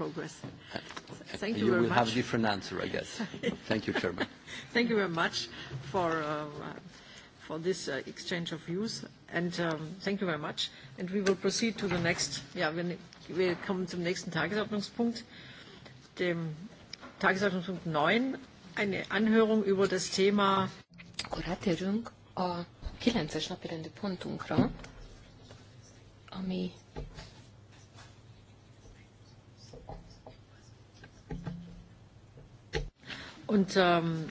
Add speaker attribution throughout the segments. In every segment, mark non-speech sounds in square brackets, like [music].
Speaker 1: progress. Thank you, you very will have a
Speaker 2: different answer, I guess. [laughs] Thank you, Chairman.
Speaker 1: Thank you very much for, uh, for this uh, exchange of views, and um, thank you very much. And we will proceed to the next, yeah, ja, wir, come to the next Tagesordnungspunkt, dem Tagesordnungspunkt 9, eine Anhörung über
Speaker 3: das Thema. Akkor rátérünk a 9-es napirendi pontunkra, ami
Speaker 1: Und ähm,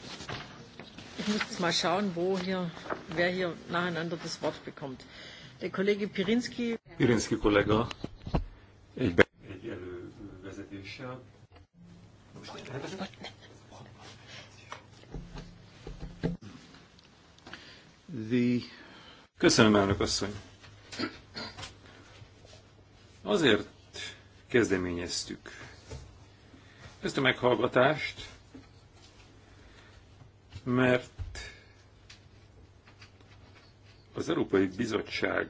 Speaker 1: ich muss jetzt mal schauen, wo hier, wer hier nacheinander das Wort bekommt. Der Kollege Pirinski.
Speaker 2: Pirinski egy, The... Köszönöm, elnök asszony. Azért kezdeményeztük ezt a meghallgatást, mert az Európai Bizottság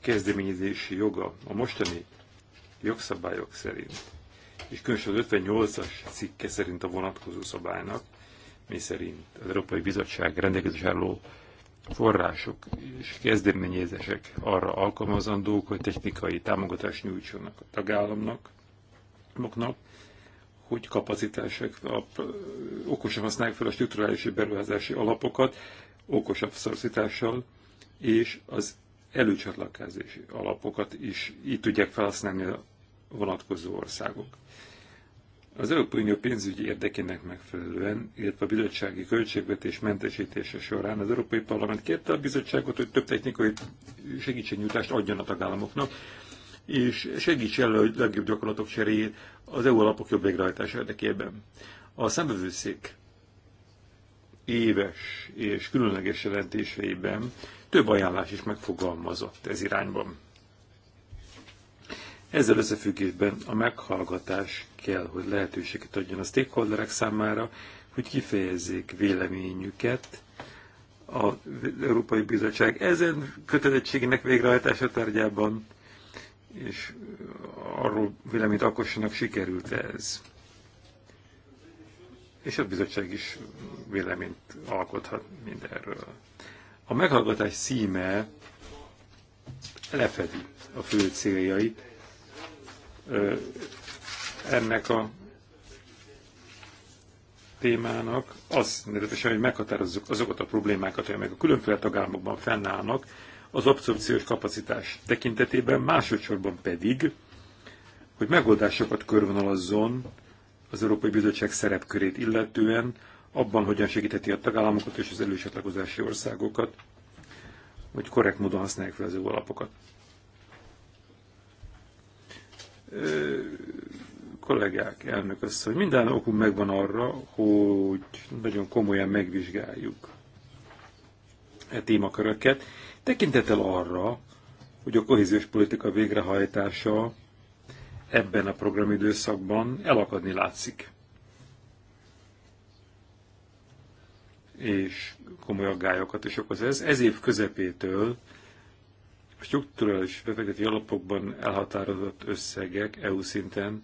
Speaker 2: kezdeményezési joga a mostani jogszabályok szerint, és különösen az 58-as cikke szerint a vonatkozó szabálynak, mi szerint az Európai Bizottság rendelkezés álló források és kezdeményezések arra alkalmazandók, hogy technikai támogatást nyújtsanak a tagállamnak, hogy kapacitások okosan használják fel a strukturális beruházási alapokat, okosabb szorzítással, és az előcsatlakozási alapokat is így tudják felhasználni a vonatkozó országok. Az Európai Unió pénzügyi érdekének megfelelően, illetve a bizottsági költségvetés mentesítése során az Európai Parlament kérte a bizottságot, hogy több technikai segítségnyújtást adjon a tagállamoknak és segíts elő a legjobb gyakorlatok cseréjét az EU alapok jobb végrehajtása érdekében. A szembevőszék éves és különleges jelentéseiben több ajánlás is megfogalmazott ez irányban. Ezzel összefüggésben a meghallgatás kell, hogy lehetőséget adjon a stakeholderek számára, hogy kifejezzék véleményüket az Európai Bizottság ezen kötelezettségének végrehajtása tárgyában, és arról véleményt alkossanak, sikerült -e ez. És a bizottság is véleményt alkothat mindenről. A meghallgatás szíme lefedi a fő céljait ennek a témának, az nevetesen, hogy meghatározzuk azokat a problémákat, amelyek a különféle tagállamokban fennállnak, az abszorpciós kapacitás tekintetében, másodszorban pedig, hogy megoldásokat körvonalazzon az Európai Bizottság szerepkörét illetően, abban, hogyan segítheti a tagállamokat és az előcsatlakozási országokat, hogy korrekt módon használják fel az EU alapokat. Ö, kollégák, elnök hogy minden okunk megvan arra, hogy nagyon komolyan megvizsgáljuk e témaköröket, Tekintettel arra, hogy a kohéziós politika végrehajtása ebben a programidőszakban elakadni látszik. És komoly aggályokat is okoz ez. Ez év közepétől a strukturális befektető alapokban elhatározott összegek EU szinten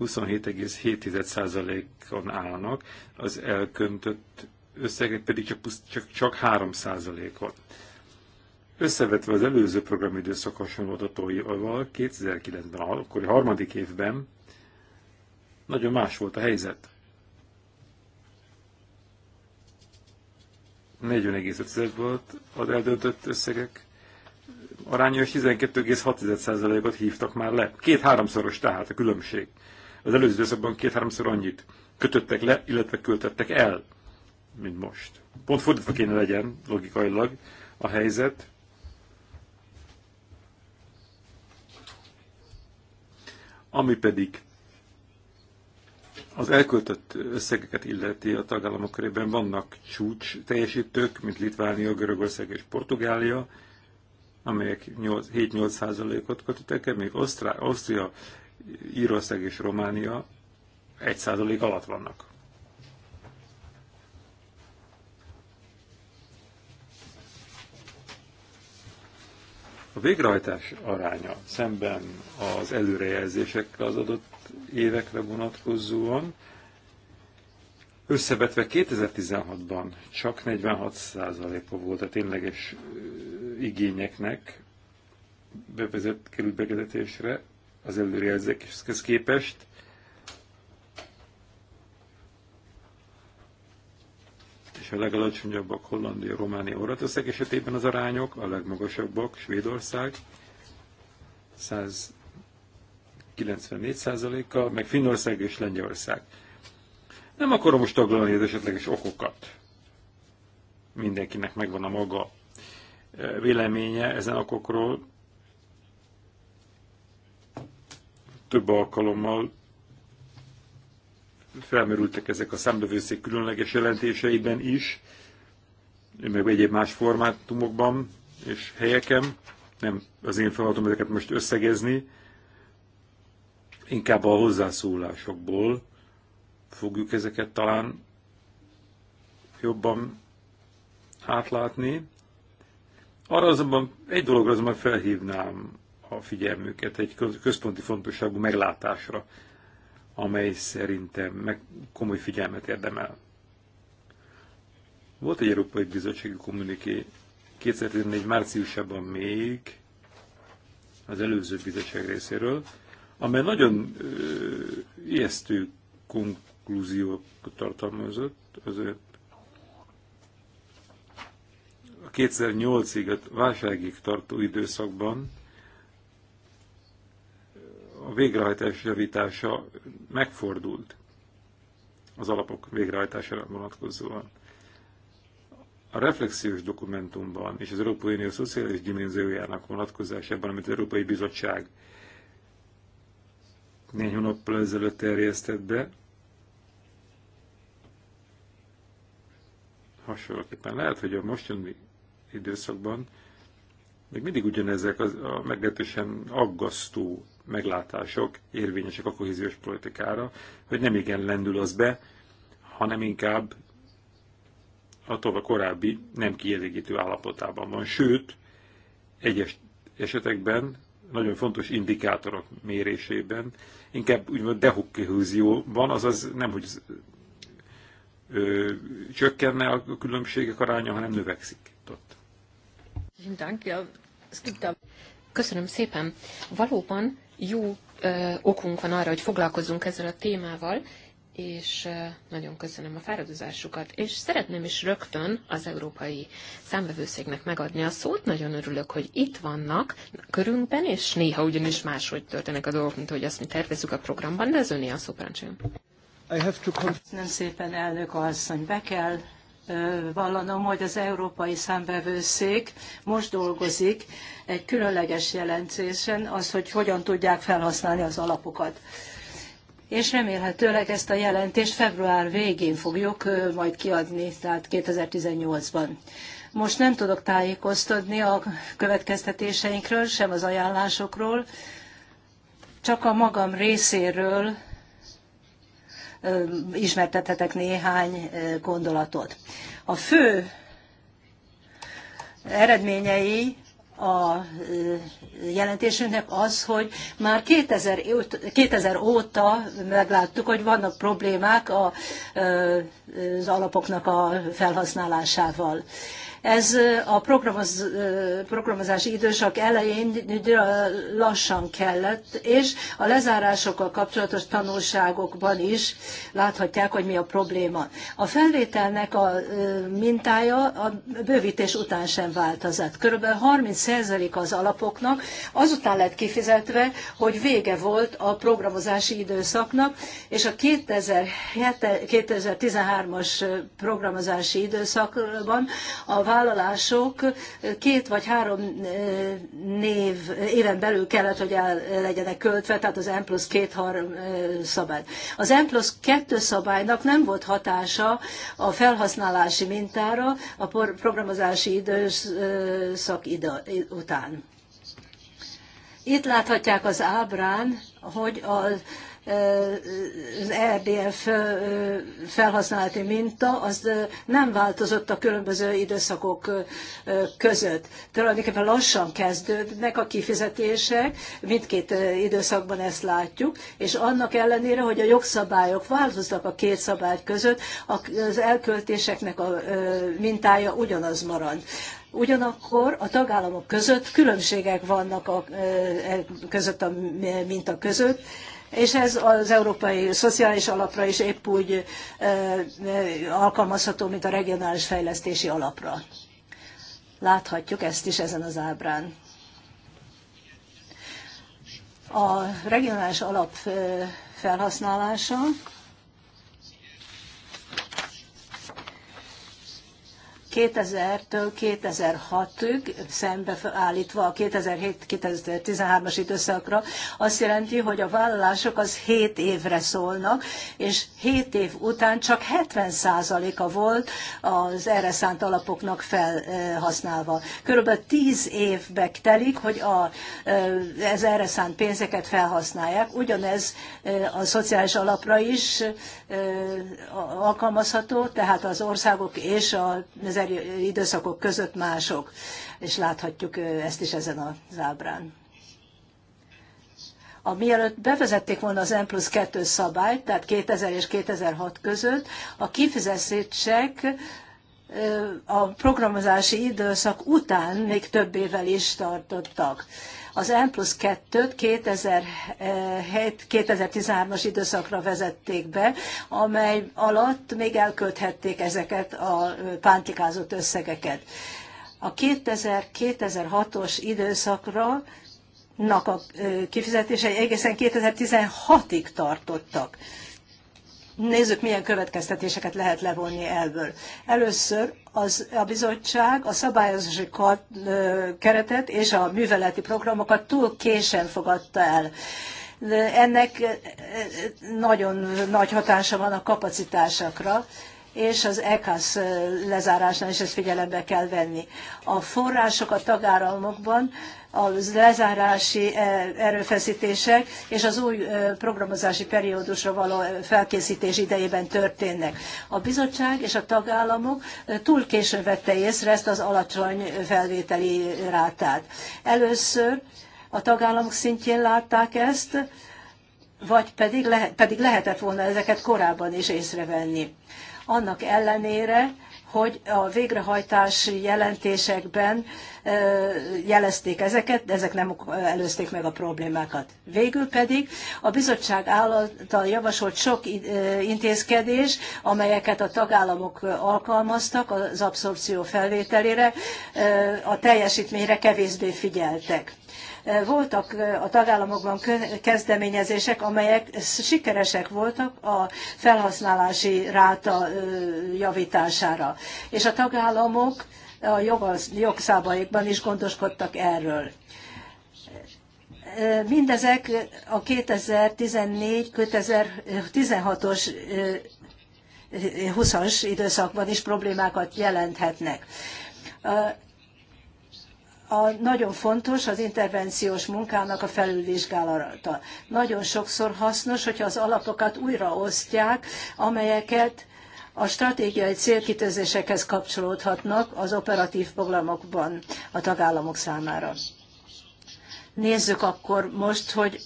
Speaker 2: 27,7%-on állnak, az elköntött összegek pedig csak, csak, csak 3%-on. Összevetve az előző programidőszak hasonló adatóival, 2009-ben, akkori harmadik évben nagyon más volt a helyzet. 40,5 volt az eldöntött összegek arányos 12,6%-ot hívtak már le. Két-háromszoros tehát a különbség. Az előző időszakban két-háromszor annyit kötöttek le, illetve költöttek el, mint most. Pont fordítva kéne legyen logikailag a helyzet. Ami pedig az elköltött összegeket illeti a tagállamok körében vannak csúcs teljesítők, mint Litvánia, Görögország és Portugália, amelyek 7-8 százalékot kötöttek el, még Osztrá, Ausztria, Írország és Románia 1 százalék alatt vannak. A végrehajtás aránya szemben az előrejelzésekkel az adott évekre vonatkozóan összevetve 2016-ban csak 46%-a volt a tényleges igényeknek bevezett került bevezetésre az előrejelzékhez képest, és a legalacsonyabbak Hollandia, Románia, Oratország esetében az arányok, a legmagasabbak Svédország 194%-kal, meg Finnország és Lengyelország. Nem akarom most taglalni az esetleges okokat. Mindenkinek megvan a maga e, véleménye ezen okokról. Több alkalommal felmerültek ezek a számbevőszék különleges jelentéseiben is, meg egyéb más formátumokban és helyeken. Nem az én feladatom ezeket most összegezni, inkább a hozzászólásokból fogjuk ezeket talán jobban átlátni. Arra azonban egy dologra azonban felhívnám a figyelmüket egy központi fontosságú meglátásra amely szerintem meg komoly figyelmet érdemel. Volt egy Európai Bizottsági Kommuniké 2014 márciusában még az előző bizottság részéről, amely nagyon ö, ijesztő konklúziókat tartalmazott. Az a 2008-ig a válságig tartó időszakban a végrehajtás javítása megfordult az alapok végrehajtására vonatkozóan. A reflexiós dokumentumban és az Európai Unió szociális dimenziójának vonatkozásában, amit az Európai Bizottság néhány hónappal ezelőtt terjesztett be, hasonlóképpen lehet, hogy a mostani időszakban még mindig ugyanezek az, a meglehetősen aggasztó meglátások érvényesek a kohéziós politikára, hogy nem igen lendül az be, hanem inkább a tovább korábbi nem kielégítő állapotában van. Sőt, egyes esetekben nagyon fontos indikátorok mérésében, inkább úgymond dehokkihúzió van, azaz nem, hogy ö, csökkenne a különbségek aránya, hanem növekszik. Ott.
Speaker 3: Köszönöm szépen. Valóban jó ö, okunk van arra, hogy foglalkozzunk ezzel a témával, és nagyon köszönöm a fáradozásukat, és szeretném is rögtön az Európai Számbevőszégnek megadni a szót. Nagyon örülök, hogy itt vannak körünkben, és néha ugyanis máshogy történnek a dolgok, mint hogy azt mi tervezzük a programban, de az öné a szó, Köszönöm
Speaker 4: szépen, elnök asszony. Be kell vallanom, hogy az Európai Számbevőszék most dolgozik egy különleges jelentésen, az, hogy hogyan tudják felhasználni az alapokat. És remélhetőleg ezt a jelentést február végén fogjuk majd kiadni, tehát 2018-ban. Most nem tudok tájékoztatni a következtetéseinkről, sem az ajánlásokról, csak a magam részéről ismertethetek néhány gondolatot. A fő eredményei a jelentésünknek az, hogy már 2000, 2000 óta megláttuk, hogy vannak problémák a, az alapoknak a felhasználásával. Ez a programoz, programozási időszak elején lassan kellett, és a lezárásokkal kapcsolatos tanulságokban is láthatják, hogy mi a probléma. A felvételnek a mintája a bővítés után sem változott. Körülbelül 30% az alapoknak azután lett kifizetve, hogy vége volt a programozási időszaknak, és a 2013-as programozási időszakban a vállalások két vagy három eh, név éven belül kellett, hogy el legyenek költve, tehát az M plusz két eh, szabály. Az M plusz kettő szabálynak nem volt hatása a felhasználási mintára a programozási időszak után. Itt láthatják az ábrán, hogy a az RDF felhasználati minta, az nem változott a különböző időszakok között. Tulajdonképpen lassan kezdődnek a kifizetések, mindkét időszakban ezt látjuk, és annak ellenére, hogy a jogszabályok változtak a két szabály között, az elköltéseknek a mintája ugyanaz marad. Ugyanakkor a tagállamok között különbségek vannak a, e, között a minta között, és ez az európai szociális alapra is épp úgy alkalmazható, mint a regionális fejlesztési alapra. Láthatjuk ezt is ezen az ábrán. A regionális alap felhasználása 2000-től 2006-ig szembeállítva a 2007-2013-as időszakra, azt jelenti, hogy a vállalások az 7 évre szólnak, és 7 év után csak 70%-a volt az erre szánt alapoknak felhasználva. Körülbelül 10 évbe telik, hogy a, ez erre szánt pénzeket felhasználják. Ugyanez a szociális alapra is alkalmazható, tehát az országok és az időszakok között mások, és láthatjuk ezt is ezen az ábrán. A mielőtt bevezették volna az N plusz 2 szabályt, tehát 2000 és 2006 között, a kifizetések a programozási időszak után még több évvel is tartottak. Az N plusz 2-t 2013-as eh, időszakra vezették be, amely alatt még elkölthették ezeket a eh, pántikázott összegeket. A 2000-2006-os időszakra a eh, kifizetései egészen 2016-ig tartottak. Nézzük, milyen következtetéseket lehet levonni ebből. Először az, a bizottság a szabályozási keretet és a műveleti programokat túl késen fogadta el. Ennek nagyon nagy hatása van a kapacitásokra, és az ECAS lezárásnál is ezt figyelembe kell venni. A források a tagállamokban a lezárási eh, erőfeszítések és az új eh, programozási periódusra való eh, felkészítés idejében történnek. A bizottság és a tagállamok túl későn vette észre ezt az alacsony felvételi rátát. Először a tagállamok szintjén látták ezt, vagy pedig, lehet, pedig lehetett volna ezeket korábban is észrevenni. Annak ellenére, hogy a végrehajtási jelentésekben jelezték ezeket, de ezek nem előzték meg a problémákat. Végül pedig a bizottság által javasolt sok intézkedés, amelyeket a tagállamok alkalmaztak az abszorpció felvételére, a teljesítményre kevésbé figyeltek. Voltak a tagállamokban kezdeményezések, amelyek sikeresek voltak a felhasználási ráta javítására. És a tagállamok a jogszabályokban is gondoskodtak erről. Mindezek a 2014-2016-os 20-as időszakban is problémákat jelenthetnek a, nagyon fontos az intervenciós munkának a felülvizsgálata. Nagyon sokszor hasznos, hogyha az alapokat újraosztják, amelyeket a stratégiai célkitűzésekhez kapcsolódhatnak az operatív programokban a tagállamok számára nézzük akkor most, hogy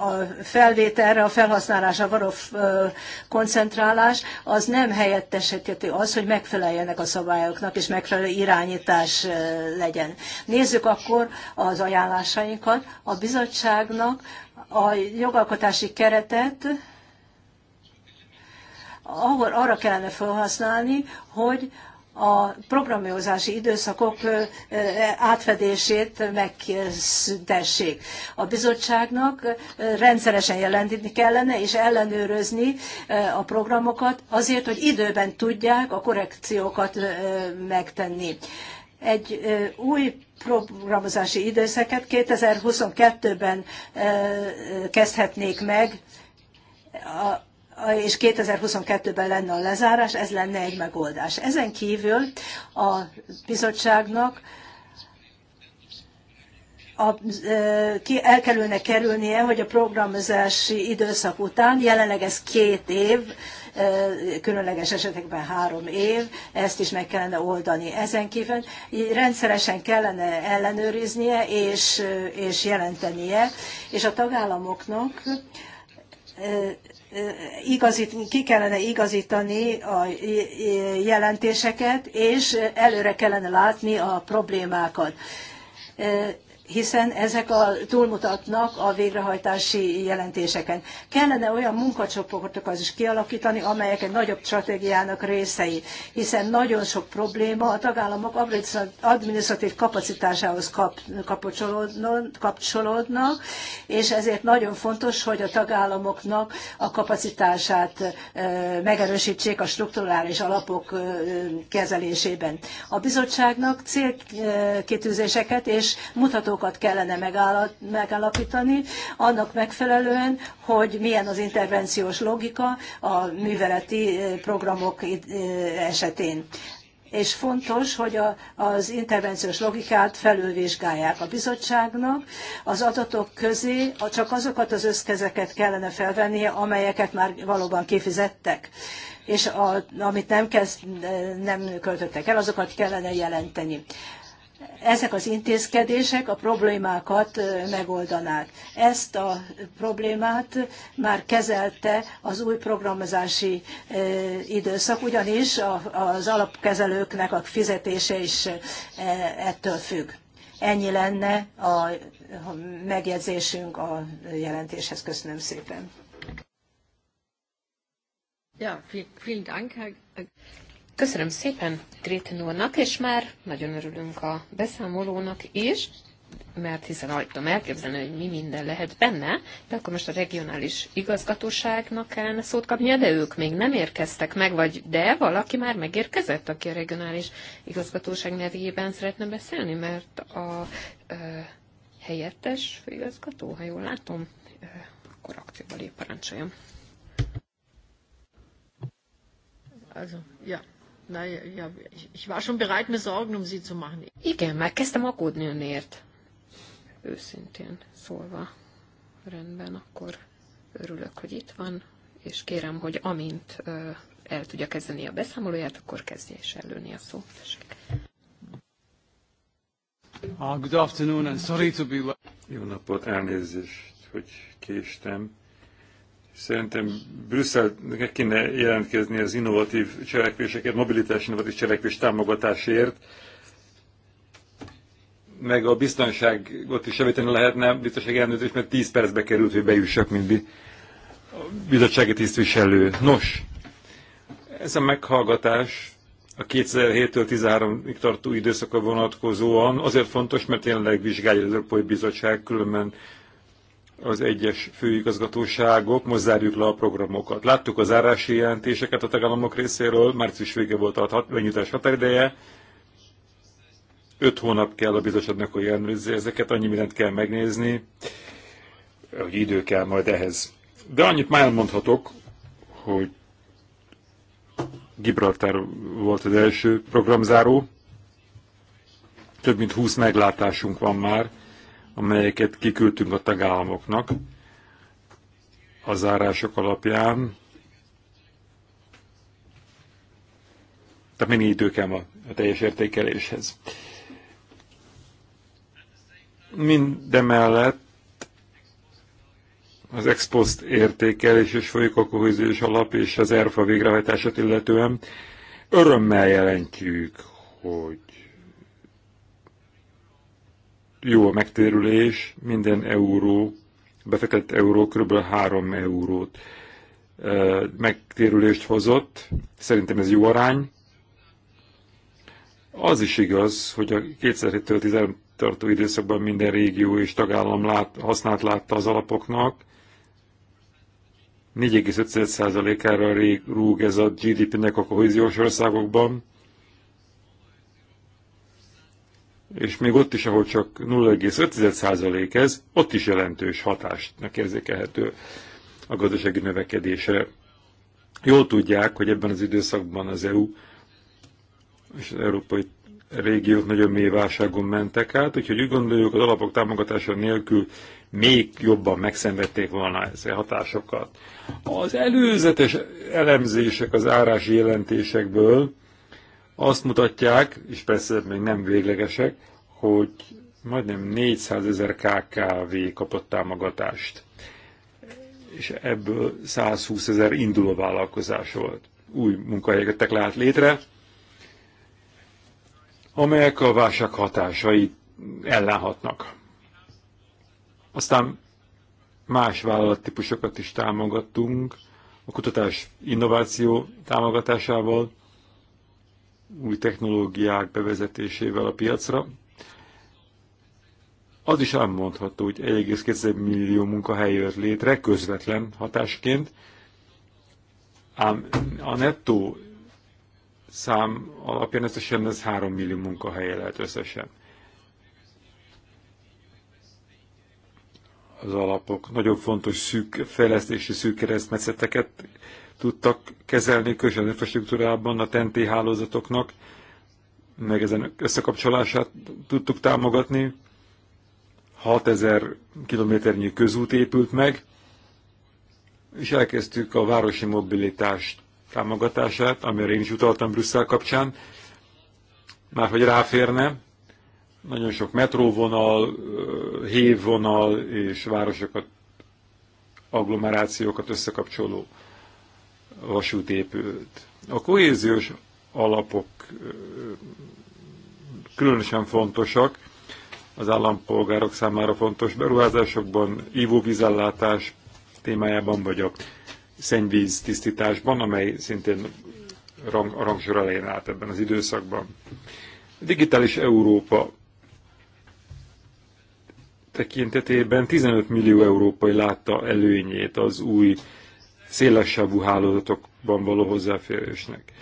Speaker 4: a, felvételre, a felhasználásra való koncentrálás, az nem helyettesíti az, hogy megfeleljenek a szabályoknak, és megfelelő irányítás legyen. Nézzük akkor az ajánlásainkat a bizottságnak, a jogalkotási keretet, ahol arra kellene felhasználni, hogy a programozási időszakok átfedését megszüntessék. A bizottságnak rendszeresen jelenteni kellene és ellenőrözni a programokat azért, hogy időben tudják a korrekciókat megtenni. Egy új programozási időszakot 2022-ben kezdhetnék meg és 2022-ben lenne a lezárás, ez lenne egy megoldás. Ezen kívül a bizottságnak a, ki, el kellene kerülnie, hogy a programozási időszak után, jelenleg ez két év, különleges esetekben három év, ezt is meg kellene oldani. Ezen kívül rendszeresen kellene ellenőriznie és, és jelentenie, és a tagállamoknak igazít, ki kellene igazítani a jelentéseket, és előre kellene látni a problémákat hiszen ezek a, túlmutatnak a végrehajtási jelentéseken. Kellene olyan munkacsoportokat is kialakítani, amelyek egy nagyobb stratégiának részei, hiszen nagyon sok probléma a tagállamok adminisztratív kapacitásához kap, kapcsolódnak, és ezért nagyon fontos, hogy a tagállamoknak a kapacitását megerősítsék a strukturális alapok kezelésében. A bizottságnak célkitűzéseket és mutató mutatókat kellene megállapítani, annak megfelelően, hogy milyen az intervenciós logika a műveleti eh, programok eh, esetén és fontos, hogy a, az intervenciós logikát felülvizsgálják a bizottságnak. Az adatok közé csak azokat az összkezeket kellene felvennie, amelyeket már valóban kifizettek és a, amit nem, kezd, eh, nem költöttek el, azokat kellene jelenteni ezek az intézkedések a problémákat megoldanák. Ezt a problémát már kezelte az új programozási időszak, ugyanis az alapkezelőknek a fizetése is ettől függ. Ennyi lenne a megjegyzésünk a jelentéshez. Köszönöm szépen.
Speaker 3: Ja, vielen Dank, Herr Köszönöm szépen Dréten és már nagyon örülünk a beszámolónak is, mert hiszen alig tudom elképzelni, hogy mi minden lehet benne, de akkor most a regionális igazgatóságnak kellene szót kapnia, de ők még nem érkeztek meg, vagy de valaki már megérkezett, aki a regionális igazgatóság nevében szeretne beszélni, mert a ö, helyettes főigazgató, ha jól látom, ö, akkor akcióba lép parancsoljon. Azon, ja.
Speaker 1: Naja, ich war schon bereit, mir Sorgen um sie zu machen.
Speaker 3: Igen, már kezdtem aggódni önért. Őszintén szólva. Rendben, akkor örülök, hogy itt van, és kérem, hogy amint el tudja kezdeni a beszámolóját, akkor kezdje is előni a szót. Tessék.
Speaker 2: Ah, good afternoon, and sorry to be late. Jó napot, elnézést, hogy késtem Szerintem Brüsszelnek kéne jelentkezni az innovatív cselekvéseket, mobilitás innovatív cselekvés támogatásért, meg a biztonságot is javítani lehetne, biztonság elnőzés, mert 10 percbe került, hogy bejussak, mint bizottsági tisztviselő. Nos, ez a meghallgatás a 2007-től 13-ig tartó időszakra vonatkozóan azért fontos, mert tényleg vizsgálja az Európai Bizottság, különben az egyes főigazgatóságok, most zárjuk le a programokat. Láttuk az árási jelentéseket a tagállamok részéről, március vége volt a hat, határideje, öt hónap kell a bizottságnak, hogy ellenőrizze ezeket, annyi mindent kell megnézni, hogy idő kell majd ehhez. De annyit már elmondhatok, hogy Gibraltar volt az első programzáró, több mint 20 meglátásunk van már, amelyeket kiküldtünk a tagállamoknak a zárások alapján. Tehát mennyi kell a, a teljes értékeléshez. Mindemellett az ex post értékelés és folyik alap és az ERFA végrehajtását illetően örömmel jelentjük, hogy jó a megtérülés, minden euró, befektetett euró kb. 3 eurót megtérülést hozott. Szerintem ez jó arány. Az is igaz, hogy a 2007-től 13 tartó időszakban minden régió és tagállam lát, hasznát látta az alapoknak. 4,5%-ára rúg ez a GDP-nek a kohéziós országokban. és még ott is, ahol csak 0,5% ez, ott is jelentős hatástnak érzékelhető a gazdasági növekedésre. Jól tudják, hogy ebben az időszakban az EU és az európai régiók nagyon mély válságon mentek át, úgyhogy úgy gondoljuk, az alapok támogatása nélkül még jobban megszenvedték volna ezek a hatásokat. Az előzetes elemzések az árási jelentésekből azt mutatják, és persze még nem véglegesek, hogy majdnem 400 ezer KKV kapott támogatást, és ebből 120 ezer induló vállalkozás volt. Új munkahelyeket lehet létre, amelyek a válság hatásai ellenhatnak. Aztán más vállalattípusokat is támogattunk, a kutatás innováció támogatásával, új technológiák bevezetésével a piacra. Az is elmondható, hogy 1,2 millió munkahely jött létre közvetlen hatásként, ám a nettó szám alapján összesen ez 3 millió munkahely lehet összesen. Az alapok nagyon fontos szűk, fejlesztési szűk keresztmetszeteket tudtak kezelni közös infrastruktúrában a TNT hálózatoknak, meg ezen összekapcsolását tudtuk támogatni. 6000 kilométernyi közút épült meg, és elkezdtük a városi mobilitást támogatását, amire én is utaltam Brüsszel kapcsán, már hogy ráférne, nagyon sok metróvonal, hévvonal és városokat, agglomerációkat összekapcsoló vasút épült. A kohéziós alapok különösen fontosak, az állampolgárok számára fontos beruházásokban, ivóvízellátás témájában, vagy a szennyvíz tisztításban, amely szintén rang, a rangsor elején állt ebben az időszakban. A digitális Európa tekintetében 15 millió európai látta előnyét az új szélessávú hálózatokban való hozzáférésnek.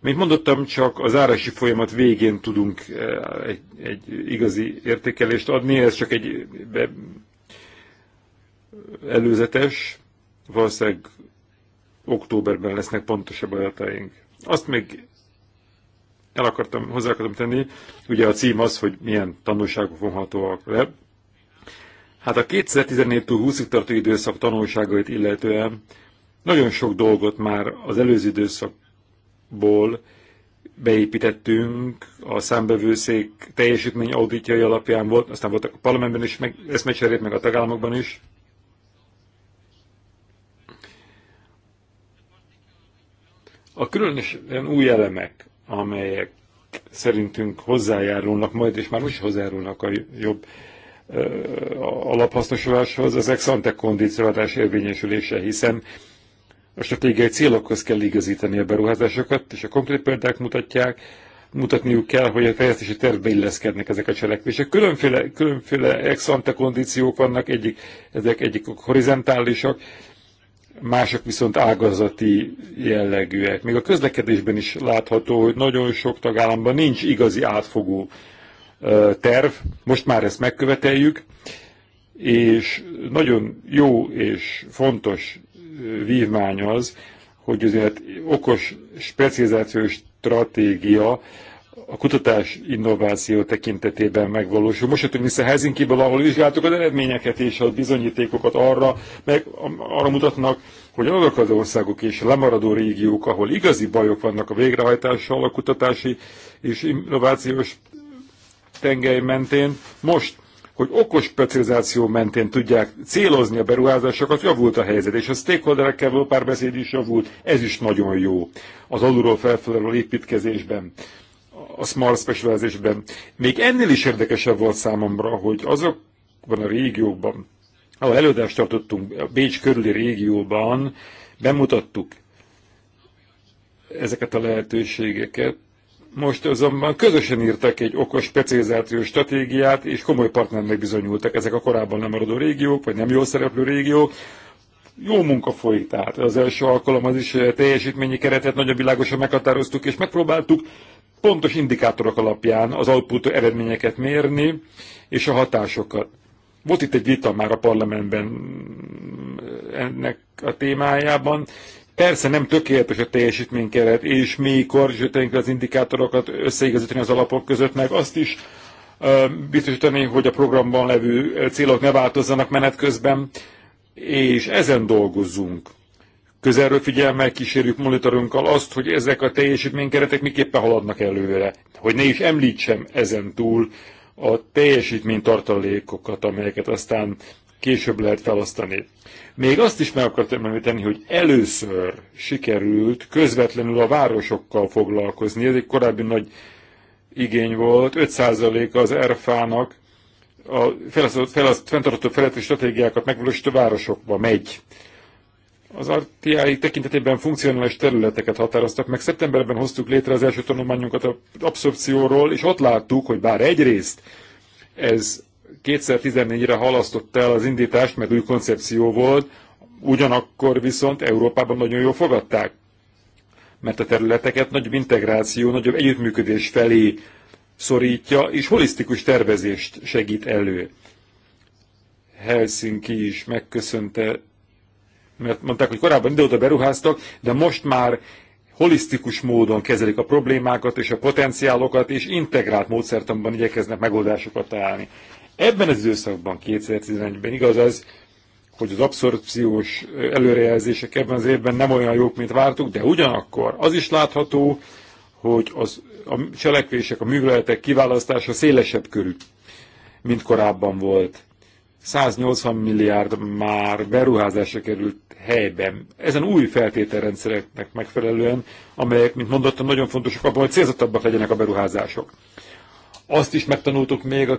Speaker 2: Mint mondottam, csak az árási folyamat végén tudunk eh, egy, egy igazi értékelést adni, ez csak egy be, előzetes, valószínűleg októberben lesznek pontosabb adataink. Azt még el akartam, hozzá akartam tenni, ugye a cím az, hogy milyen tanulságok vonhatóak le. Hát a 2014-20-ig tartó időszak tanulságait illetően nagyon sok dolgot már az előző időszakból beépítettünk, a számbevőszék teljesítmény auditjai alapján volt, aztán voltak a parlamentben is, meg eszmecserét, meg a tagállamokban is. A különösen új elemek, amelyek szerintünk hozzájárulnak majd, és már most hozzájárulnak a jobb alaphasznosuláshoz, az ex ante kondicionálás érvényesülése, hiszen a stratégiai célokhoz kell igazítani a beruházásokat, és a konkrét példák mutatják, mutatniuk kell, hogy a fejlesztési tervbe illeszkednek ezek a cselekvések. Különféle, különféle ex ante kondíciók vannak, egyik, ezek egyik horizontálisak, mások viszont ágazati jellegűek. Még a közlekedésben is látható, hogy nagyon sok tagállamban nincs igazi átfogó terv, most már ezt megköveteljük, és nagyon jó és fontos vívmány az, hogy azért okos specializációs stratégia a kutatás innováció tekintetében megvalósul. Most jöttünk vissza Helsinki-ből, ahol vizsgáltuk az eredményeket és a bizonyítékokat arra, meg arra mutatnak, hogy azok az országok és lemaradó régiók, ahol igazi bajok vannak a végrehajtással, a kutatási és innovációs tengely mentén, most hogy okos specializáció mentén tudják célozni a beruházásokat, javult a helyzet, és a stakeholderekkel való párbeszéd is javult, ez is nagyon jó az alulról felfelől építkezésben a smart specializésben. Még ennél is érdekesebb volt számomra, hogy azokban a régiókban, ahol előadást tartottunk, a Bécs körüli régióban, bemutattuk ezeket a lehetőségeket, most azonban közösen írtak egy okos specializációs stratégiát, és komoly partnernek bizonyultak ezek a korábban nem maradó régiók, vagy nem jól szereplő régiók. Jó munka folyik, tehát az első alkalom az is eh, teljesítményi keretet nagyon világosan meghatároztuk, és megpróbáltuk pontos indikátorok alapján az output eredményeket mérni, és a hatásokat. Volt itt egy vita már a parlamentben mm, ennek a témájában, Persze nem tökéletes a teljesítménykeret, és még korzsítanénk az indikátorokat összeigazítani az alapok között, meg azt is biztosítani, hogy a programban levő célok ne változzanak menet közben, és ezen dolgozzunk. Közelről figyelmel kísérjük monitorunkkal azt, hogy ezek a teljesítménykeretek miképpen haladnak előre. Hogy ne is említsem ezen túl a teljesítménytartalékokat, amelyeket aztán később lehet felosztani. Még azt is meg akartam említeni, hogy először sikerült közvetlenül a városokkal foglalkozni. Ez egy korábbi nagy igény volt. 5% az RFA-nak a fenntartó feletti stratégiákat megvalósító városokba megy. Az RTI tekintetében funkcionális területeket határoztak meg. Szeptemberben hoztuk létre az első tanulmányunkat az abszorpcióról, és ott láttuk, hogy bár egyrészt ez 2014-re halasztotta el az indítást, mert új koncepció volt, ugyanakkor viszont Európában nagyon jól fogadták, mert a területeket nagyobb integráció, nagyobb együttműködés felé szorítja, és holisztikus tervezést segít elő. Helsinki is megköszönte, mert mondták, hogy korábban ide-oda beruháztak, de most már holisztikus módon kezelik a problémákat és a potenciálokat, és integrált módszertanban igyekeznek megoldásokat találni. Ebben az időszakban, 2011-ben igaz az, hogy az abszorpciós előrejelzések ebben az évben nem olyan jók, mint vártuk, de ugyanakkor az is látható, hogy az, a cselekvések, a műveletek kiválasztása szélesebb körű, mint korábban volt. 180 milliárd már beruházásra került helyben. Ezen új feltételrendszereknek megfelelően, amelyek, mint mondottam, nagyon fontosak abban, hogy célzottabbak legyenek a beruházások. Azt is megtanultuk még a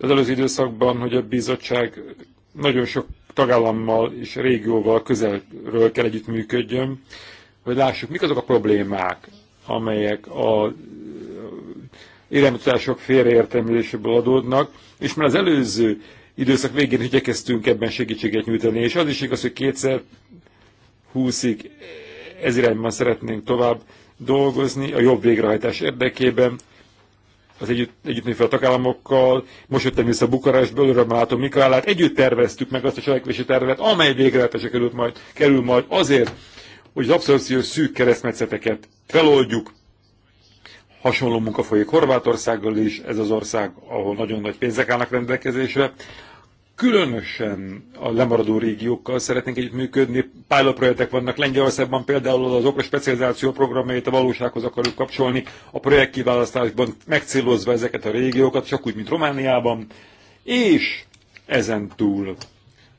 Speaker 2: az előző időszakban, hogy a bizottság nagyon sok tagállammal és régióval közelről kell együttműködjön, hogy lássuk, mik azok a problémák, amelyek a iránymutatások félreértelmezéséből adódnak, és már az előző időszak végén igyekeztünk ebben segítséget nyújtani, és az is igaz, hogy kétszer húszig ez irányban szeretnénk tovább dolgozni a jobb végrehajtás érdekében, az együtt, együttműködő a tagállamokkal, most jöttem vissza Bukarestből, örömmel látom Mikálát. együtt terveztük meg azt a cselekvési tervet, amely végrehajtásra kerül majd, kerül majd azért, hogy az abszorpciós szűk keresztmetszeteket feloldjuk, hasonló munka folyik Horvátországgal is, ez az ország, ahol nagyon nagy pénzek állnak rendelkezésre, különösen a lemaradó régiókkal szeretnénk együttműködni. Pilot projektek vannak Lengyelországban, például az okos specializáció programjait a valósághoz akarjuk kapcsolni, a projektkiválasztásban megcélozva ezeket a régiókat, csak úgy, mint Romániában. És ezen túl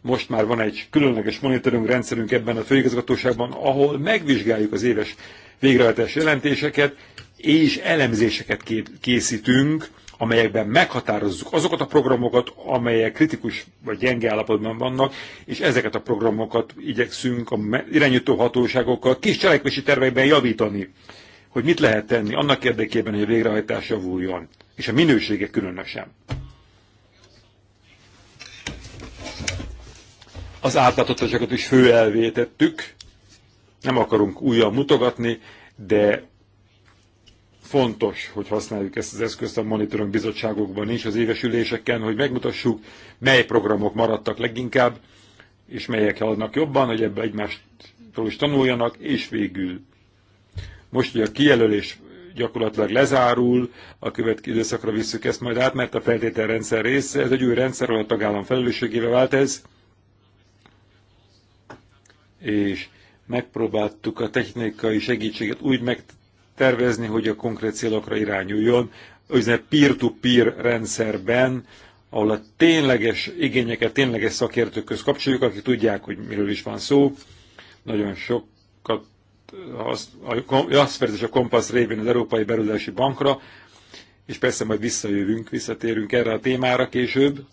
Speaker 2: most már van egy különleges monitoring rendszerünk ebben a főigazgatóságban, ahol megvizsgáljuk az éves végrehajtás jelentéseket, és elemzéseket készítünk amelyekben meghatározzuk azokat a programokat, amelyek kritikus vagy gyenge állapotban vannak, és ezeket a programokat igyekszünk a irányító hatóságokkal kis cselekvési tervekben javítani, hogy mit lehet tenni annak érdekében, hogy a végrehajtás javuljon, és a minősége különösen. Az átláthatóságot is főelvétettük, nem akarunk újra mutogatni, de Fontos, hogy használjuk ezt az eszközt a monitoring bizottságokban is, az éves üléseken, hogy megmutassuk, mely programok maradtak leginkább, és melyek haladnak jobban, hogy ebbe egymástól is tanuljanak, és végül. Most, hogy a kijelölés gyakorlatilag lezárul, a következő időszakra visszük ezt majd át, mert a feltételrendszer része, ez egy új rendszer, ahol a tagállam felelősségével vált ez, és megpróbáltuk a technikai segítséget úgy tervezni, hogy a konkrét célokra irányuljon, úgynevezett peer-to-peer rendszerben, ahol a tényleges igényeket tényleges szakértők köz kapcsoljuk, akik tudják, hogy miről is van szó. Nagyon sokat azt, azt a Kompasz révén az Európai Beruházási Bankra, és persze majd visszajövünk, visszatérünk erre a témára később.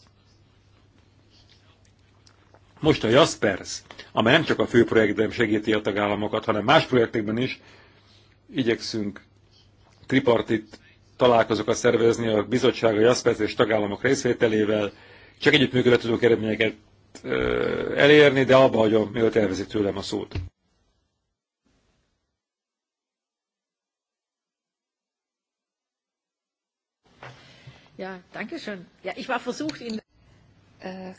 Speaker 2: Most a Jaspers, amely nem csak a fő projektben segíti a tagállamokat, hanem más projektekben is, igyekszünk tripartit találkozókat szervezni a bizottság, a JASPEC és tagállamok részvételével. Csak együttműködve tudunk eredményeket elérni, de abba hagyom, mielőtt elvezik tőlem a szót.
Speaker 3: Ja, danke schön. Ja, ich war versucht, in...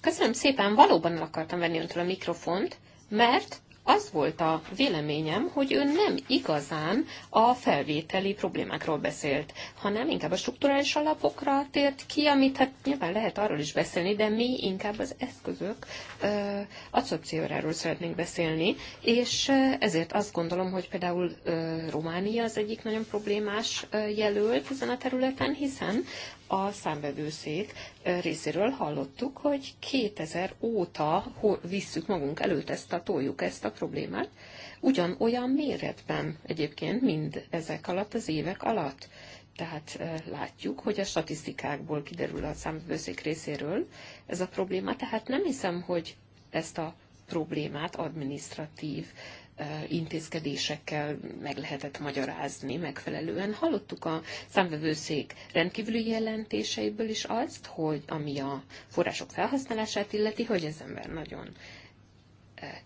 Speaker 3: Köszönöm szépen, valóban el akartam venni öntől a mikrofont, mert az volt a véleményem, hogy ő nem igazán a felvételi problémákról beszélt, hanem inkább a strukturális alapokra tért ki, amit hát nyilván lehet arról is beszélni, de mi inkább az eszközök ö, szeretnénk beszélni, és ezért azt gondolom, hogy például Románia az egyik nagyon problémás jelölt ezen a területen, hiszen a számbevőszék részéről hallottuk, hogy 2000 óta visszük magunk előtt ezt a, toljuk ezt a problémát, ugyanolyan méretben egyébként, mind ezek alatt az évek alatt. Tehát látjuk, hogy a statisztikákból kiderül a számbevőszék részéről ez a probléma, tehát nem hiszem, hogy ezt a problémát administratív intézkedésekkel meg lehetett magyarázni megfelelően. Hallottuk a számvevőszék rendkívüli jelentéseiből is azt, hogy ami a források felhasználását illeti, hogy az ember nagyon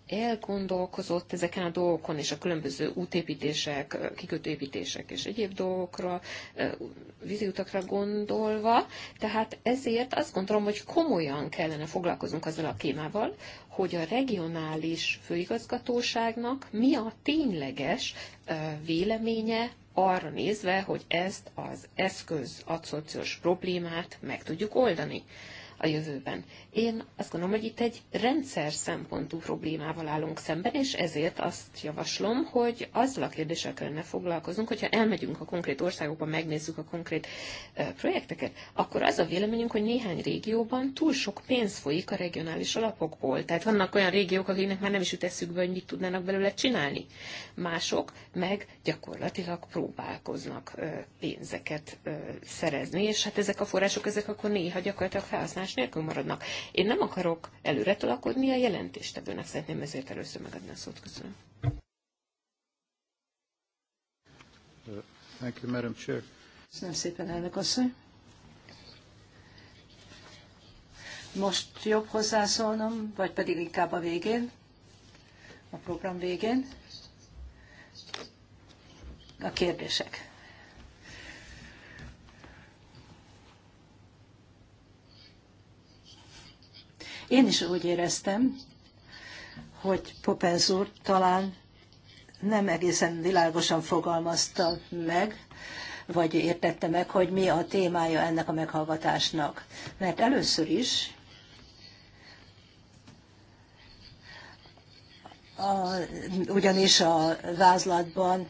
Speaker 3: elgondolkozott ezeken a dolgokon, és a különböző útépítések, kikötőépítések és egyéb dolgokra, víziutakra gondolva. Tehát ezért azt gondolom, hogy komolyan kellene foglalkozunk azzal a témával, hogy a regionális főigazgatóságnak mi a tényleges véleménye arra nézve, hogy ezt az eszköz adszorciós problémát meg tudjuk oldani a jövőben. Én azt gondolom, hogy itt egy rendszer szempontú problémával állunk szemben, és ezért azt javaslom, hogy azzal a kérdéssel kellene foglalkozunk, hogyha elmegyünk a konkrét országokba, megnézzük a konkrét projekteket, akkor az a véleményünk, hogy néhány régióban túl sok pénz folyik a regionális alapokból. Tehát vannak olyan régiók, akiknek már nem is jut eszükbe, hogy mit tudnának belőle csinálni. Mások meg gyakorlatilag próbálkoznak pénzeket szerezni, és hát ezek a források, ezek akkor néha gyakorlatilag felhasználás támogatás nélkül maradnak. Én nem akarok előre tolakodni a jelentéstevőnek, szeretném ezért először megadni a
Speaker 2: szót. Köszönöm. Thank you, Madam Chair.
Speaker 4: Köszönöm szépen, elnök asszony. Most jobb hozzászólnom, vagy pedig inkább a végén, a program végén. A kérdések. Én is úgy éreztem, hogy Popenz úr talán nem egészen világosan fogalmazta meg, vagy értette meg, hogy mi a témája ennek a meghallgatásnak. Mert először is a, ugyanis a vázlatban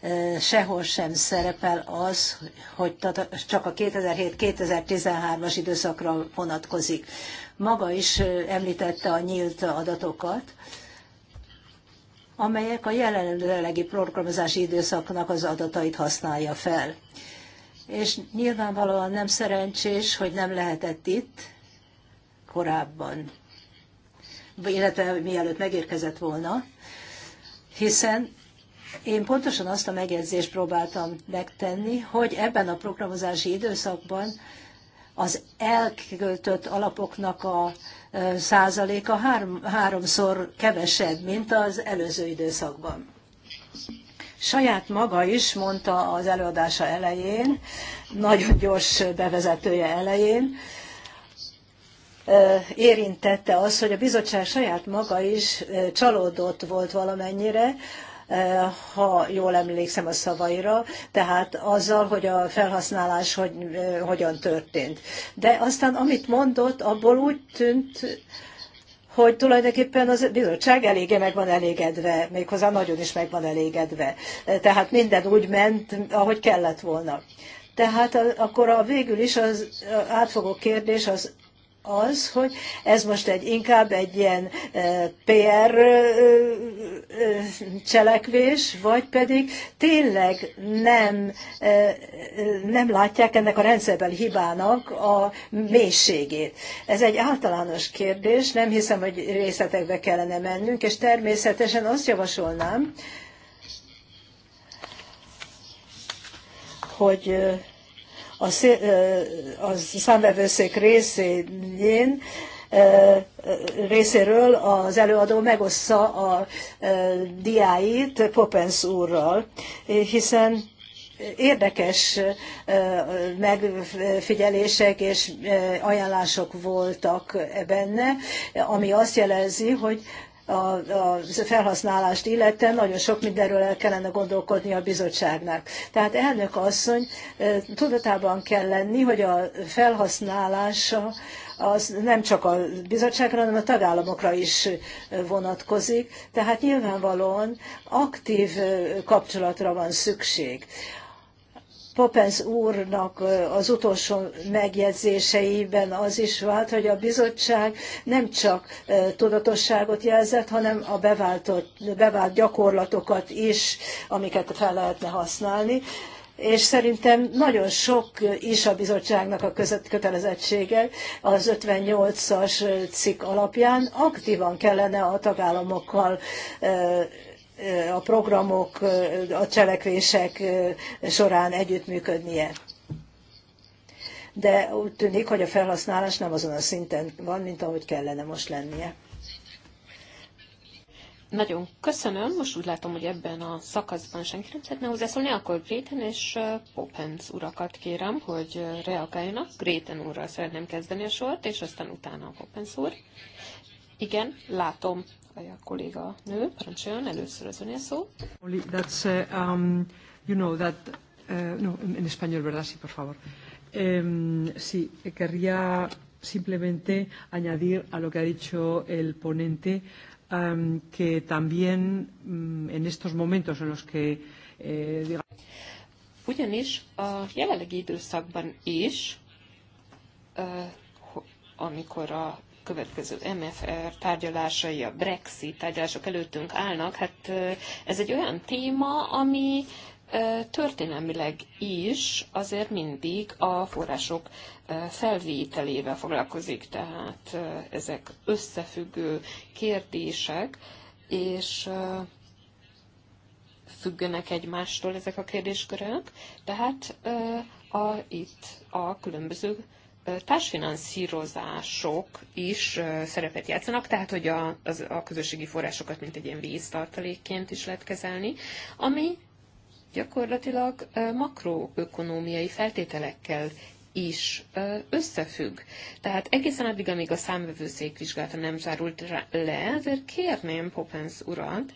Speaker 4: e, sehol sem szerepel az, hogy csak a 2007-2013-as időszakra vonatkozik maga is említette a nyílt adatokat, amelyek a jelenlegi programozási időszaknak az adatait használja fel. És nyilvánvalóan nem szerencsés, hogy nem lehetett itt korábban, illetve mielőtt megérkezett volna, hiszen én pontosan azt a megjegyzést próbáltam megtenni, hogy ebben a programozási időszakban az elköltött alapoknak a százaléka három, háromszor kevesebb, mint az előző időszakban. Saját maga is mondta az előadása elején, nagyon gyors bevezetője elején, érintette az, hogy a bizottság saját maga is csalódott volt valamennyire Eh, ha jól emlékszem a szavaira, tehát azzal, hogy a felhasználás hogy, eh, hogyan történt. De aztán, amit mondott, abból úgy tűnt, hogy tulajdonképpen az bizottság eléggé meg van elégedve, méghozzá nagyon is meg van elégedve. Eh, tehát minden úgy ment, ahogy kellett volna. Tehát akkor a, végül is az átfogó kérdés az az, hogy ez most egy inkább egy ilyen e, PR e, e, cselekvés, vagy pedig tényleg nem, nem látják ennek a rendszerbeli hibának a mélységét. Ez egy általános kérdés, nem hiszem, hogy részletekbe kellene mennünk, és természetesen azt javasolnám, hogy a, a számvevőszék részén részéről az előadó megossza a diáit Popens úrral, hiszen érdekes megfigyelések és ajánlások voltak benne, ami azt jelezi, hogy a, a felhasználást illetően nagyon sok mindenről el kellene gondolkodni a bizottságnak. Tehát elnök asszony, tudatában kell lenni, hogy a felhasználása az nem csak a bizottságra, hanem a tagállamokra is vonatkozik, tehát nyilvánvalóan aktív kapcsolatra van szükség. Popens úrnak az utolsó megjegyzéseiben az is vált, hogy a bizottság nem csak tudatosságot jelzett, hanem a beváltott, bevált gyakorlatokat is, amiket fel lehetne használni. És szerintem nagyon sok is a bizottságnak a között kötelezettsége az 58-as cikk alapján aktívan kellene a tagállamokkal a programok, a cselekvések során együttműködnie. De úgy tűnik, hogy a felhasználás nem azon a szinten van, mint ahogy kellene most lennie. Nagyon
Speaker 3: köszönöm. Most úgy látom, hogy ebben a szakaszban senki nem szeretne hozzászólni. Akkor Gréten és Popenz urakat kérem, hogy reagáljanak. Gréten úrral szeretném kezdeni a sort, és aztán utána a Popenz úr. Igen, látom Kaja kolléga nő. Parancsoljon, először az önél szó.
Speaker 1: That's, uh, um, you know that, uh, no, en español, ¿verdad? Sí, por favor. Um, sí, querría simplemente añadir a lo que ha dicho el ponente um, que también um, en estos momentos en los que eh,
Speaker 3: ugyanis a jelenlegi időszakban is, uh, amikor a következő MFR tárgyalásai, a Brexit tárgyalások előttünk állnak, hát ez egy olyan téma, ami történelmileg is azért mindig a források felvételével foglalkozik, tehát ezek összefüggő kérdések, és függenek egymástól ezek a kérdéskörök, tehát a, itt a különböző társfinanszírozások is szerepet játszanak, tehát hogy a, az, a közösségi forrásokat mint egy ilyen víztartalékként is lehet kezelni, ami gyakorlatilag makroökonómiai feltételekkel is összefügg. Tehát egészen addig, amíg a számvevőszék vizsgálata nem zárult le, ezért kérném Popens urat,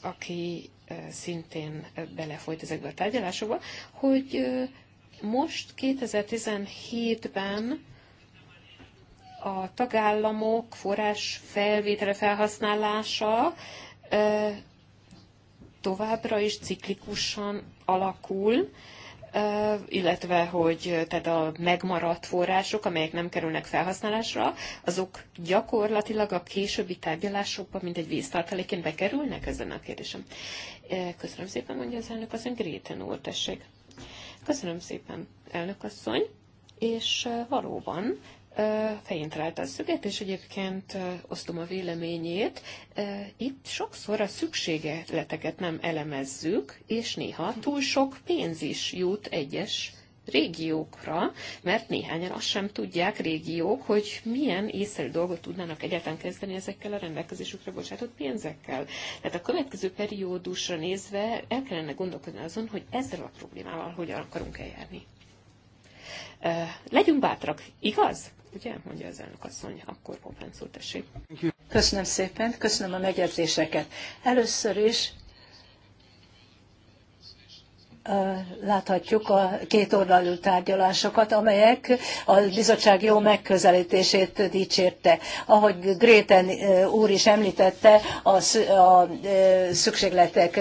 Speaker 3: aki szintén belefolyt ezekbe a tárgyalásokba, hogy most 2017-ben a tagállamok forrás felvétele felhasználása továbbra is ciklikusan alakul, illetve hogy tehát a megmaradt források, amelyek nem kerülnek felhasználásra, azok gyakorlatilag a későbbi mint egy víztartaléként bekerülnek? ezen a kérdésem. Köszönöm szépen, mondja az elnök, az Gréten úr, tessék. Köszönöm szépen, elnök asszony, és valóban fején találta a szöget, és egyébként osztom a véleményét. Itt sokszor a szükségleteket nem elemezzük, és néha túl sok pénz is jut egyes régiókra, mert néhányan azt sem tudják régiók, hogy milyen észszerű dolgot tudnának egyáltalán kezdeni ezekkel a rendelkezésükre bocsátott pénzekkel. Tehát a következő periódusra nézve el kellene gondolkodni azon, hogy ezzel a problémával hogyan akarunk eljárni. Legyünk bátrak, igaz?
Speaker 4: Ugye, mondja az elnök asszony, akkor Popánc úr, tessék. Köszönöm szépen, köszönöm a megjegyzéseket. Először is láthatjuk a kétoldalú tárgyalásokat, amelyek a bizottság jó megközelítését dicsérte. Ahogy Gréten úr is említette a, szükségletek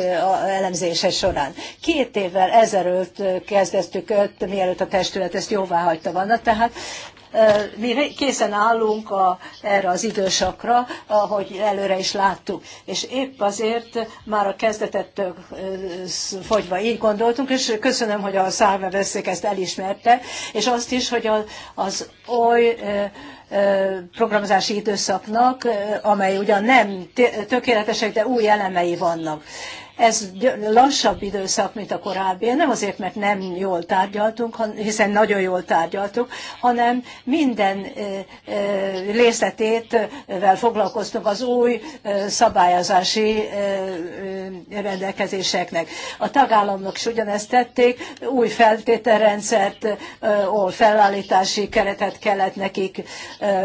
Speaker 4: elemzése során. Két évvel ezelőtt kezdeztük öt, mielőtt a testület ezt jóvá hagyta volna, tehát mi készen állunk a, erre az időszakra, ahogy előre is láttuk. És épp azért már a kezdetettől fogyva így gondoltunk, és köszönöm, hogy a veszék ezt elismerte, és azt is, hogy az oly programozási időszaknak, amely ugyan nem tökéletesek, de új elemei vannak. Ez lassabb időszak, mint a korábbi. Nem azért, mert nem jól tárgyaltunk, hiszen nagyon jól tárgyaltuk, hanem minden részletétvel foglalkoztunk az új szabályozási rendelkezéseknek. A tagállamok is ugyanezt tették, új feltételrendszert, ahol felállítási keretet kellett nekik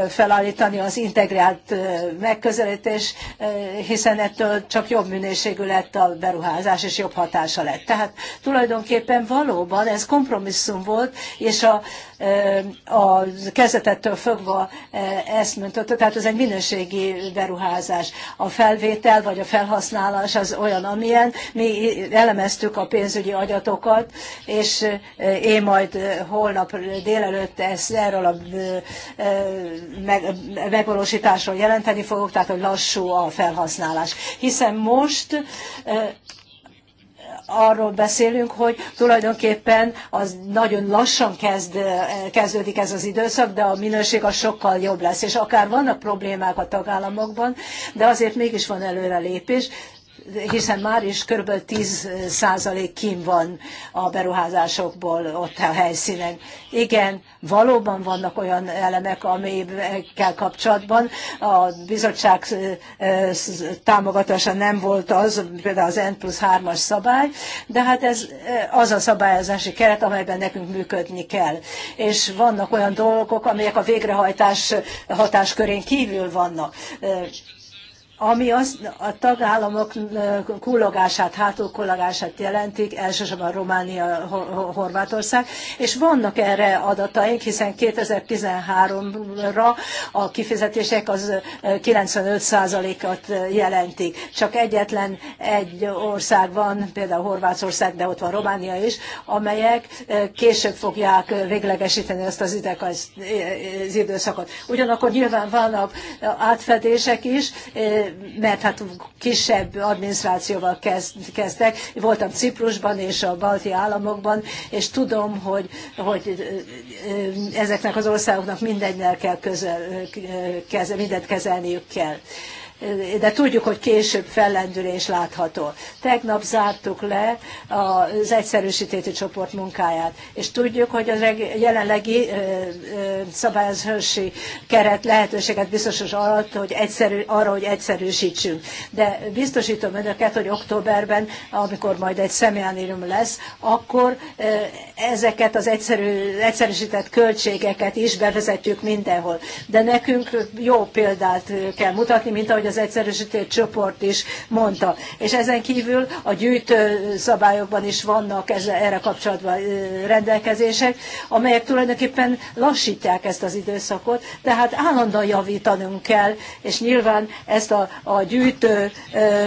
Speaker 4: felállítani az integrált megközelítés, hiszen ettől csak jobb minőségű lett a beruházás, és jobb hatása lett. Tehát tulajdonképpen valóban ez kompromisszum volt, és a a kezdetettől fogva ezt mondta, tehát ez egy minőségi beruházás. A felvétel vagy a felhasználás az olyan, amilyen. Mi elemeztük a pénzügyi adatokat, és én majd holnap délelőtt ezt erről a megvalósításról jelenteni fogok, tehát hogy lassú a felhasználás. Hiszen most arról beszélünk, hogy tulajdonképpen az nagyon lassan kezd, kezdődik ez az időszak, de a minőség az sokkal jobb lesz. És akár vannak problémák a tagállamokban, de azért mégis van előrelépés, hiszen már is kb. 10% kim van a beruházásokból ott a helyszínen. Igen, valóban vannak olyan elemek, amikkel kapcsolatban a bizottság támogatása nem volt az, például az N plusz 3-as szabály, de hát ez az a szabályozási keret, amelyben nekünk működni kell. És vannak olyan dolgok, amelyek a végrehajtás hatáskörén kívül vannak ami az, a tagállamok kullogását, hátulkullogását jelentik, elsősorban Románia, Horvátország, és vannak erre adataink, hiszen 2013-ra a kifizetések az 95%-at jelentik. Csak egyetlen egy ország van, például Horvátország, de ott van Románia is, amelyek később fogják véglegesíteni ezt az, ideg, az időszakot. Ugyanakkor nyilván vannak átfedések is, mert hát kisebb adminisztrációval kezdtek. Voltam Ciprusban és a balti államokban, és tudom, hogy, hogy ezeknek az országoknak mindennel kell közel, mindent kezelniük kell de tudjuk, hogy később fellendülés látható. Tegnap zártuk le az egyszerűsítéti csoport munkáját, és tudjuk, hogy a jelenlegi szabályozási keret lehetőséget biztosos arra, hogy, egyszerű, arra, hogy egyszerűsítsünk. De biztosítom önöket, hogy októberben, amikor majd egy szeminárium lesz, akkor ezeket az egyszerű, egyszerűsített költségeket is bevezetjük mindenhol. De nekünk jó példát kell mutatni, mint ahogy az egyszerűsített csoport is mondta. És ezen kívül a gyűjtő szabályokban is vannak ez, erre kapcsolatban rendelkezések, amelyek tulajdonképpen lassítják ezt az időszakot, tehát állandóan javítanunk kell, és nyilván ezt a, a gyűjtő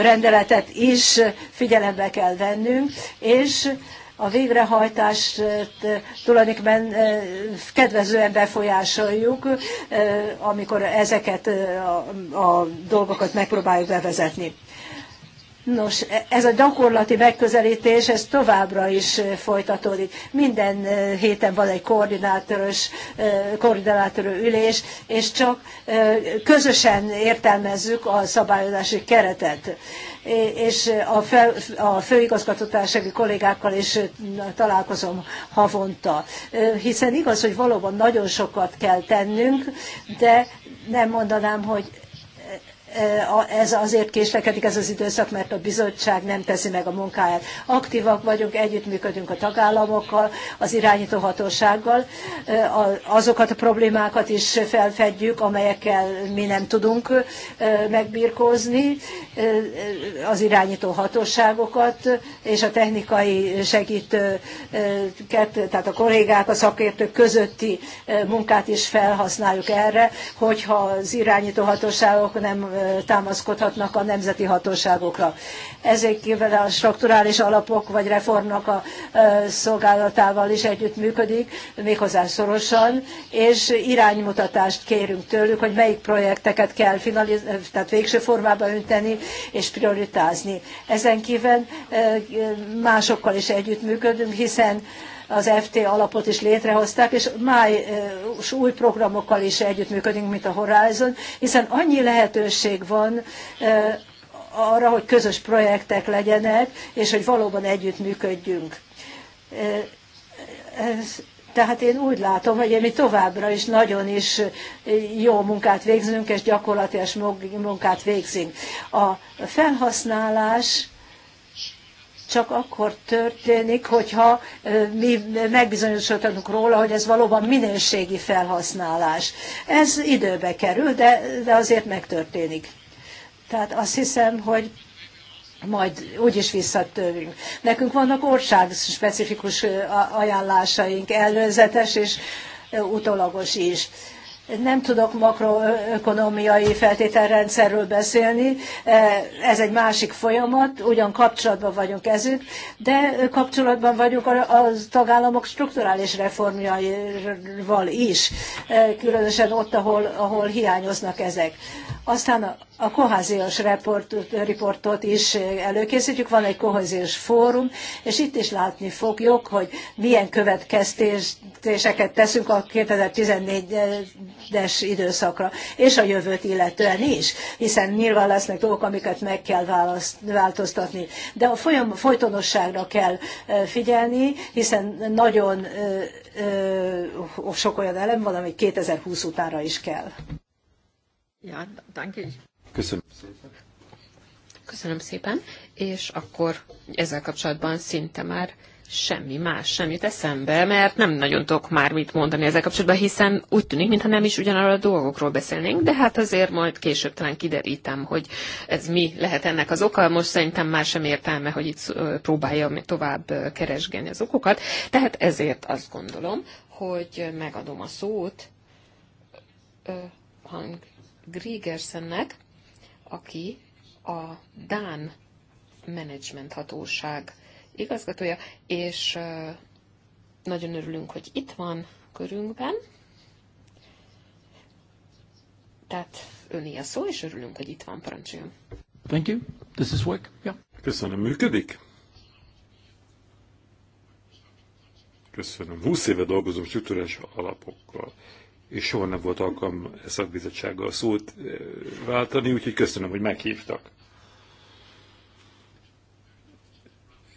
Speaker 4: rendeletet is figyelembe kell vennünk, és a végrehajtást eh, tulajdonképpen eh, kedvezően befolyásoljuk, eh, amikor ezeket a dolgokat megpróbáljuk bevezetni. Nos, e, ez a gyakorlati megközelítés, ez továbbra is folytatódik. Minden héten van egy koordinátoros, koordinátor ülés, és csak közösen értelmezzük a szabályozási keretet és a, fel, a főigazgatótársági kollégákkal is találkozom havonta. Hiszen igaz, hogy valóban nagyon sokat kell tennünk, de nem mondanám, hogy ez azért késlekedik ez az időszak, mert a bizottság nem teszi meg a munkáját. Aktívak vagyunk, együttműködünk a tagállamokkal, az irányító hatósággal, azokat a problémákat is felfedjük, amelyekkel mi nem tudunk megbirkózni, az irányító hatóságokat és a technikai segítőket, tehát a kollégák, a szakértők közötti munkát is felhasználjuk erre, hogyha az irányító hatóságok nem támaszkodhatnak a nemzeti hatóságokra. Ezekkel a strukturális alapok vagy reformnak a szolgálatával is együttműködik, méghozzá szorosan, és iránymutatást kérünk tőlük, hogy melyik projekteket kell finaliz- tehát végső formába önteni és prioritázni. Ezen kívül másokkal is együttműködünk, hiszen az FT alapot is létrehozták, és május új programokkal is együttműködünk, mint a Horizon, hiszen annyi lehetőség van arra, hogy közös projektek legyenek, és hogy valóban együttműködjünk. Tehát én úgy látom, hogy mi továbbra is nagyon is jó munkát végzünk, és gyakorlatilag munkát végzünk. A felhasználás csak akkor történik, hogyha mi megbizonyosodhatunk róla, hogy ez valóban minőségi felhasználás. Ez időbe kerül, de, de azért megtörténik. Tehát azt hiszem, hogy majd úgyis visszatövünk. Nekünk vannak ország specifikus ajánlásaink, előzetes és utolagos is. Nem tudok makroökonomiai feltételrendszerről beszélni, e, ez egy másik folyamat, ugyan kapcsolatban vagyunk ezük, de kapcsolatban vagyunk a tagállamok strukturális reformjaival is, e, különösen ott, ahol, ahol hiányoznak ezek. Aztán a koháziós reportot is előkészítjük, van egy koháziós fórum, és itt is látni fogjuk, hogy milyen következtéseket teszünk a 2014 rendes időszakra, és a jövőt illetően is, hiszen nyilván lesznek dolgok, amiket meg kell választ, változtatni. De a folyam, folytonosságra kell figyelni, hiszen nagyon ö, ö, sok olyan elem van, amit 2020 utánra is kell. Ja, danke.
Speaker 2: Köszönöm szépen.
Speaker 3: Köszönöm szépen, és akkor ezzel kapcsolatban szinte már semmi más, semmi eszembe, mert nem nagyon tudok már mit mondani ezzel kapcsolatban, hiszen úgy tűnik, mintha nem is ugyanarról a dolgokról beszélnénk, de hát azért majd később talán kiderítem, hogy ez mi lehet ennek az oka. Most szerintem már sem értelme, hogy itt próbáljam tovább keresgélni az okokat, tehát ezért azt gondolom, hogy megadom a szót Hang Grigersennek, aki a Dán Management Hatóság igazgatója, és nagyon örülünk, hogy itt van körünkben. Tehát öné a szó, és örülünk, hogy itt van, parancsoljon.
Speaker 2: Thank you. This is work. Yeah. Köszönöm, működik? Köszönöm. 20 éve dolgozom struktúrás alapokkal, és soha nem volt alkalom szakbizottsággal szót váltani, úgyhogy köszönöm, hogy meghívtak.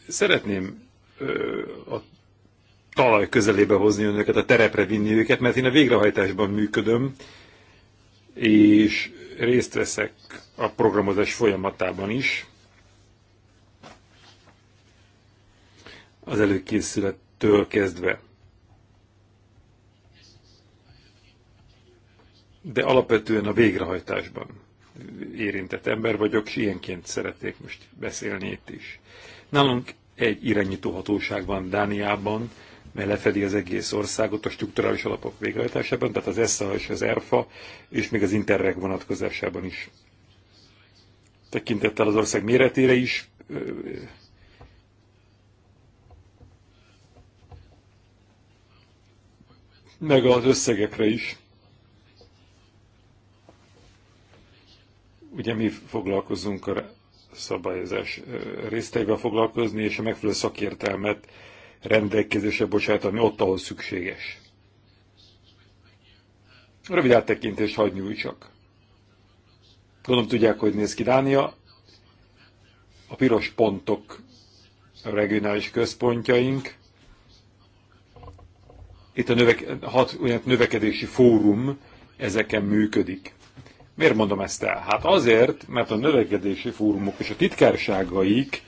Speaker 2: Szeretném a talaj közelébe hozni önöket, a terepre vinni őket, mert én a végrehajtásban működöm, és részt veszek a programozás folyamatában is. Az előkészülettől kezdve. De alapvetően a végrehajtásban érintett ember vagyok, és ilyenként szeretnék most beszélni itt is. Nálunk egy hatóság van Dániában, mely lefedi az egész országot a strukturális alapok végrehajtásában, tehát az ESSA és az ERFA, és még az Interreg vonatkozásában is. Tekintettel az ország méretére is, meg az összegekre is. Ugye mi foglalkozunk a szabályozás részteivel foglalkozni, és a megfelelő szakértelmet rendelkezésre bocsátani ott, ahol szükséges. Rövid áttekintést hagy nyújtsak. Gondolom tudják, hogy néz ki Dánia. A piros pontok a regionális központjaink. Itt a növek, hat növekedési fórum ezeken működik. Miért mondom ezt el? Hát azért, mert a növekedési fórumok és a titkárságaik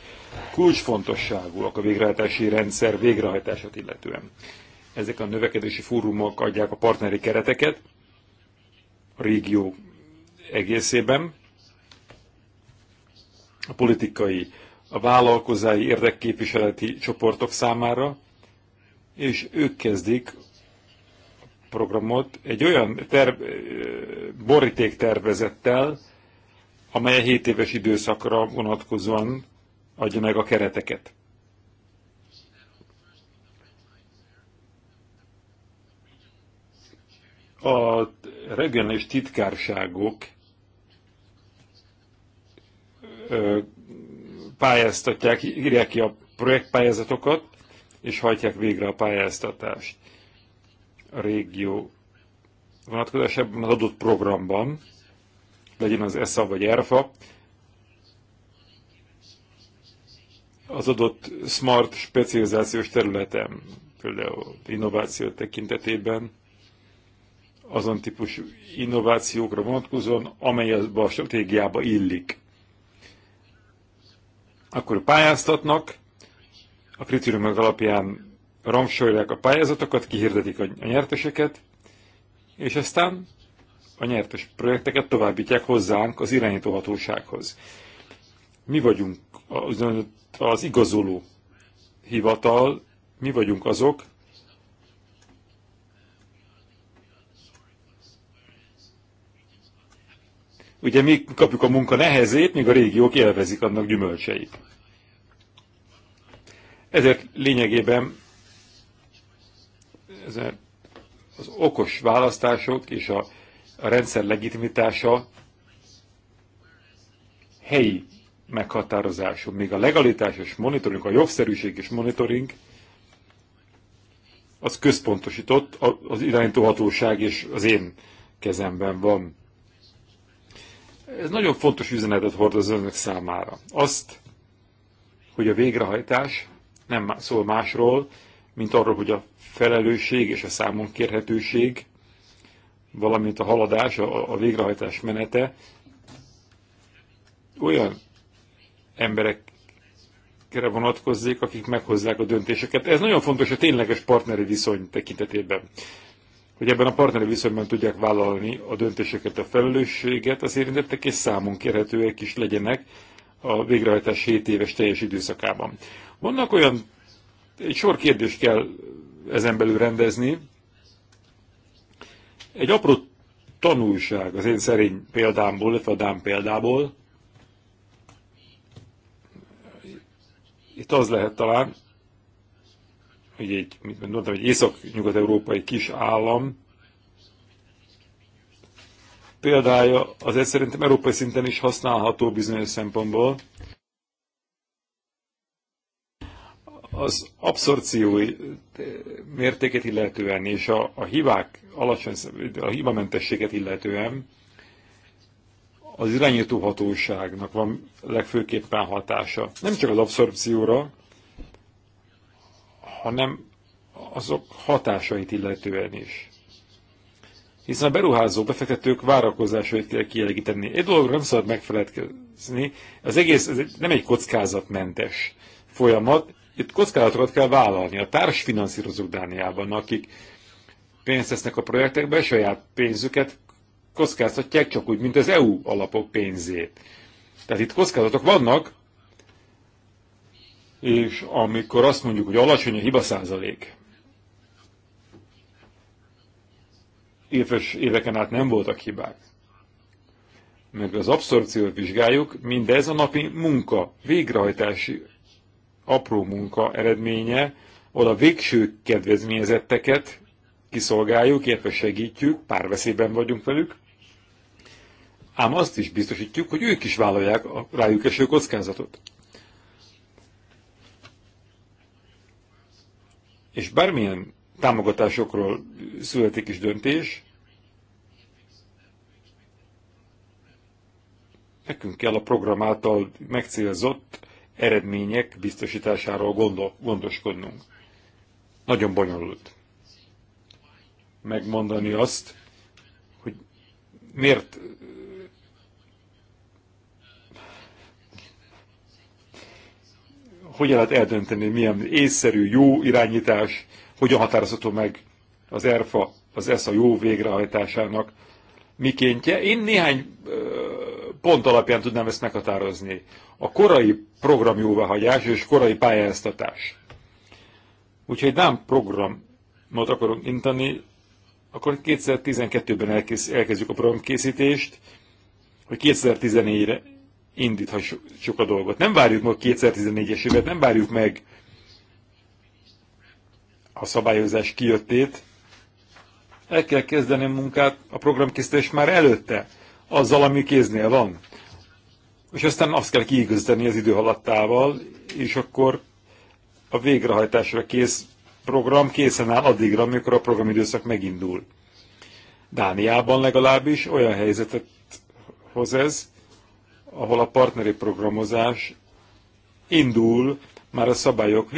Speaker 2: kulcsfontosságúak a végrehajtási rendszer végrehajtását illetően. Ezek a növekedési fórumok adják a partneri kereteket a régió egészében, a politikai, a vállalkozói érdekképviseleti csoportok számára, és ők kezdik programot egy olyan terv, boríték tervezettel, amely a 7 éves időszakra vonatkozóan adja meg a kereteket. a regionális titkárságok pályáztatják, írják ki a projektpályázatokat, és hajtják végre a pályáztatást a régió vonatkozásában az adott programban, legyen az ESA vagy ERFA, az adott smart specializációs területen, például innováció tekintetében, azon típusú innovációkra vonatkozóan, amely az a stratégiába illik. Akkor pályáztatnak, a kritériumok alapján ramsolják a pályázatokat, kihirdetik a nyerteseket, és aztán a nyertes projekteket továbbítják hozzánk az irányítóhatósághoz. Mi vagyunk az, az igazoló hivatal, mi vagyunk azok, Ugye mi kapjuk a munka nehezét, míg a régiók élvezik annak gyümölcseit. Ezért lényegében ezen az okos választások és a, a rendszer legitimitása helyi meghatározású, még a legalitásos monitoring, a jogszerűség és monitoring az központosított, az hatóság és az én kezemben van. Ez nagyon fontos üzenetet hordoz önök számára. Azt, hogy a végrehajtás nem szól másról, mint arról, hogy a felelősség és a számon kérhetőség, valamint a haladás, a, a végrehajtás menete olyan emberekre vonatkozzék, akik meghozzák a döntéseket. Ez nagyon fontos a tényleges partneri viszony tekintetében hogy ebben a partneri viszonyban tudják vállalni a döntéseket, a felelősséget, az érintettek és számon kérhetőek is legyenek a végrehajtás 7 éves teljes időszakában. Vannak olyan egy sor kérdést kell ezen belül rendezni. Egy apró tanulság az én szerény példámból, illetve a Dán példából, itt az lehet talán, hogy egy, mint mondtam, egy észak-nyugat-európai kis állam példája az szerintem európai szinten is használható bizonyos szempontból, az abszorció eh, mértéket illetően és a, a hibák alacsony, a hibamentességet illetően az irányító hatóságnak van legfőképpen hatása. Nem csak az abszorpcióra, hanem azok hatásait illetően is. Hiszen a beruházó befektetők várakozásait kell kielégíteni. Egy dologra nem szabad megfeledkezni, az egész ez nem egy kockázatmentes folyamat, itt kockázatokat kell vállalni. A társfinanszírozók Dániában, akik pénzt tesznek a projektekbe, saját pénzüket kockáztatják csak úgy, mint az EU alapok pénzét. Tehát itt kockázatok vannak, és amikor azt mondjuk, hogy alacsony a hiba százalék, éves éveken át nem voltak hibák, meg az abszorpciót vizsgáljuk, mindez a napi munka, végrehajtási apró munka eredménye, ahol a végső kedvezményezetteket kiszolgáljuk, illetve segítjük, párbeszédben vagyunk velük, ám azt is biztosítjuk, hogy ők is vállalják a rájuk eső kockázatot. És bármilyen támogatásokról születik is döntés, nekünk kell a program által megcélzott eredmények biztosításáról gondol, gondoskodnunk. Nagyon bonyolult megmondani azt, hogy miért hogyan lehet eldönteni, milyen észszerű, jó irányítás, hogyan határozható meg az ERFA, az ESZA jó végrehajtásának mikéntje. Én néhány ö, pont alapján tudnám ezt meghatározni. A korai program jóváhagyás és korai pályáztatás. Úgyhogy nem programot akarunk intani, akkor 2012-ben elkezdjük a programkészítést, hogy 2014-re indíthassuk a dolgot. Nem várjuk meg 2014-es évet, nem várjuk meg a szabályozás kijöttét, el kell kezdeni a munkát a programkészítés már előtte azzal, ami kéznél van. És aztán azt kell kiigazítani az idő haladtával, és akkor a végrehajtásra kész program készen áll addigra, amikor a programidőszak megindul. Dániában legalábbis olyan helyzetet hoz ez, ahol a partneri programozás indul már a szabályok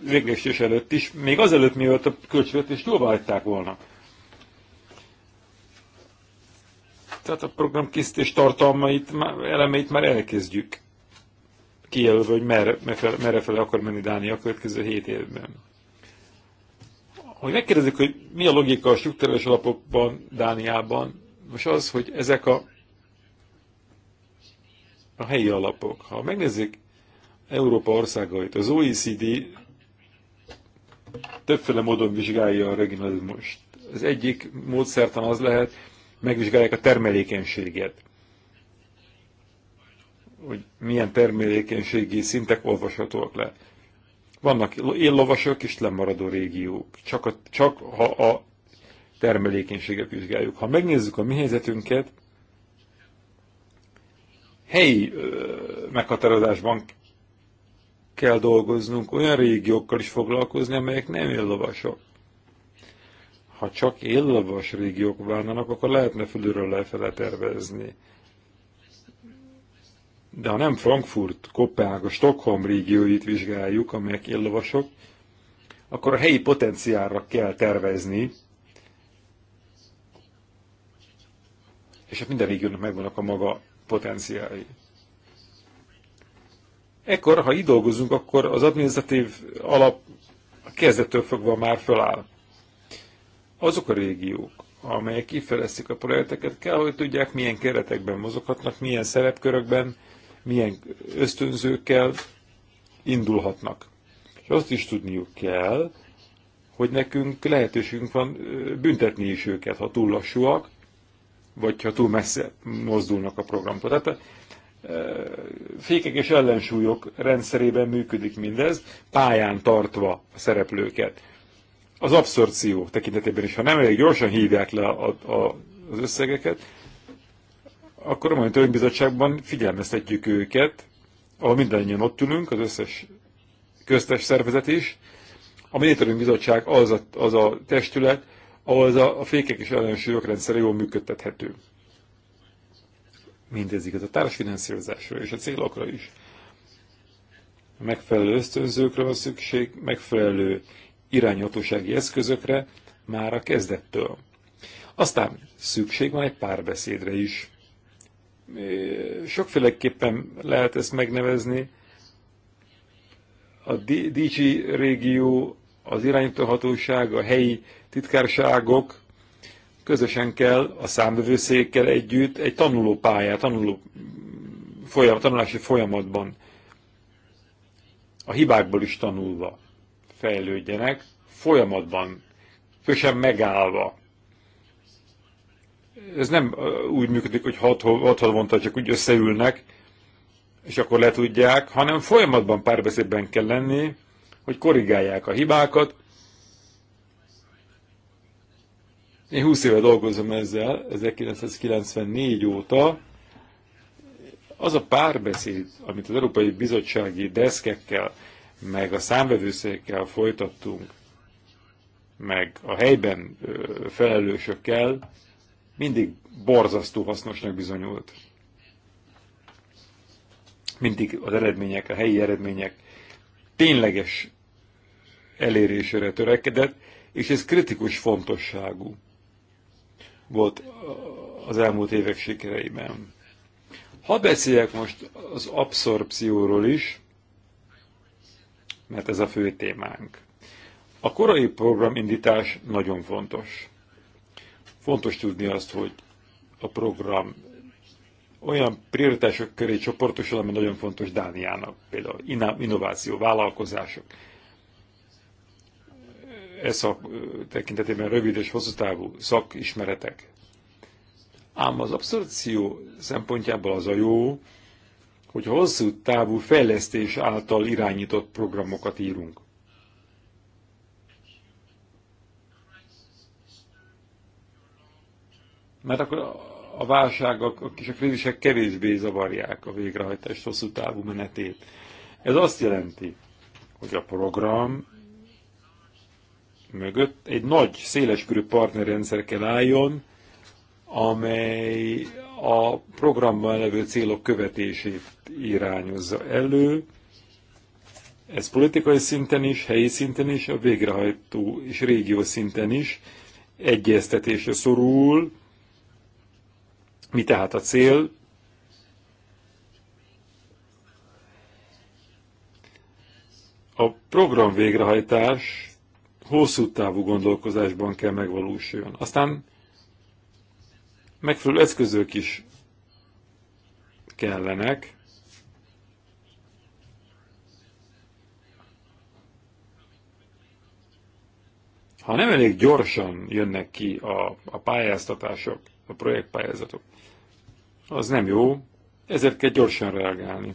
Speaker 2: végleges előtt is, még azelőtt, mielőtt a költségvetést jóvá hagyták volna. Tehát a program készítés tartalmait, elemeit már elkezdjük kijelölve, hogy merre, merre fele akar menni Dánia a következő hét évben. Hogy megkérdezik, hogy mi a logika a struktúrális alapokban Dániában, most az, hogy ezek a, a helyi alapok. Ha megnézzük Európa országait, az OECD többféle módon vizsgálja a regionalizmust. Az egyik módszertan az lehet, megvizsgálják a termelékenységet. Hogy milyen termelékenységi szintek olvashatóak le. Vannak éllovasok és lemaradó régiók. Csak, a, csak ha a termelékenységet vizsgáljuk. Ha megnézzük a mi helyzetünket, helyi ö, meghatározásban kell dolgoznunk, olyan régiókkal is foglalkozni, amelyek nem éllovasok ha csak éllavas régiók válnának, akkor lehetne fölülről lefele tervezni. De ha nem Frankfurt, Kopenhága, Stockholm régióit vizsgáljuk, amelyek éllavasok, akkor a helyi potenciálra kell tervezni, és hát minden régiónak megvannak a maga potenciái. Ekkor, ha így dolgozunk, akkor az administratív alap a kezdettől fogva már föláll. Azok a régiók, amelyek kifejlesztik a projekteket, kell, hogy tudják, milyen keretekben mozoghatnak, milyen szerepkörökben, milyen ösztönzőkkel indulhatnak. És azt is tudniuk kell, hogy nekünk lehetőségünk van büntetni is őket, ha túl lassúak, vagy ha túl messze mozdulnak a programtól. Tehát fékek és ellensúlyok rendszerében működik mindez, pályán tartva a szereplőket az abszorció tekintetében is, ha nem elég gyorsan hívják le a, a, az összegeket, akkor a Monitoring Bizottságban figyelmeztetjük őket, ahol mindannyian ott ülünk, az összes köztes szervezet is. A Monitoring Bizottság az a, az a testület, ahol az a, a fékek és ellensúlyok rendszere jól működtethető. Mindez igaz a társfinanszírozásra és a célokra is. Megfelelő ösztönzőkre van szükség, megfelelő irányhatósági eszközökre már a kezdettől. Aztán szükség van egy párbeszédre is. Sokféleképpen lehet ezt megnevezni. A DG régió, az irányítóhatóság, a helyi titkárságok közösen kell a számbevőszékkel együtt egy tanuló pályát, tanuló folyam, tanulási folyamatban, a hibákból is tanulva fejlődjenek, folyamatban, sosem megállva. Ez nem úgy működik, hogy hat, havonta csak úgy összeülnek, és akkor tudják, hanem folyamatban párbeszédben kell lenni, hogy korrigálják a hibákat. Én 20 éve dolgozom ezzel, 1994 óta. Az a párbeszéd, amit az Európai Bizottsági deszkekkel meg a számvevőszékkel folytattunk, meg a helyben felelősökkel, mindig borzasztó hasznosnak bizonyult. Mindig az eredmények, a helyi eredmények tényleges elérésére törekedett, és ez kritikus fontosságú volt az elmúlt évek sikereiben. Ha beszéljek most az abszorpcióról is, mert ez a fő témánk. A korai programindítás nagyon fontos. Fontos tudni azt, hogy a program olyan prioritások köré csoportosul, ami nagyon fontos Dániának, például innováció, vállalkozások. Ez a tekintetében rövid és hosszú távú szakismeretek. Ám az abszorció szempontjából az a jó, hogy hosszú távú fejlesztés által irányított programokat írunk. Mert akkor a válságok kis a krízisek kevésbé zavarják a végrehajtás hosszú távú menetét. Ez azt jelenti, hogy a program mögött egy nagy, széleskörű partnerrendszer kell álljon, amely a programban levő célok követését irányozza elő. Ez politikai szinten is, helyi szinten is, a végrehajtó és régió szinten is egyeztetésre szorul. Mi tehát a cél? A program végrehajtás hosszú távú gondolkozásban kell megvalósuljon. Aztán megfelelő eszközök is kellenek, ha nem elég gyorsan jönnek ki a, a pályáztatások, a projektpályázatok, az nem jó, ezért kell gyorsan reagálni.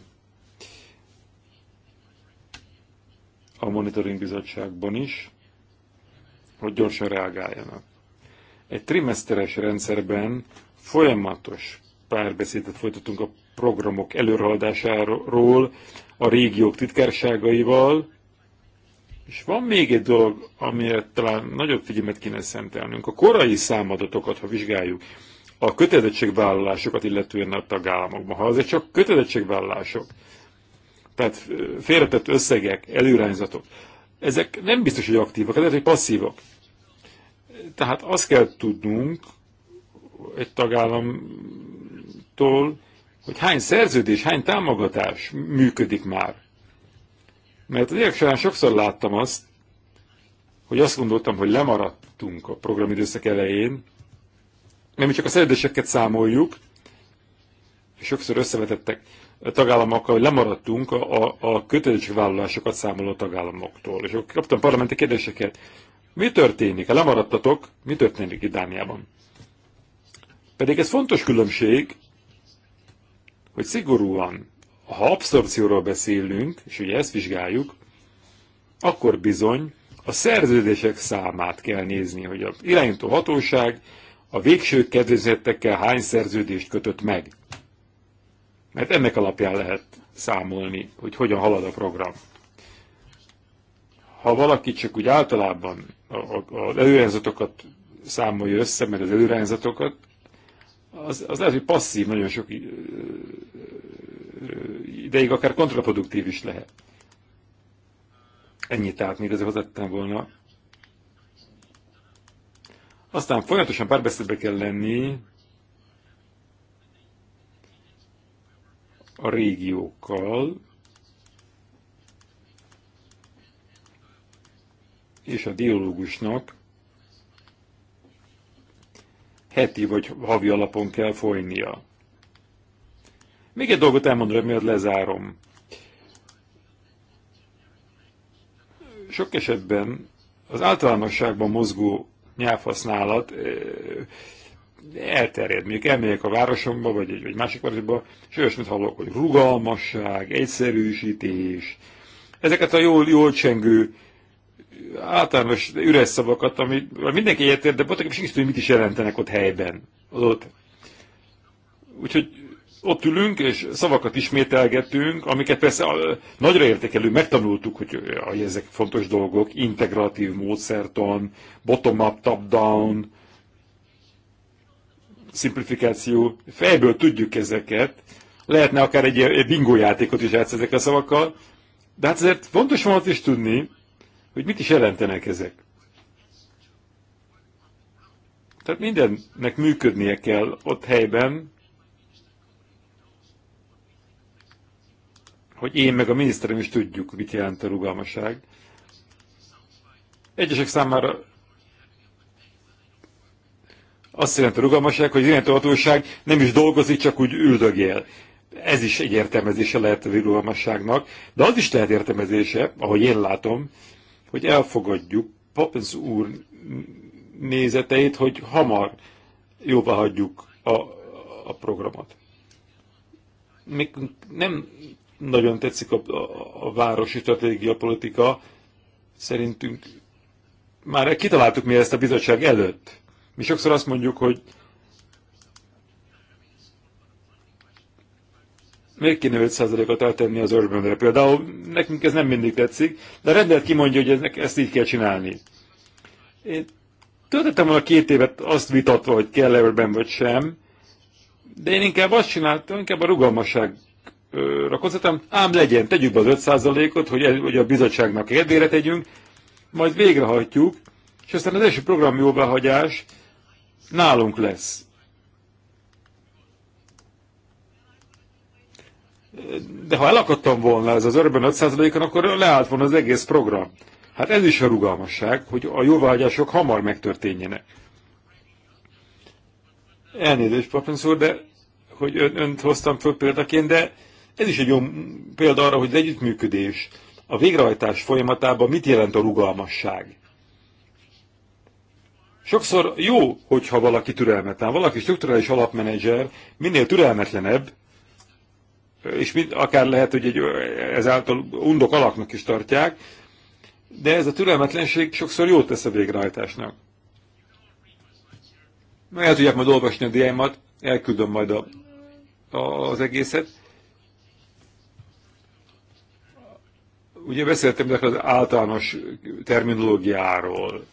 Speaker 2: A monitoring bizottságban is, hogy gyorsan reagáljanak. Egy trimeszteres rendszerben folyamatos párbeszédet folytatunk a programok előrehaladásáról, a régiók titkárságaival, és van még egy dolog, amire talán nagyobb figyelmet kéne szentelnünk. A korai számadatokat, ha vizsgáljuk, a kötelezettségvállalásokat illetően a tagállamokban, ha azért csak kötelezettségvállalások, tehát félretett összegek, előrányzatok, ezek nem biztos, hogy aktívak, lehet, hogy passzívak. Tehát azt kell tudnunk egy tagállamtól, hogy hány szerződés, hány támogatás működik már. Mert az évek során sokszor láttam azt, hogy azt gondoltam, hogy lemaradtunk a programidőszak elején, mert mi csak a szerződéseket számoljuk, és sokszor összevetettek a tagállamokkal, hogy lemaradtunk a, a, a kötelezettségvállalásokat számoló tagállamoktól. És akkor kaptam parlamenti kérdéseket, mi történik? Lemaradtatok, mi történik itt Dániában? Pedig ez fontos különbség, hogy szigorúan, ha abszorpcióról beszélünk, és ugye ezt vizsgáljuk, akkor bizony a szerződések számát kell nézni, hogy a irányító hatóság a végső kedvezettekkel hány szerződést kötött meg. Mert ennek alapján lehet számolni, hogy hogyan halad a program. Ha valaki csak úgy általában az előrehányzatokat számolja össze, mert az előrehányzatokat, az, az lehet, hogy passzív nagyon sok ideig akár kontraproduktív is lehet. Ennyit tehát még ezzel hozzátettem volna. Aztán folyamatosan párbeszédbe kell lenni a régiókkal, és a dialógusnak heti vagy havi alapon kell folynia. Még egy dolgot elmondom, miért lezárom. Sok esetben az általánosságban mozgó nyelvhasználat elterjed. Még elmegyek a városomba, vagy egy vagy másik városba, és olyasmit hallok, hogy rugalmasság, egyszerűsítés. Ezeket a jól, jól csengő általános üres szavakat, ami mindenki egyetért, de voltak is tudja, mit is jelentenek ott helyben. Az ott. Úgyhogy ott ülünk, és szavakat ismételgetünk, amiket persze nagyra értékelő, megtanultuk, hogy, hogy ezek fontos dolgok, integratív módszertan, bottom-up, top-down, szimplifikáció, fejből tudjuk ezeket, lehetne akár egy bingo játékot is játsz ezekkel a szavakkal, de hát ezért fontos van azt is tudni, hogy mit is jelentenek ezek. Tehát mindennek működnie kell ott helyben, hogy én meg a miniszterem is tudjuk, mit jelent a rugalmaság. Egyesek számára azt jelenti a rugalmaság, hogy az hatóság nem is dolgozik, csak úgy üldögél. Ez is egy értelmezése lehet a rugalmasságnak, de az is lehet értelmezése, ahogy én látom, hogy elfogadjuk Papens úr nézeteit, hogy hamar jóvá hagyjuk a, a programot. Még nem nagyon tetszik a, a, a városi stratégia politika, szerintünk már kitaláltuk mi ezt a bizottság előtt. Mi sokszor azt mondjuk, hogy még kéne 5%-ot eltenni az urbanre? Például nekünk ez nem mindig tetszik, de a rendelet kimondja, hogy ezt, ezt így kell csinálni. Én töltöttem volna két évet azt vitatva, hogy kell-e urban vagy sem, de én inkább azt csináltam, inkább a rugalmasság rakozatom, ám legyen, tegyük be az 5%-ot, hogy, hogy a bizottságnak kedvére tegyünk, majd végrehajtjuk, és aztán az első program jóváhagyás nálunk lesz. de ha elakadtam volna ez az örökben 5%-on, akkor leállt volna az egész program. Hát ez is a rugalmasság, hogy a jóváhagyások hamar megtörténjenek. Elnézést, Papinsz de hogy ön, önt hoztam föl példaként, de ez is egy jó példa arra, hogy az együttműködés a végrehajtás folyamatában mit jelent a rugalmasság. Sokszor jó, hogyha valaki türelmetlen, valaki struktúrális alapmenedzser minél türelmetlenebb, és mind, akár lehet, hogy egy, ezáltal undok alaknak is tartják, de ez a türelmetlenség sokszor jót tesz a végrehajtásnak. Majd el tudják majd olvasni a diáimat, elküldöm majd a, a, az egészet. Ugye beszéltem az általános terminológiáról.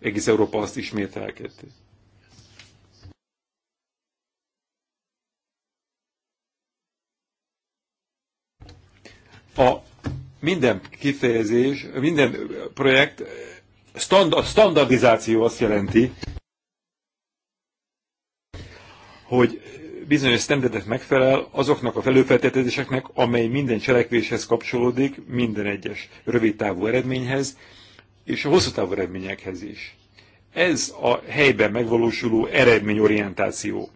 Speaker 2: Egész Európa azt ismételkedte. a minden kifejezés, minden projekt standard, standardizáció azt jelenti, hogy bizonyos standardek megfelel azoknak a felőfeltételezéseknek, amely minden cselekvéshez kapcsolódik, minden egyes rövidtávú eredményhez, és a hosszú távú eredményekhez is. Ez a helyben megvalósuló eredményorientáció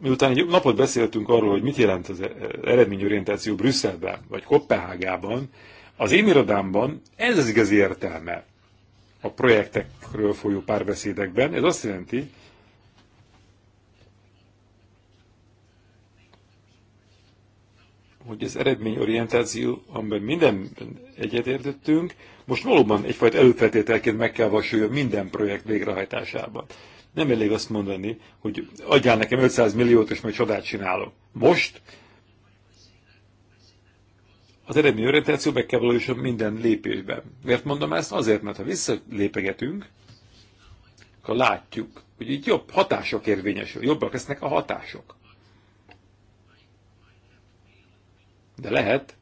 Speaker 2: miután egy napot beszéltünk arról, hogy mit jelent az e- eredményorientáció Brüsszelben vagy Kopenhágában, az én irodámban ez az igazi értelme a projektekről folyó párbeszédekben. Ez azt jelenti, hogy az eredményorientáció, amiben minden egyetértettünk, most valóban egyfajta előfeltételként meg kell vasolja minden projekt végrehajtásában. Nem elég azt mondani, hogy adjál nekem 500 milliót, és majd csodát csinálok. Most az orientáció meg kell valósul minden lépésben. Miért mondom ezt? Azért, mert ha visszalépegetünk, akkor látjuk, hogy itt jobb hatások érvényesül, jobbak lesznek a hatások. De lehet,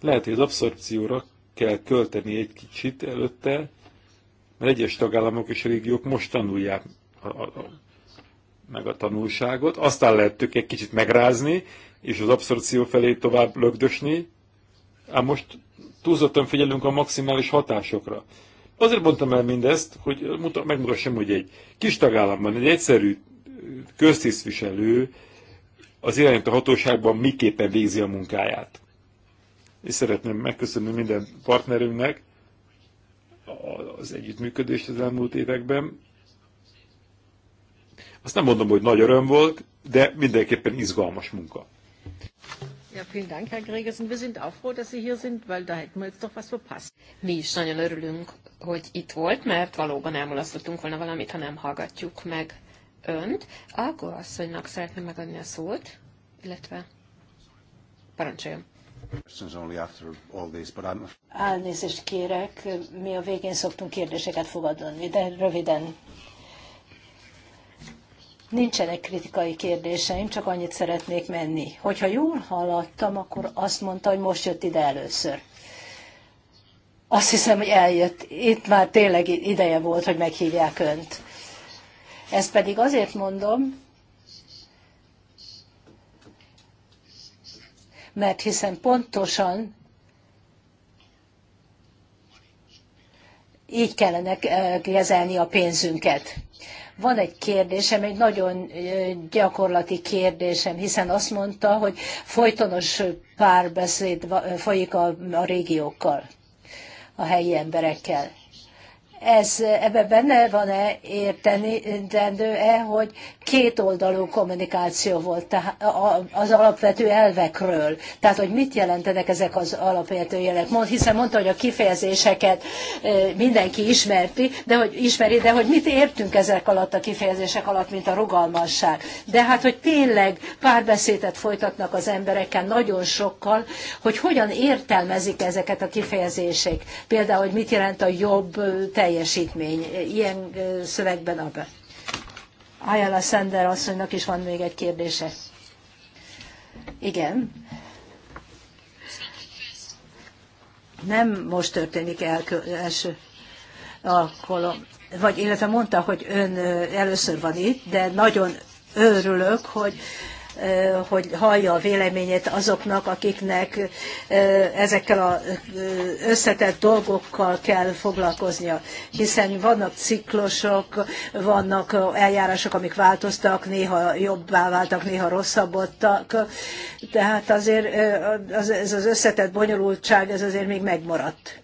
Speaker 2: lehet, hogy az abszorpcióra kell költeni egy kicsit előtte, mert egyes tagállamok és régiók most tanulják a, a, a, meg a tanulságot, aztán lehettük egy kicsit megrázni, és az abszorció felé tovább lögdösni, ám most túlzottan figyelünk a maximális hatásokra. Azért mondtam el mindezt, hogy megmutassam, hogy egy kis tagállamban egy egyszerű köztisztviselő az irányító hatóságban miképpen végzi a munkáját. És szeretném megköszönni minden partnerünknek, az együttműködést az elmúlt években. Azt nem mondom, hogy nagy öröm volt, de mindenképpen izgalmas munka.
Speaker 3: Ja, vielen Dank, Herr Gregersen. Wir sind auch froh, dass Sie hier sind, weil da hätten wir jetzt doch was verpasst. Mi is nagyon örülünk, hogy itt volt, mert valóban elmulasztottunk volna valamit, ha nem hallgatjuk meg önt. Algó asszonynak szeretném megadni a szót, illetve parancsoljon.
Speaker 4: Elnézést kérek, mi a végén szoktunk kérdéseket fogadni, de röviden. Nincsenek kritikai kérdéseim, csak annyit szeretnék menni. Hogyha jól hallottam, akkor azt mondta, hogy most jött ide először. Azt hiszem, hogy eljött. Itt már tényleg ideje volt, hogy meghívják önt. Ezt pedig azért mondom, mert hiszen pontosan így kellene eh, kezelni a pénzünket. Van egy kérdésem, egy nagyon eh, gyakorlati kérdésem, hiszen azt mondta, hogy folytonos párbeszéd folyik a, a régiókkal, a helyi emberekkel ez ebben benne van-e értendő-e, hogy kétoldalú kommunikáció volt az alapvető elvekről? Tehát, hogy mit jelentenek ezek az alapvető jelek? Hiszen mondta, hogy a kifejezéseket mindenki ismerti, de hogy ismeri, de hogy mit értünk ezek alatt a kifejezések alatt, mint a rugalmasság. De hát, hogy tényleg párbeszédet folytatnak az emberekkel nagyon sokkal, hogy hogyan értelmezik ezeket a kifejezések. Például, hogy mit jelent a jobb teljesítmény teljesítmény. Ilyen szövegben abban. Ayala Sender asszonynak is van még egy kérdése. Igen. Nem most történik el, első alkalom, vagy illetve mondta, hogy ön először van itt, de nagyon örülök, hogy hogy hallja a véleményét azoknak, akiknek ezekkel az összetett dolgokkal kell foglalkoznia. Hiszen vannak ciklosok, vannak eljárások, amik változtak, néha jobbá váltak, néha rosszabbodtak. Tehát azért ez az összetett bonyolultság, ez azért még megmaradt.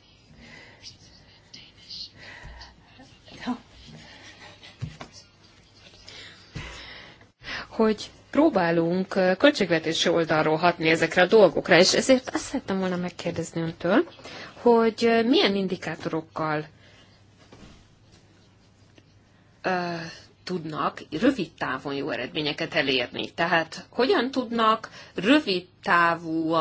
Speaker 3: hogy próbálunk költségvetési oldalról hatni ezekre a dolgokra, és ezért azt szerettem volna megkérdezni öntől, hogy milyen indikátorokkal tudnak rövid távon jó eredményeket elérni. Tehát hogyan tudnak rövid távú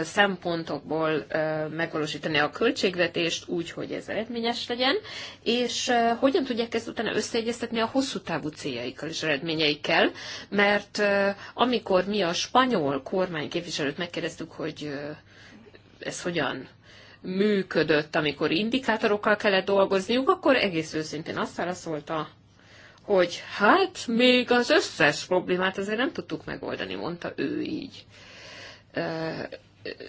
Speaker 3: szempontokból megvalósítani a költségvetést úgy, hogy ez eredményes legyen, és hogyan tudják ezt utána összeegyeztetni a hosszú távú céljaikkal és eredményeikkel, mert amikor mi a spanyol kormány képviselőt megkérdeztük, hogy ez hogyan működött, amikor indikátorokkal kellett dolgozniuk, akkor egész őszintén azt válaszolta hogy hát még az összes problémát azért nem tudtuk megoldani, mondta ő így.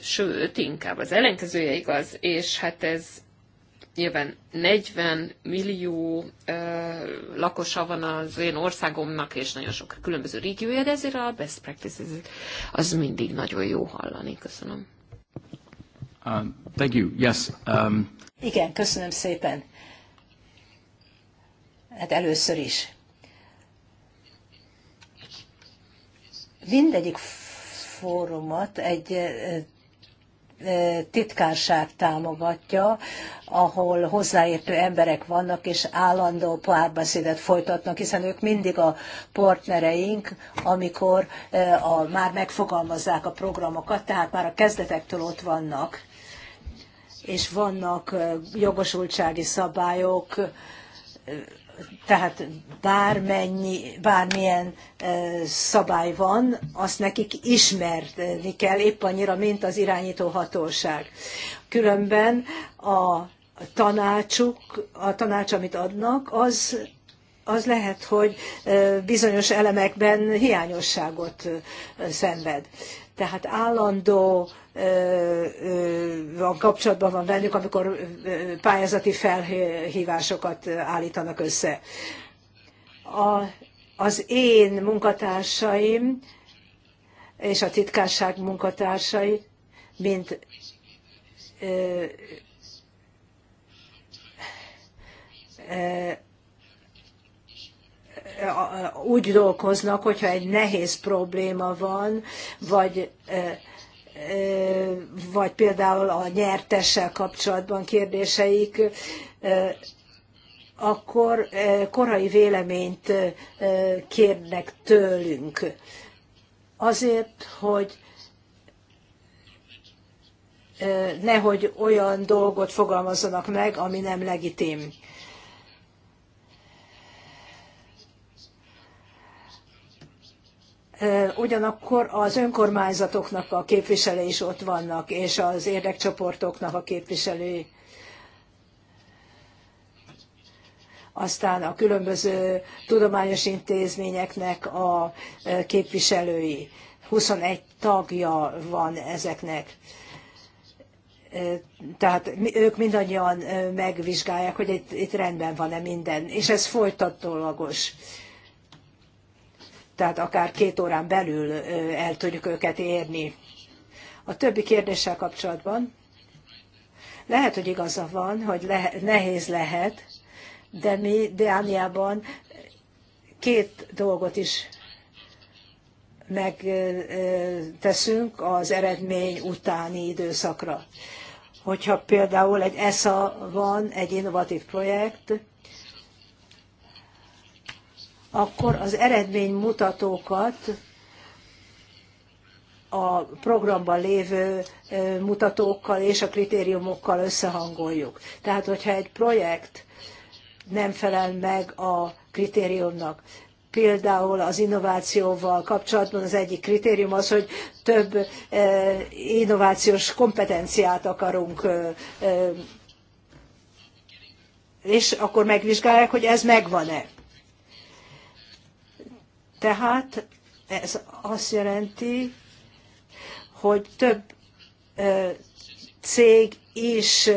Speaker 3: Sőt, inkább az ellenkezője igaz, és hát ez nyilván 40 millió lakosa van az én országomnak, és nagyon sok különböző régiója, de ezért a best practices az mindig nagyon jó hallani. Köszönöm. Uh, thank you. Yes. Um...
Speaker 4: Igen, köszönöm szépen hát először is. Mindegyik fórumot egy titkárság támogatja, ahol hozzáértő emberek vannak, és állandó párbeszédet folytatnak, hiszen ők mindig a partnereink, amikor a, már megfogalmazzák a programokat, tehát már a kezdetektől ott vannak, és vannak jogosultsági szabályok, tehát bármennyi, bármilyen szabály van, azt nekik ismerni kell, épp annyira, mint az irányító hatóság. Különben a tanácsuk, a tanács, amit adnak, az, az lehet, hogy bizonyos elemekben hiányosságot szenved. Tehát állandó van kapcsolatban van velük, amikor pályázati felhívásokat állítanak össze. A, az én munkatársaim és a titkárság munkatársai mint ö, ö, úgy dolgoznak, hogyha egy nehéz probléma van, vagy ö, vagy például a nyertessel kapcsolatban kérdéseik, akkor korai véleményt kérnek tőlünk. Azért, hogy nehogy olyan dolgot fogalmazzanak meg, ami nem legitim. ugyanakkor az önkormányzatoknak a képviselői is ott vannak, és az érdekcsoportoknak a képviselői. Aztán a különböző tudományos intézményeknek a képviselői. 21 tagja van ezeknek. Tehát ők mindannyian megvizsgálják, hogy itt, itt rendben van-e minden, és ez folytatólagos tehát akár két órán belül el tudjuk őket érni. A többi kérdéssel kapcsolatban lehet, hogy igaza van, hogy lehe, nehéz lehet, de mi Dániában két dolgot is megteszünk az eredmény utáni időszakra. Hogyha például egy ESA van, egy innovatív projekt, akkor az eredménymutatókat a programban lévő mutatókkal és a kritériumokkal összehangoljuk. Tehát, hogyha egy projekt nem felel meg a kritériumnak, például az innovációval kapcsolatban az egyik kritérium az, hogy több innovációs kompetenciát akarunk és akkor megvizsgálják, hogy ez megvan-e. Tehát ez azt jelenti, hogy több cég is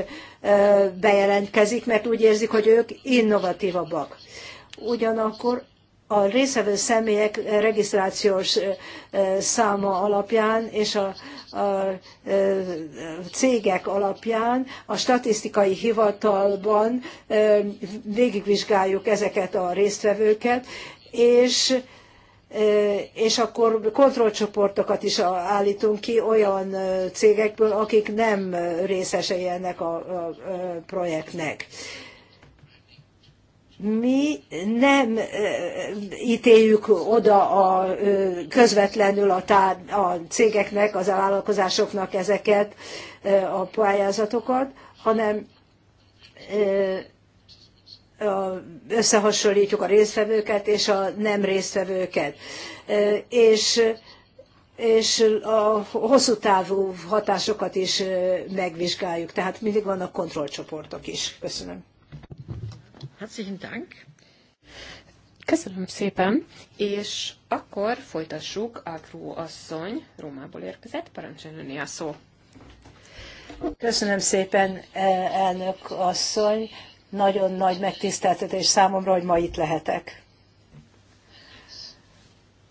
Speaker 4: bejelentkezik, mert úgy érzik, hogy ők innovatívabbak. Ugyanakkor a részvevő személyek regisztrációs száma alapján és a, a cégek alapján a statisztikai hivatalban végigvizsgáljuk ezeket a résztvevőket, és és akkor kontrollcsoportokat is állítunk ki olyan cégekből, akik nem részesei ennek a projektnek. Mi nem ítéljük oda a, közvetlenül a, tá, a cégeknek, az vállalkozásoknak ezeket a pályázatokat, hanem összehasonlítjuk a résztvevőket és a nem résztvevőket. És és a hosszú távú hatásokat is megvizsgáljuk. Tehát mindig vannak kontrollcsoportok is. Köszönöm.
Speaker 3: Herzlichen Dank.
Speaker 4: Köszönöm szépen,
Speaker 3: és akkor folytassuk, Agró asszony Rómából érkezett, parancsoljon a szó.
Speaker 4: Köszönöm szépen, e, elnök asszony. Nagyon nagy megtiszteltetés számomra, hogy ma itt lehetek.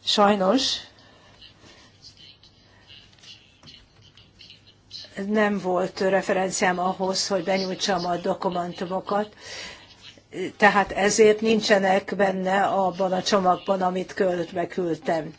Speaker 4: Sajnos nem volt referenciám ahhoz, hogy benyújtsam a dokumentumokat, tehát ezért nincsenek benne abban a csomagban, amit körbe küldtem.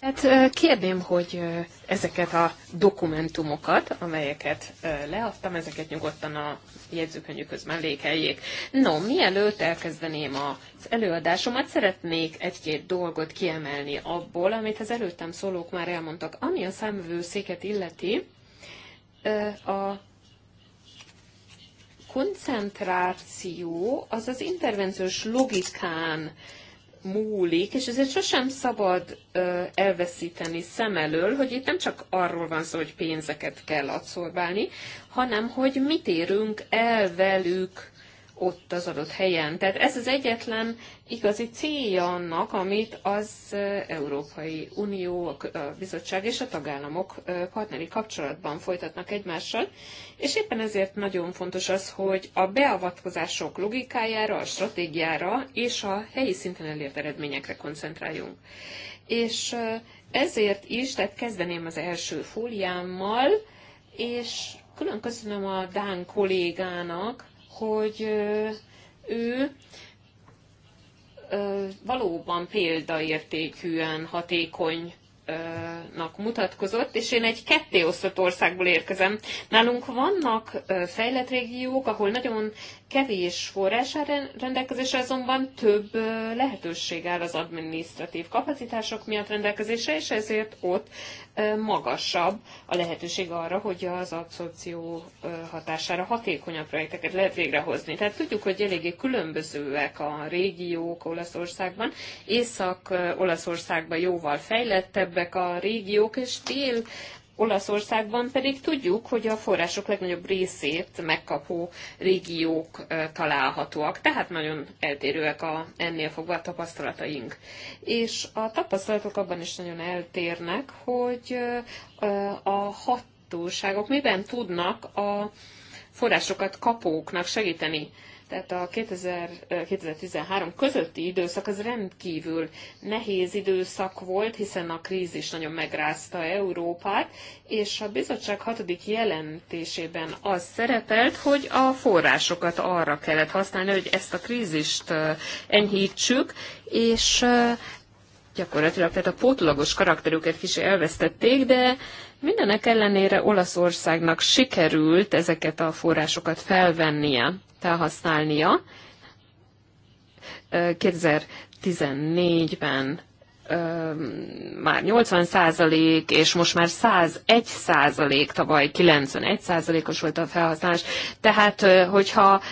Speaker 3: Hát kérném, hogy ezeket a dokumentumokat, amelyeket leadtam, ezeket nyugodtan a jegyzőkönyvükhöz mellékeljék. No, mielőtt elkezdeném az előadásomat, szeretnék egy-két dolgot kiemelni abból, amit az előttem szólók már elmondtak. Ami a számvevőszéket illeti, a koncentráció az az intervenciós logikán múlik, és ezért sosem szabad elveszíteni szem elől, hogy itt nem csak arról van szó, hogy pénzeket kell adszorbálni, hanem hogy mit érünk el velük ott az adott helyen. Tehát ez az egyetlen igazi célja annak, amit az Európai Unió, a bizottság és a tagállamok partneri kapcsolatban folytatnak egymással, és éppen ezért nagyon fontos az, hogy a beavatkozások logikájára, a stratégiára és a helyi szinten elért eredményekre koncentráljunk. És ezért is, tehát kezdeném az első fóliámmal, és külön köszönöm a Dán kollégának, hogy ő valóban példaértékűen hatékony mutatkozott, és én egy kettéosztott országból érkezem. Nálunk vannak fejlett régiók, ahol nagyon kevés forrás rendelkezésre, azonban több lehetőség áll az adminisztratív kapacitások miatt rendelkezésre, és ezért ott magasabb a lehetőség arra, hogy az abszorció hatására hatékonyabb projekteket lehet végrehozni. Tehát tudjuk, hogy eléggé különbözőek a régiók Olaszországban. Észak-Olaszországban jóval fejlettebbek a régiók, és dél Olaszországban pedig tudjuk, hogy a források legnagyobb részét megkapó régiók találhatóak, tehát nagyon eltérőek a, ennél fogva a tapasztalataink. És a tapasztalatok abban is nagyon eltérnek, hogy a hatóságok miben tudnak a forrásokat kapóknak segíteni tehát a 2000, 2013 közötti időszak az rendkívül nehéz időszak volt, hiszen a krízis nagyon megrázta Európát, és a bizottság hatodik jelentésében az szerepelt, hogy a forrásokat arra kellett használni, hogy ezt a krízist enyhítsük, és gyakorlatilag tehát a pótlagos karakterüket kicsit elvesztették, de Mindenek ellenére Olaszországnak sikerült ezeket a forrásokat felvennie, felhasználnia. 2014-ben már 80 százalék, és most már 101 százalék, tavaly 91 százalékos volt a felhasználás. Tehát, hogyha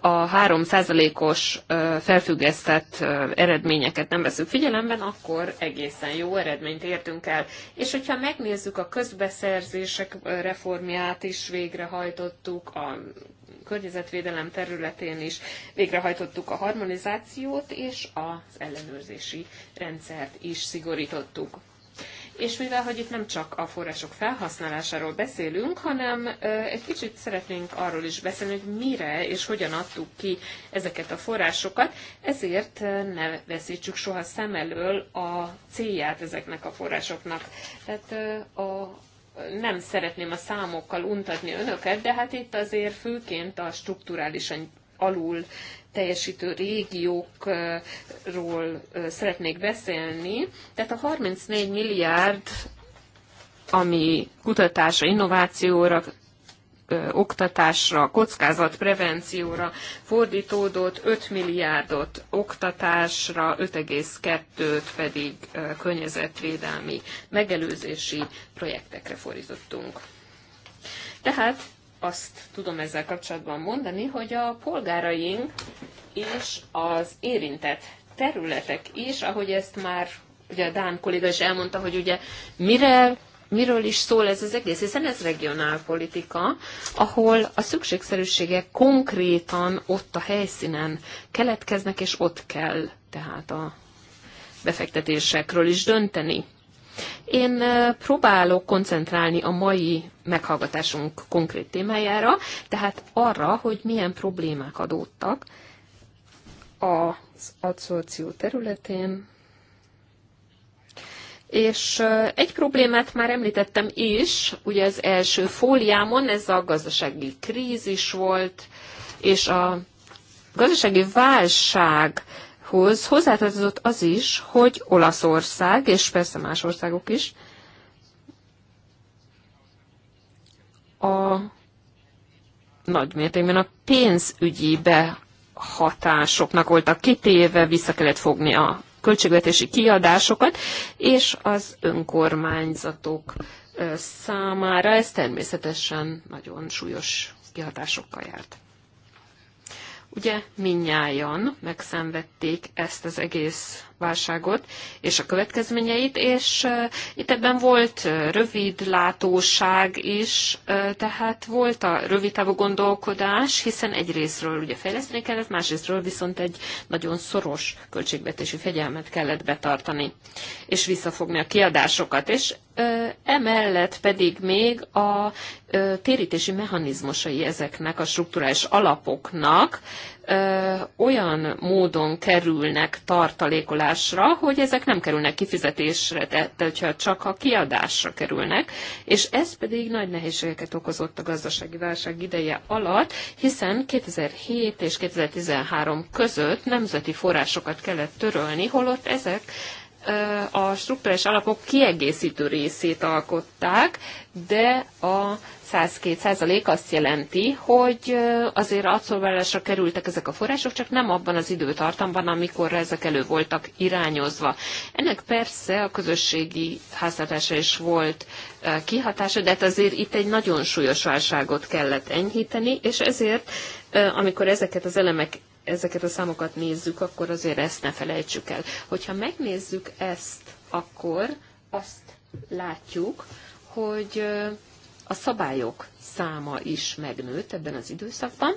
Speaker 3: a 3%-os felfüggesztett eredményeket nem veszünk figyelemben, akkor egészen jó eredményt értünk el. És hogyha megnézzük a közbeszerzések reformját is végrehajtottuk, a környezetvédelem területén is végrehajtottuk a harmonizációt, és az ellenőrzési rendszert is szigorítottuk és mivel, hogy itt nem csak a források felhasználásáról beszélünk, hanem egy kicsit szeretnénk arról is beszélni, hogy mire és hogyan adtuk ki ezeket a forrásokat, ezért ne veszítsük soha szem elől a célját ezeknek a forrásoknak. Tehát a, nem szeretném a számokkal untatni önöket, de hát itt azért főként a strukturálisan alul teljesítő régiókról szeretnék beszélni. Tehát a 34 milliárd, ami kutatásra, innovációra, oktatásra, kockázatprevencióra fordítódott, 5 milliárdot oktatásra, 5,2-t pedig környezetvédelmi megelőzési projektekre fordítottunk. Tehát azt tudom ezzel kapcsolatban mondani, hogy a polgáraink és az érintett területek is, ahogy ezt már ugye a Dán kolléga is elmondta, hogy ugye mire miről is szól ez az egész, hiszen ez regionálpolitika, ahol a szükségszerűségek konkrétan ott a helyszínen keletkeznek, és ott kell tehát a befektetésekről is dönteni. Én próbálok koncentrálni a mai meghallgatásunk konkrét témájára, tehát arra, hogy milyen problémák adódtak az adszorció területén, és egy problémát már említettem is, ugye az első fóliámon ez a gazdasági krízis volt, és a gazdasági válság dologhoz hozzátartozott az is, hogy Olaszország, és persze más országok is, a nagy mértékben a pénzügyi behatásoknak voltak kitéve, vissza kellett fogni a költségvetési kiadásokat, és az önkormányzatok számára ez természetesen nagyon súlyos kihatásokkal járt. Ugye minnyájan megszenvedték ezt az egész válságot és a következményeit, és itt ebben volt rövid látóság is, tehát volt a rövid távú gondolkodás, hiszen egyrésztről ugye fejleszteni kellett, másrésztről viszont egy nagyon szoros költségvetési fegyelmet kellett betartani, és visszafogni a kiadásokat, és emellett pedig még a térítési mechanizmusai ezeknek a strukturális alapoknak, olyan módon kerülnek tartalékolásra, hogy ezek nem kerülnek kifizetésre, tehát hogyha csak a kiadásra kerülnek, és ez pedig nagy nehézségeket okozott a gazdasági válság ideje alatt, hiszen 2007 és 2013 között nemzeti forrásokat kellett törölni, holott ezek a struktúrás alapok kiegészítő részét alkották, de a 102 százalék azt jelenti, hogy azért abszolválásra kerültek ezek a források, csak nem abban az időtartamban, amikor ezek elő voltak irányozva. Ennek persze a közösségi háztartása is volt kihatása, de hát azért itt egy nagyon súlyos válságot kellett enyhíteni, és ezért, amikor ezeket az elemek ezeket a számokat nézzük, akkor azért ezt ne felejtsük el. Hogyha megnézzük ezt, akkor azt látjuk, hogy a szabályok száma is megnőtt ebben az időszakban,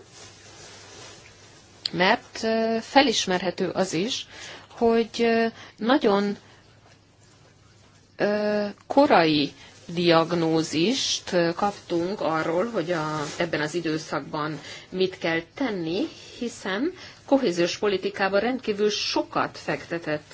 Speaker 3: mert felismerhető az is, hogy nagyon korai diagnózist kaptunk arról, hogy a, ebben az időszakban mit kell tenni, hiszen kohéziós politikában rendkívül sokat fektetett,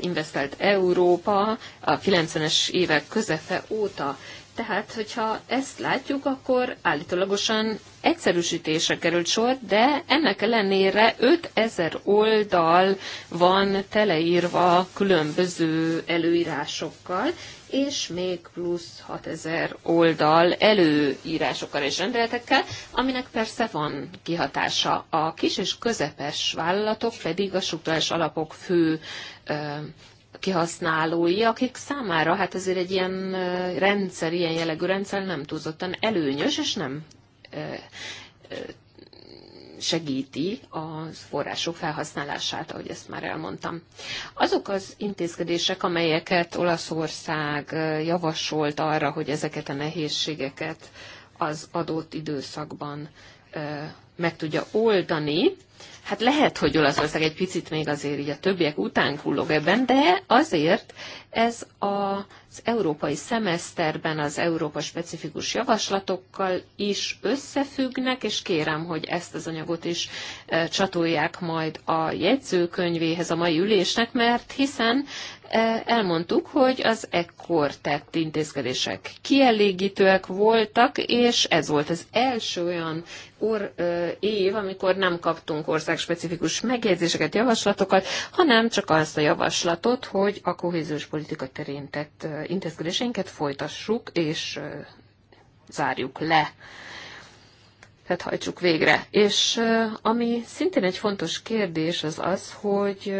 Speaker 3: investált Európa a 90-es évek közepe óta, tehát, hogyha ezt látjuk, akkor állítólagosan egyszerűsítésre került sor, de ennek ellenére 5000 oldal van teleírva különböző előírásokkal, és még plusz 6000 oldal előírásokkal és rendeletekkel, aminek persze van kihatása. A kis és közepes vállalatok pedig a struktúrás alapok fő kihasználói, akik számára hát ezért egy ilyen rendszer, ilyen jellegű rendszer nem túlzottan előnyös, és nem segíti a források felhasználását, ahogy ezt már elmondtam. Azok az intézkedések, amelyeket Olaszország javasolt arra, hogy ezeket a nehézségeket az adott időszakban meg tudja oldani, hát lehet, hogy Olaszország egy picit még azért így a többiek után kullog ebben, de azért ez a, az európai szemeszterben az Európa specifikus javaslatokkal is összefüggnek, és kérem, hogy ezt az anyagot is eh, csatolják majd a jegyzőkönyvéhez a mai ülésnek, mert hiszen E, elmondtuk, hogy az ekkor tett intézkedések kielégítőek voltak, és ez volt az első olyan or, év, amikor nem kaptunk országspecifikus megjegyzéseket, javaslatokat, hanem csak azt a javaslatot, hogy a kohéziós politika terén tett intézkedéseinket folytassuk, és zárjuk le tehát hajtsuk végre. És ami szintén egy fontos kérdés az az, hogy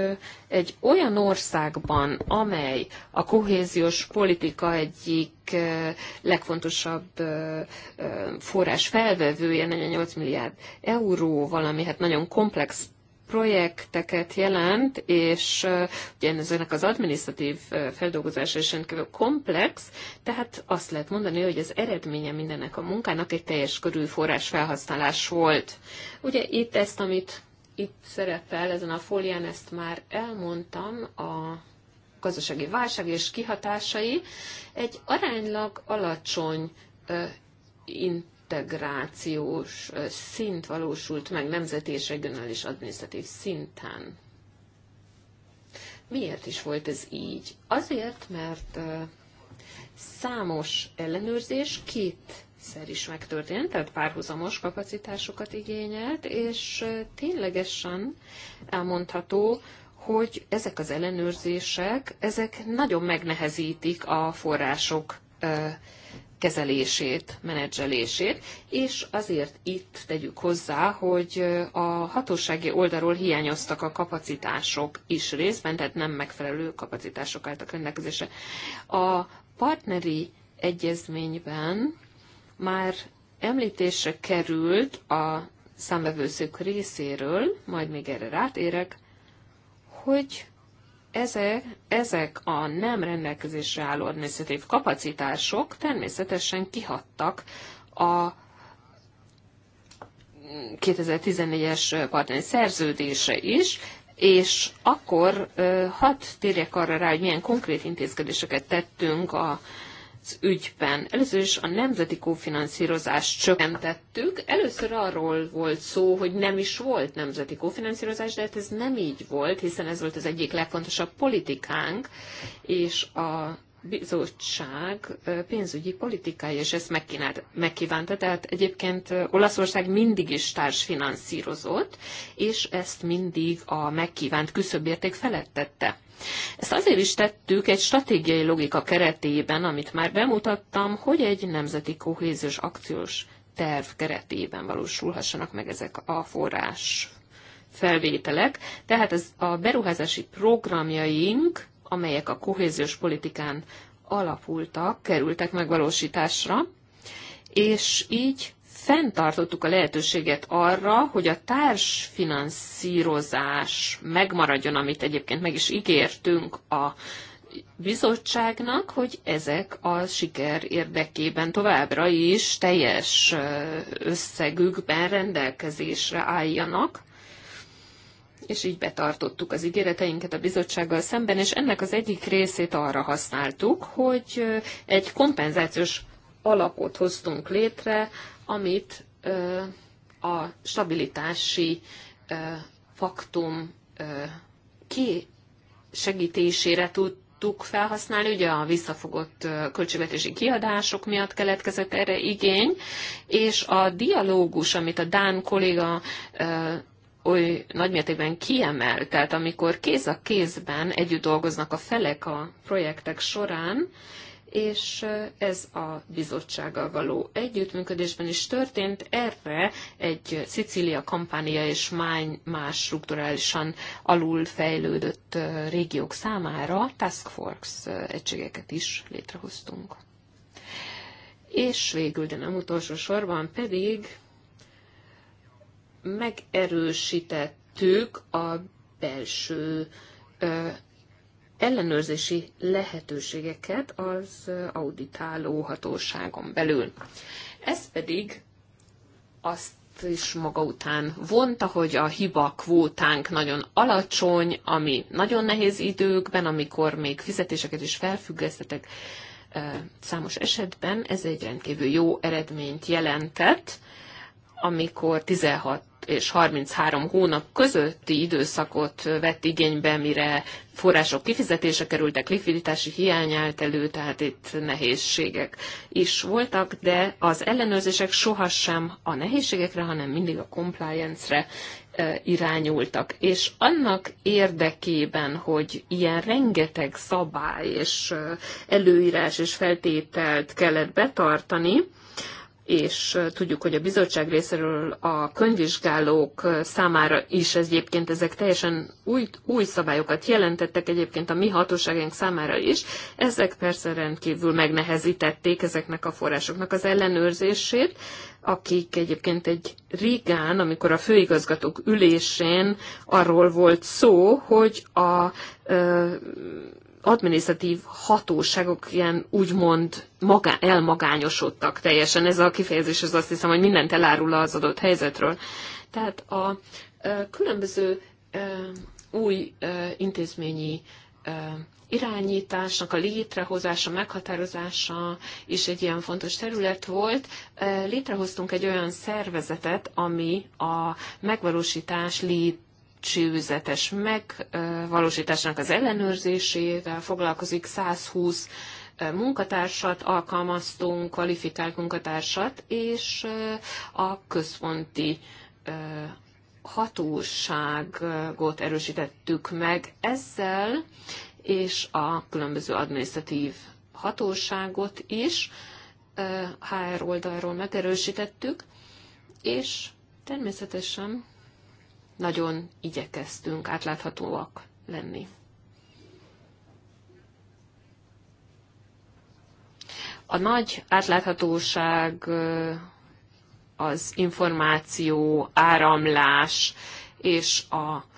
Speaker 3: egy olyan országban, amely a kohéziós politika egyik legfontosabb forrás felvevője, 48 milliárd euró, valami hát nagyon komplex projekteket jelent, és ugye ezeknek az administratív feldolgozása is rendkívül komplex, tehát azt lehet mondani, hogy az eredménye mindennek a munkának egy teljes körű forrás felhasználás volt. Ugye itt ezt, amit itt szerepel ezen a fólián, ezt már elmondtam a gazdasági válság és kihatásai egy aránylag alacsony in integrációs szint valósult meg nemzeti és regionális adminisztratív szinten. Miért is volt ez így? Azért, mert számos ellenőrzés két is megtörtént, tehát párhuzamos kapacitásokat igényelt, és ténylegesen elmondható, hogy ezek az ellenőrzések, ezek nagyon megnehezítik a források kezelését, menedzselését, és azért itt tegyük hozzá, hogy a hatósági oldalról hiányoztak a kapacitások is részben, tehát nem megfelelő kapacitások álltak rendelkezésre. A partneri egyezményben már említésre került a számvevőszék részéről, majd még erre rátérek, hogy ezek, ezek a nem rendelkezésre álló administratív kapacitások természetesen kihattak a 2014-es partneri szerződése is, és akkor hat térjek arra rá, hogy milyen konkrét intézkedéseket tettünk a ügyben. Először is a nemzeti kófinanszírozást csökkentettük. Először arról volt szó, hogy nem is volt nemzeti kófinanszírozás, de hát ez nem így volt, hiszen ez volt az egyik legfontosabb politikánk, és a bizottság pénzügyi politikája, és ezt megkívánta. Tehát egyébként Olaszország mindig is társfinanszírozott, és ezt mindig a megkívánt küszöbérték felettette. Ezt azért is tettük egy stratégiai logika keretében, amit már bemutattam, hogy egy nemzeti kohéziós akciós terv keretében valósulhassanak meg ezek a forrás felvételek. Tehát ez a beruházási programjaink, amelyek a kohéziós politikán alapultak, kerültek megvalósításra, és így fenntartottuk a lehetőséget arra, hogy a társfinanszírozás megmaradjon, amit egyébként meg is ígértünk a bizottságnak, hogy ezek a siker érdekében továbbra is teljes összegükben rendelkezésre álljanak és így betartottuk az ígéreteinket a bizottsággal szemben, és ennek az egyik részét arra használtuk, hogy egy kompenzációs alapot hoztunk létre amit a stabilitási faktum ki segítésére tudtuk felhasználni, ugye a visszafogott költségvetési kiadások miatt keletkezett erre igény, és a dialógus, amit a Dán kolléga oly nagymértékben kiemelt, tehát amikor kéz a kézben együtt dolgoznak a felek a projektek során, és ez a bizottsággal való együttműködésben is történt. Erre egy Szicília, Kampánia és más strukturálisan alulfejlődött régiók számára Task Force egységeket is létrehoztunk. És végül, de nem utolsó sorban pedig megerősítettük a belső ellenőrzési lehetőségeket az auditáló hatóságon belül. Ez pedig azt is maga után vonta, hogy a hiba kvótánk nagyon alacsony, ami nagyon nehéz időkben, amikor még fizetéseket is felfüggesztetek, számos esetben ez egy rendkívül jó eredményt jelentett, amikor 16 és 33 hónap közötti időszakot vett igénybe, mire források kifizetése kerültek, likviditási hiány állt elő, tehát itt nehézségek is voltak, de az ellenőrzések sohasem a nehézségekre, hanem mindig a compliance-re e, irányultak. És annak érdekében, hogy ilyen rengeteg szabály és e, előírás és feltételt kellett betartani, és tudjuk, hogy a bizottság részéről a könyvvizsgálók számára is egyébként ezek teljesen új, új szabályokat jelentettek egyébként a mi hatóságaink számára is. Ezek persze rendkívül megnehezítették ezeknek a forrásoknak az ellenőrzését, akik egyébként egy Rigán, amikor a főigazgatók ülésén arról volt szó, hogy a ö, adminisztratív hatóságok ilyen úgymond magá, elmagányosodtak teljesen. Ez a kifejezés az azt hiszem, hogy mindent elárul az adott helyzetről. Tehát a különböző új intézményi irányításnak a létrehozása, meghatározása is egy ilyen fontos terület volt. Létrehoztunk egy olyan szervezetet, ami a megvalósítás lét becsőzetes megvalósításának az ellenőrzésével foglalkozik, 120 munkatársat alkalmaztunk, kvalifikált munkatársat, és a központi hatóságot erősítettük meg ezzel, és a különböző administratív hatóságot is HR oldalról megerősítettük, és természetesen nagyon igyekeztünk átláthatóak lenni. A nagy átláthatóság az információ, áramlás és a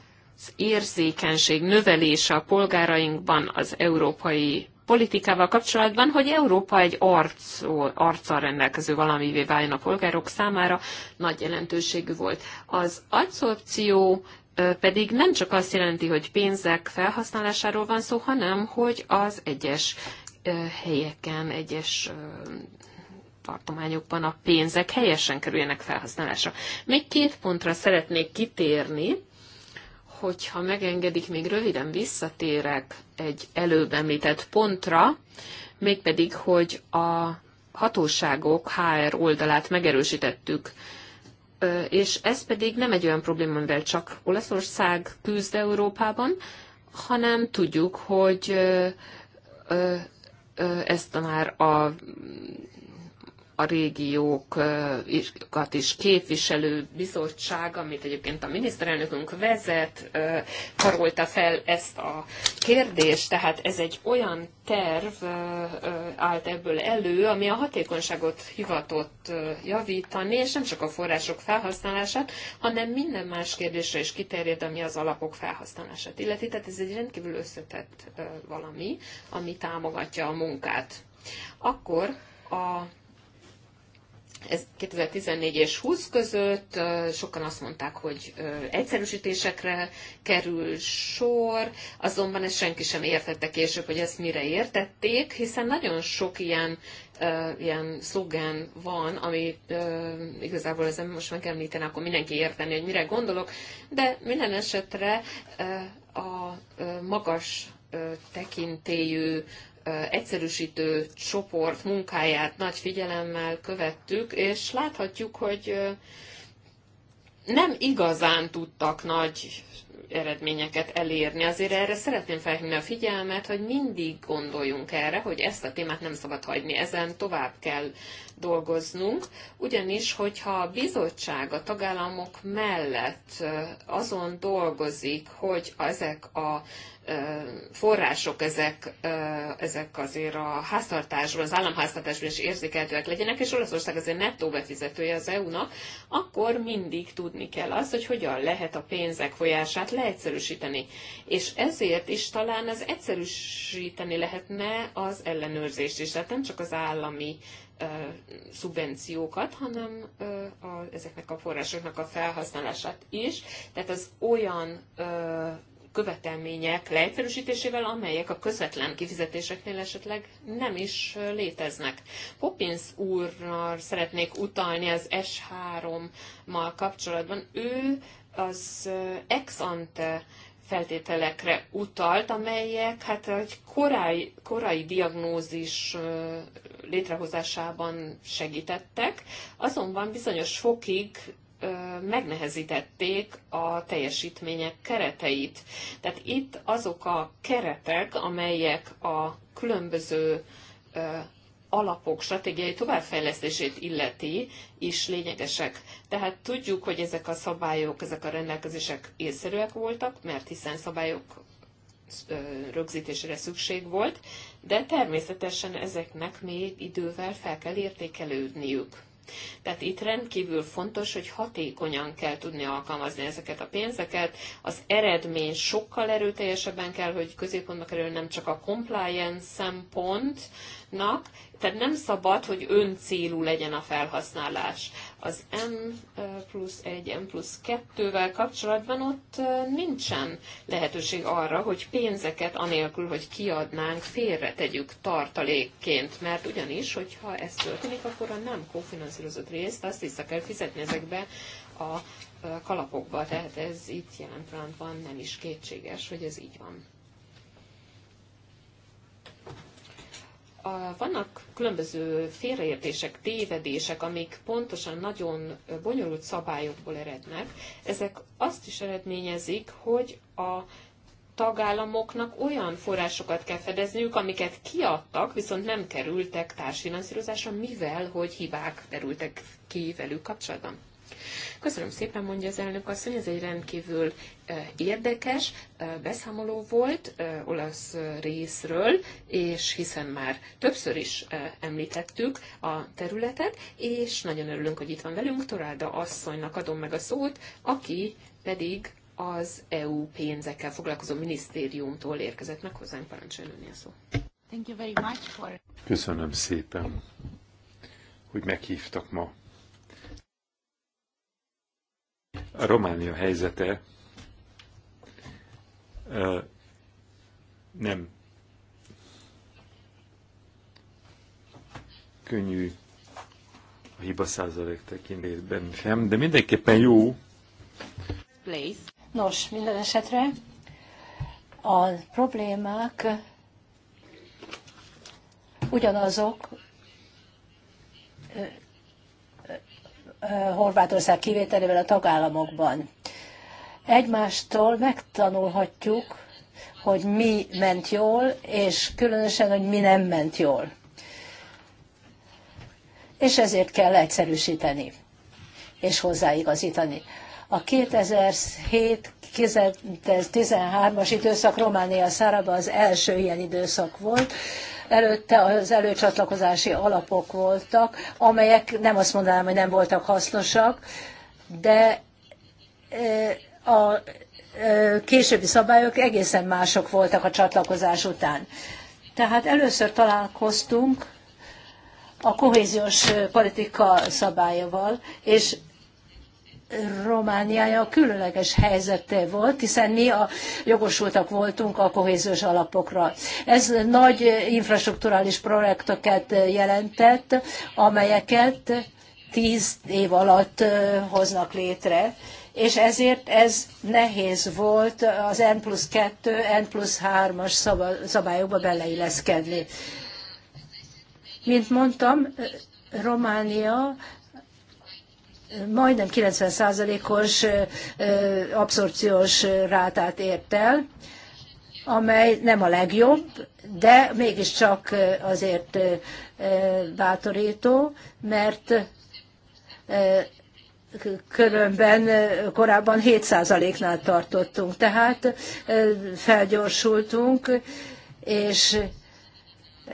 Speaker 3: az érzékenység növelése a polgárainkban az Európai politikával kapcsolatban, hogy Európa egy arc, arccal rendelkező valamivé váljon a polgárok számára, nagy jelentőségű volt. Az adszorpció pedig nem csak azt jelenti, hogy pénzek felhasználásáról van szó, hanem hogy az egyes helyeken, egyes tartományokban a pénzek helyesen kerüljenek felhasználásra. Még két pontra szeretnék kitérni, hogyha megengedik, még röviden visszatérek egy előbb említett pontra, mégpedig, hogy a hatóságok HR oldalát megerősítettük, és ez pedig nem egy olyan probléma, amivel csak Olaszország küzd Európában, hanem tudjuk, hogy ezt már a a régiókat is képviselő bizottság, amit egyébként a miniszterelnökünk vezet, karolta fel ezt a kérdést, tehát ez egy olyan terv állt ebből elő, ami a hatékonyságot hivatott javítani, és nem csak a források felhasználását, hanem minden más kérdésre is kiterjed, ami az alapok felhasználását illeti. Tehát ez egy rendkívül összetett valami, ami támogatja a munkát. Akkor a ez 2014 és 20 között sokan azt mondták, hogy egyszerűsítésekre kerül sor, azonban ezt senki sem értette később, hogy ezt mire értették, hiszen nagyon sok ilyen ilyen szlogán van, ami igazából ezen most megemlítenem, akkor mindenki érteni, hogy mire gondolok, de minden esetre a magas tekintélyű egyszerűsítő csoport munkáját nagy figyelemmel követtük, és láthatjuk, hogy nem igazán tudtak nagy eredményeket elérni. Azért erre szeretném felhívni a figyelmet, hogy mindig gondoljunk erre, hogy ezt a témát nem szabad hagyni, ezen tovább kell dolgoznunk, ugyanis, hogyha a bizottság a tagállamok mellett azon dolgozik, hogy ezek a források, ezek, ezek azért a háztartásban, az államháztartásban is érzékeltőek legyenek, és Olaszország azért nettó befizetője az EU-nak, akkor mindig tudni kell azt, hogy hogyan lehet a pénzek folyását leegyszerűsíteni. És ezért is talán az egyszerűsíteni lehetne az ellenőrzést is, tehát nem csak az állami szubvenciókat, hanem a, ezeknek a forrásoknak a felhasználását is. Tehát az olyan követelmények leegyszerűsítésével, amelyek a közvetlen kifizetéseknél esetleg nem is léteznek. Poppins úrnal szeretnék utalni az S3-mal kapcsolatban. Ő az ex ante feltételekre utalt, amelyek hát egy korai, korai diagnózis létrehozásában segítettek, azonban bizonyos fokig megnehezítették a teljesítmények kereteit. Tehát itt azok a keretek, amelyek a különböző alapok stratégiai továbbfejlesztését illeti is lényegesek. Tehát tudjuk, hogy ezek a szabályok, ezek a rendelkezések észszerűek voltak, mert hiszen szabályok rögzítésére szükség volt, de természetesen ezeknek még idővel fel kell értékelődniük. Tehát itt rendkívül fontos, hogy hatékonyan kell tudni alkalmazni ezeket a pénzeket, az eredmény sokkal erőteljesebben kell, hogy középpontba kerül nem csak a compliance szempontnak, tehát nem szabad, hogy öncélú legyen a felhasználás. Az M plusz 1, M plusz 2-vel kapcsolatban ott nincsen lehetőség arra, hogy pénzeket anélkül, hogy kiadnánk, félre tegyük tartalékként, mert ugyanis, hogyha ez történik, akkor a nem kofinanszírozott részt azt vissza kell fizetni ezekbe a kalapokba, tehát ez itt jelen pillanatban nem is kétséges, hogy ez így van. vannak különböző félreértések, tévedések, amik pontosan nagyon bonyolult szabályokból erednek. Ezek azt is eredményezik, hogy a tagállamoknak olyan forrásokat kell fedezniük, amiket kiadtak, viszont nem kerültek társfinanszírozásra, mivel hogy hibák kerültek ki velük kapcsolatban. Köszönöm szépen, mondja az elnök asszony, ez egy rendkívül eh, érdekes eh, beszámoló volt eh, olasz részről, és hiszen már többször is említettük a területet, és nagyon örülünk, hogy itt van velünk. Torálda asszonynak adom meg a szót, aki pedig az EU pénzekkel foglalkozó minisztériumtól érkezett meg hozzánk, parancsolni a szó.
Speaker 4: Thank you very much for...
Speaker 2: Köszönöm szépen, hogy meghívtak ma A Románia helyzete nem könnyű a hiba százalék tekintetben sem, de mindenképpen jó.
Speaker 4: Place. Nos, minden esetre a problémák ugyanazok, Horvátország kivételével a tagállamokban. Egymástól megtanulhatjuk, hogy mi ment jól, és különösen, hogy mi nem ment jól. És ezért kell egyszerűsíteni és hozzáigazítani. A 2007-2013-as időszak Románia szárában az első ilyen időszak volt, előtte az előcsatlakozási alapok voltak, amelyek nem azt mondanám, hogy nem voltak hasznosak, de eh, a eh, későbbi szabályok egészen mások voltak a csatlakozás után. Tehát először találkoztunk a kohéziós politika szabályával, és Romániája különleges helyzete volt, hiszen mi a jogosultak voltunk a kohéziós alapokra. Ez nagy infrastruktúrális projekteket jelentett, amelyeket tíz év alatt hoznak létre, és ezért ez nehéz volt az N plusz 2, N plusz 3-as szabályokba beleilleszkedni. Mint mondtam, Románia majdnem 90%-os abszorpciós rátát ért el, amely nem a legjobb, de mégiscsak azért bátorító, mert különben korábban 7%-nál tartottunk, tehát felgyorsultunk, és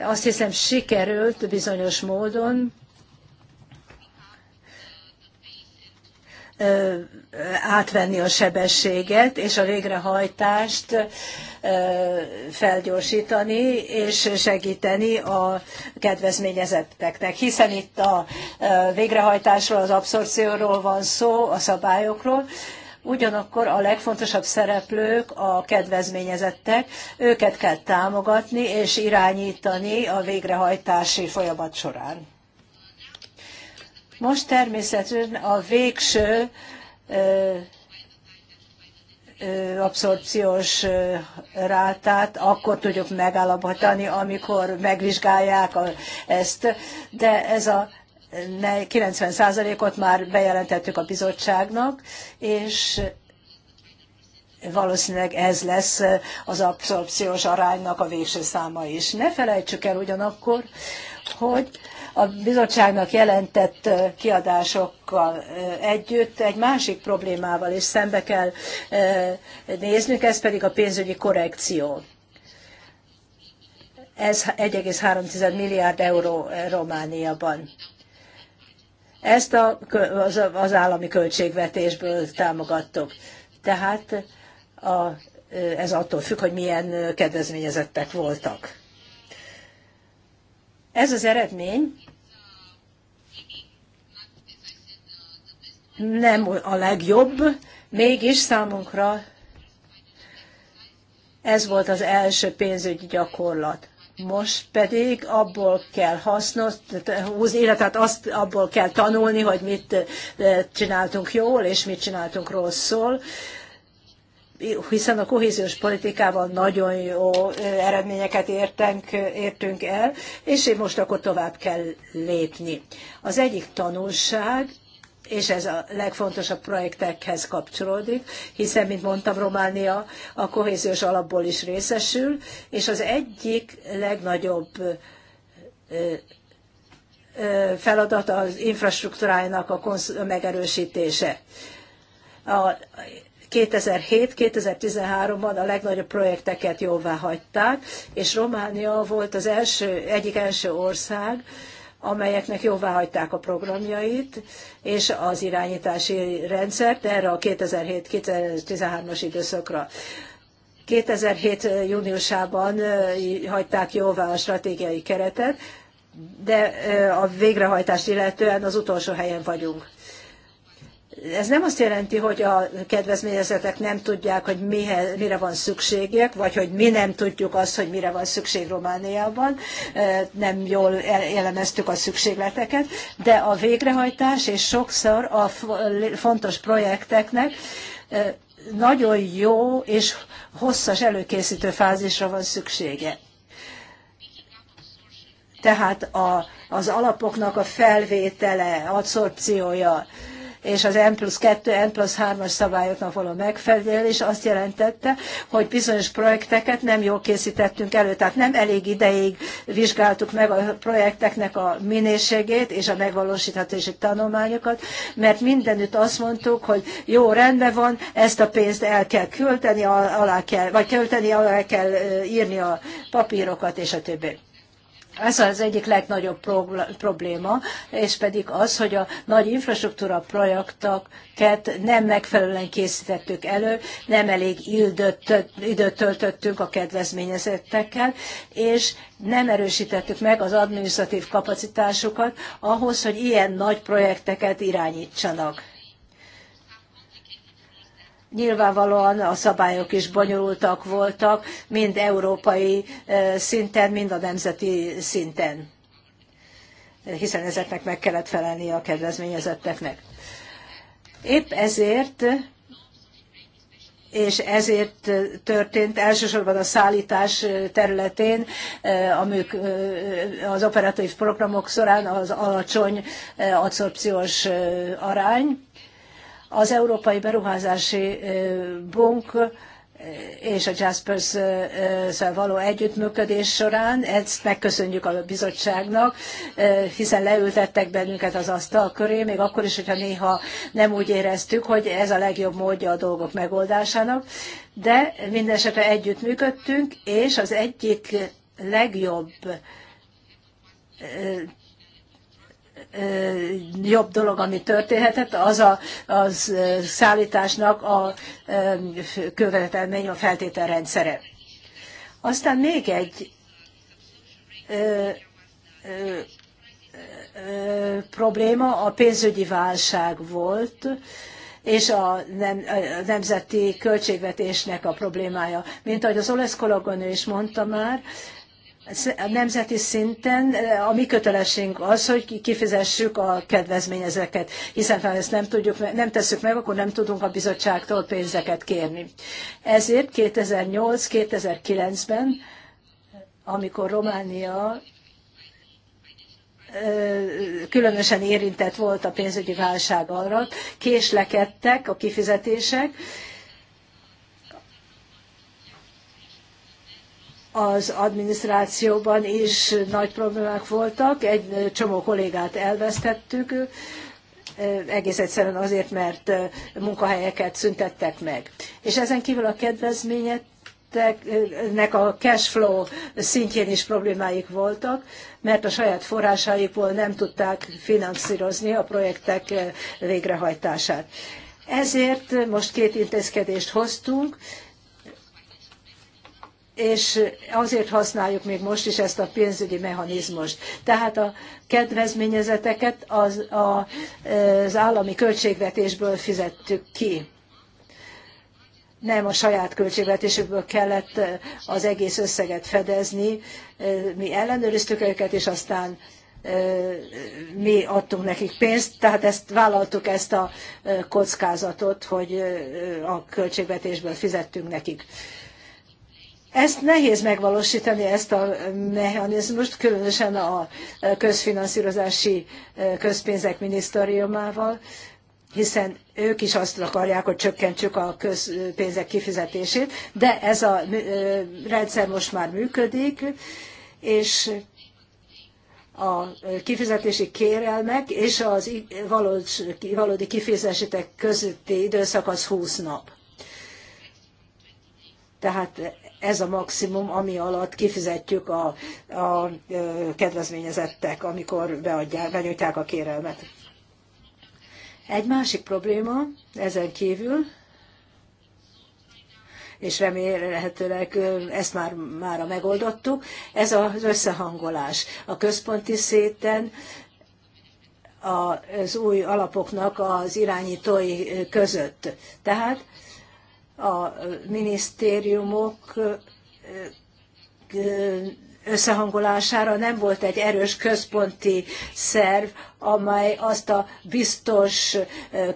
Speaker 4: azt hiszem sikerült bizonyos módon átvenni a sebességet és a végrehajtást felgyorsítani és segíteni a kedvezményezetteknek. Hiszen itt a végrehajtásról, az abszorcióról van szó, a szabályokról, Ugyanakkor a legfontosabb szereplők a kedvezményezettek, őket kell támogatni és irányítani a végrehajtási folyamat során. Most természetesen a végső abszorpciós rátát akkor tudjuk megállapítani, amikor megvizsgálják ezt, de ez a 90%-ot már bejelentettük a bizottságnak, és valószínűleg ez lesz az abszorpciós aránynak a végső száma is. Ne felejtsük el ugyanakkor, hogy a bizottságnak jelentett kiadásokkal együtt egy másik problémával is szembe kell néznünk, ez pedig a pénzügyi korrekció. Ez 1,3 milliárd euró Romániában. Ezt a, az, az állami költségvetésből támogattuk. Tehát a, ez attól függ, hogy milyen kedvezményezettek voltak. Ez az eredmény nem a legjobb, mégis számunkra ez volt az első pénzügyi gyakorlat. Most pedig abból kell hasznos, húzni, tehát azt abból kell tanulni, hogy mit eh, csináltunk jól, és mit csináltunk rosszul, hiszen a kohéziós politikával nagyon jó eredményeket értünk, értünk el, és most akkor tovább kell lépni. Az egyik tanulság, és ez a legfontosabb projektekhez kapcsolódik, hiszen, mint mondtam, Románia a kohéziós alapból is részesül, és az egyik legnagyobb feladat az infrastruktúrájának a megerősítése. A 2007-2013-ban a legnagyobb projekteket jóvá hagyták, és Románia volt az első, egyik első ország, amelyeknek jóvá hagyták a programjait és az irányítási rendszert erre a 2007-2013-as időszakra. 2007. júniusában hagyták jóvá a stratégiai keretet, de a végrehajtást illetően az utolsó helyen vagyunk. Ez nem azt jelenti, hogy a kedvezményezetek nem tudják, hogy mire van szükségek, vagy hogy mi nem tudjuk azt, hogy mire van szükség Romániában, nem jól elemeztük a szükségleteket, de a végrehajtás és sokszor a fontos projekteknek nagyon jó és hosszas előkészítő fázisra van szüksége. Tehát a, az alapoknak a felvétele, adszorpciója, és az N plusz 2, N plusz 3-as szabályoknak való megfelelés azt jelentette, hogy bizonyos projekteket nem jól készítettünk elő, tehát nem elég ideig vizsgáltuk meg a projekteknek a minőségét és a megvalósíthatási tanulmányokat, mert mindenütt azt mondtuk, hogy jó, rendben van, ezt a pénzt el kell költeni alá kell, vagy költeni, alá kell írni a papírokat és a többi ez az egyik legnagyobb probléma, és pedig az, hogy a nagy infrastruktúra projekteket nem megfelelően készítettük elő, nem elég időt töltöttünk a kedvezményezettekkel, és nem erősítettük meg az adminisztratív kapacitásukat ahhoz, hogy ilyen nagy projekteket irányítsanak Nyilvánvalóan a szabályok is bonyolultak voltak, mind európai eh, szinten, mind a nemzeti szinten, hiszen ezeknek meg kellett felelni a kedvezményezetteknek. Épp ezért és ezért történt elsősorban a szállítás területén, eh, amik eh, az operatív programok során az alacsony adszorpciós arány, az Európai Beruházási Bank és a Jaspers-szel való együttműködés során. Ezt megköszönjük a bizottságnak, hiszen leültettek bennünket az asztal köré, még akkor is, hogyha néha nem úgy éreztük, hogy ez a legjobb módja a dolgok megoldásának. De mindesetre együttműködtünk, és az egyik legjobb jobb dolog, ami történhetett, az a az szállításnak a követelmény, a feltételrendszere. Aztán még egy probléma a pénzügyi válság volt, és a, nem, a nemzeti költségvetésnek a problémája. Mint ahogy az olasz kolléganő is mondta már, a nemzeti szinten eh, a mi kötelességünk az, hogy kifizessük a kedvezményezeket, hiszen ha ezt nem, tudjuk, nem tesszük meg, akkor nem tudunk a bizottságtól pénzeket kérni. Ezért 2008-2009-ben, amikor Románia eh, különösen érintett volt a pénzügyi válság alatt, késlekedtek a kifizetések, az adminisztrációban is nagy problémák voltak, egy csomó kollégát elvesztettük, egész egyszerűen azért, mert munkahelyeket szüntettek meg. És ezen kívül a kedvezményet nek a cash flow szintjén is problémáik voltak, mert a saját forrásaikból nem tudták finanszírozni a projektek végrehajtását. Ezért most két intézkedést hoztunk, és azért használjuk még most is ezt a pénzügyi mechanizmust. Tehát a kedvezményezeteket az, a, az állami költségvetésből fizettük ki. Nem a saját költségvetésükből kellett az egész összeget fedezni. Mi ellenőriztük őket, és aztán mi adtunk nekik pénzt, tehát ezt vállaltuk ezt a kockázatot, hogy a költségvetésből fizettünk nekik. Ezt nehéz megvalósítani, ezt a mechanizmust, különösen a közfinanszírozási közpénzek minisztériumával, hiszen ők is azt akarják, hogy csökkentsük a közpénzek kifizetését, de ez a rendszer most már működik, és a kifizetési kérelmek és az valódi kifizetések közötti időszak az 20 nap. Tehát ez a maximum, ami alatt kifizetjük a, a kedvezményezettek, amikor beadják, benyújtják a kérelmet. Egy másik probléma ezen kívül, és remélhetőleg ezt már mára megoldottuk, ez az összehangolás. A központi széten az új alapoknak az irányítói között. Tehát a minisztériumok összehangolására nem volt egy erős központi szerv, amely azt a biztos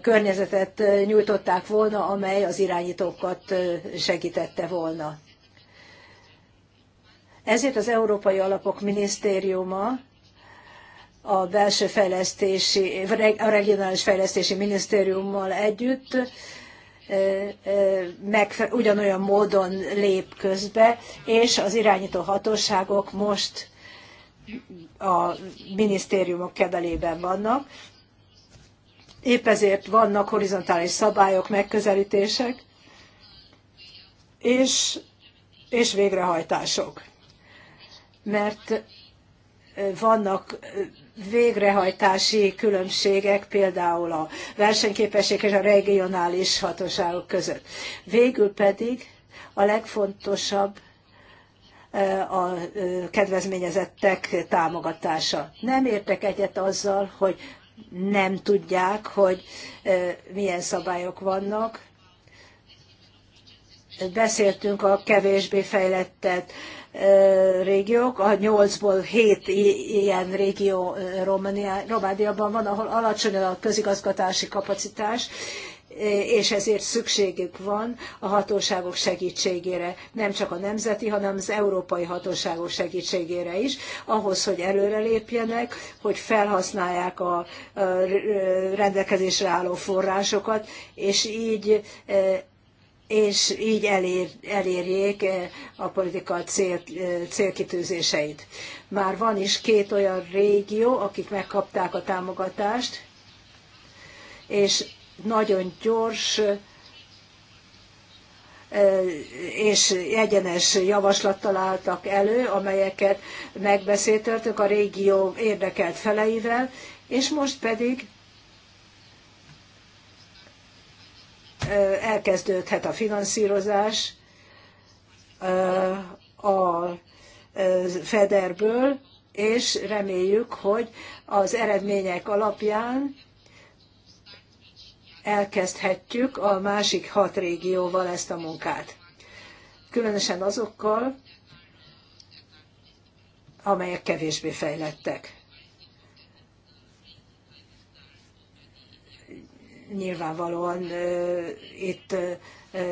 Speaker 4: környezetet nyújtották volna, amely az irányítókat segítette volna. Ezért az Európai Alapok Minisztériuma a belső fejlesztési, a regionális fejlesztési minisztériummal együtt meg, ugyanolyan módon lép közbe, és az irányító hatóságok most a minisztériumok kebelében vannak. Épp ezért vannak horizontális szabályok, megközelítések, és, és végrehajtások. Mert vannak végrehajtási különbségek például a versenyképesség és a regionális hatóságok között. Végül pedig a legfontosabb e, a e, kedvezményezettek támogatása. Nem értek egyet azzal, hogy nem tudják, hogy e, milyen szabályok vannak. Beszéltünk a kevésbé fejlettet régiók, a 8-ból 7 ilyen régió Romániában van, ahol alacsony a közigazgatási kapacitás, és ezért szükségük van a hatóságok segítségére, nem csak a nemzeti, hanem az európai hatóságok segítségére is, ahhoz, hogy előrelépjenek, hogy felhasználják a rendelkezésre álló forrásokat, és így és így elér, elérjék eh, a politika cél, eh, célkitűzéseit. Már van is két olyan régió, akik megkapták a támogatást, és nagyon gyors eh, és egyenes javaslattal álltak elő, amelyeket megbeszéltük a régió érdekelt feleivel, és most pedig elkezdődhet a finanszírozás a Federből, és reméljük, hogy az eredmények alapján elkezdhetjük a másik hat régióval ezt a munkát. Különösen azokkal, amelyek kevésbé fejlettek. nyilvánvalóan itt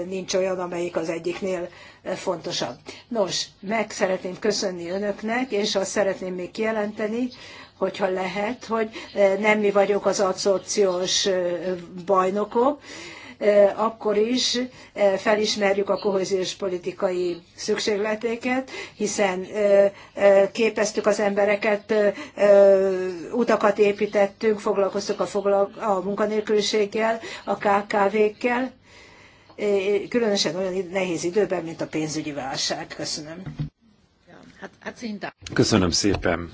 Speaker 4: nincs olyan, amelyik az egyiknél fontosabb. Nos, meg szeretném köszönni önöknek, és azt szeretném még kijelenteni, hogyha lehet, hogy nem mi vagyunk az asszociós bajnokok, akkor is felismerjük a kohéziós politikai szükségletéket, hiszen képeztük az embereket, utakat építettünk, foglalkoztuk a, foglal- a munkanélküliséggel, a KKV-kkel, különösen olyan nehéz időben, mint a pénzügyi válság. Köszönöm.
Speaker 2: Köszönöm szépen.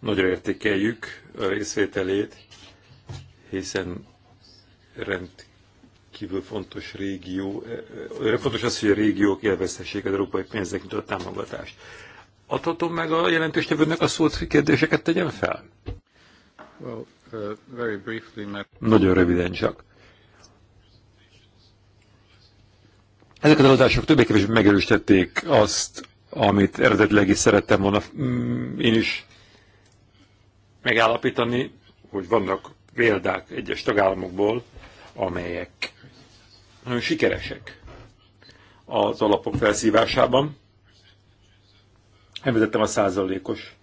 Speaker 2: Nagyon értékeljük a részvételét, hiszen rendkívül fontos régió, fontos az, hogy a régiók élvezhessék az európai pénzek nyújtott támogatást. Adhatom meg a jelentős tevőnek a szót, hogy kérdéseket tegyen fel? Well, uh, very briefly, mert... Nagyon röviden csak. Ezek az adások többé-kevésbé megerősítették azt, amit eredetileg is szerettem volna mm, én is megállapítani, hogy vannak példák egyes tagállamokból, amelyek nagyon sikeresek az alapok felszívásában. Említettem a százalékos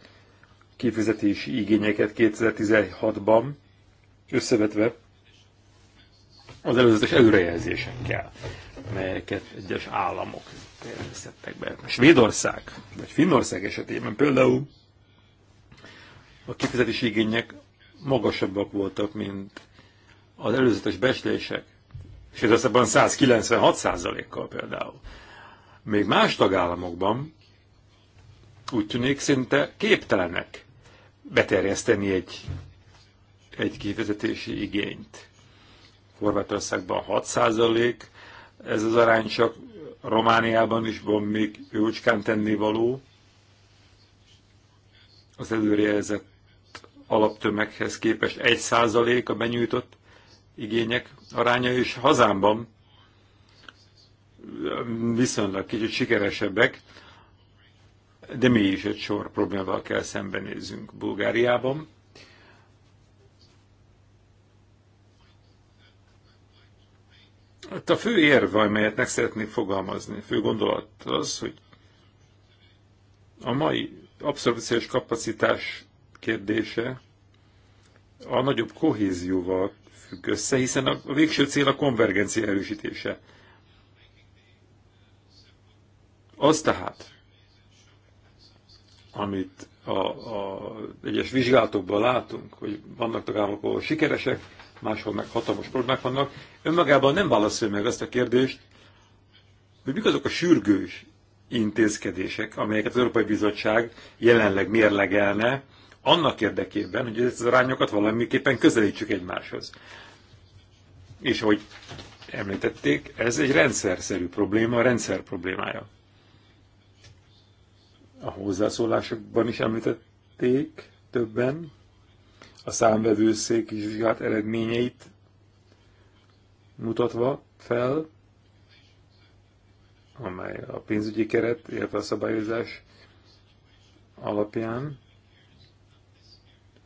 Speaker 2: kifizetési igényeket 2016-ban, összevetve az előzetes előrejelzésekkel, melyeket egyes államok terjesztettek be. Svédország, vagy Finnország esetében például a kifizetési igények magasabbak voltak, mint az előzetes becslések, és ez abban 196 kal például. Még más tagállamokban úgy tűnik szinte képtelenek beterjeszteni egy, egy kifizetési igényt. Horvátországban 6 százalék, ez az arány csak Romániában is van még jócskán tennivaló. Az előrejelzett alaptömeghez képest 1 százalék a benyújtott igények aránya, és hazámban viszonylag kicsit sikeresebbek, de mi is egy sor problémával kell szembenézünk Bulgáriában. Hát a fő érve, amelyet meg szeretnék fogalmazni, a fő gondolat az, hogy a mai abszorpciós kapacitás kérdése a nagyobb kohézióval függ össze, hiszen a végső cél a konvergencia erősítése. Az tehát, amit a, a egyes vizsgálatokban látunk, hogy vannak tagállamok, ahol sikeresek, máshol meg hatalmas problémák vannak, önmagában nem válaszolja meg azt a kérdést, hogy mik azok a sürgős intézkedések, amelyeket az Európai Bizottság jelenleg mérlegelne, annak érdekében, hogy ezeket az arányokat valamiképpen közelítsük egymáshoz. És ahogy említették, ez egy rendszerszerű probléma, a rendszer problémája. A hozzászólásokban is említették többen a számvevőszék vizsgált eredményeit mutatva fel, amely a pénzügyi keret, illetve a szabályozás alapján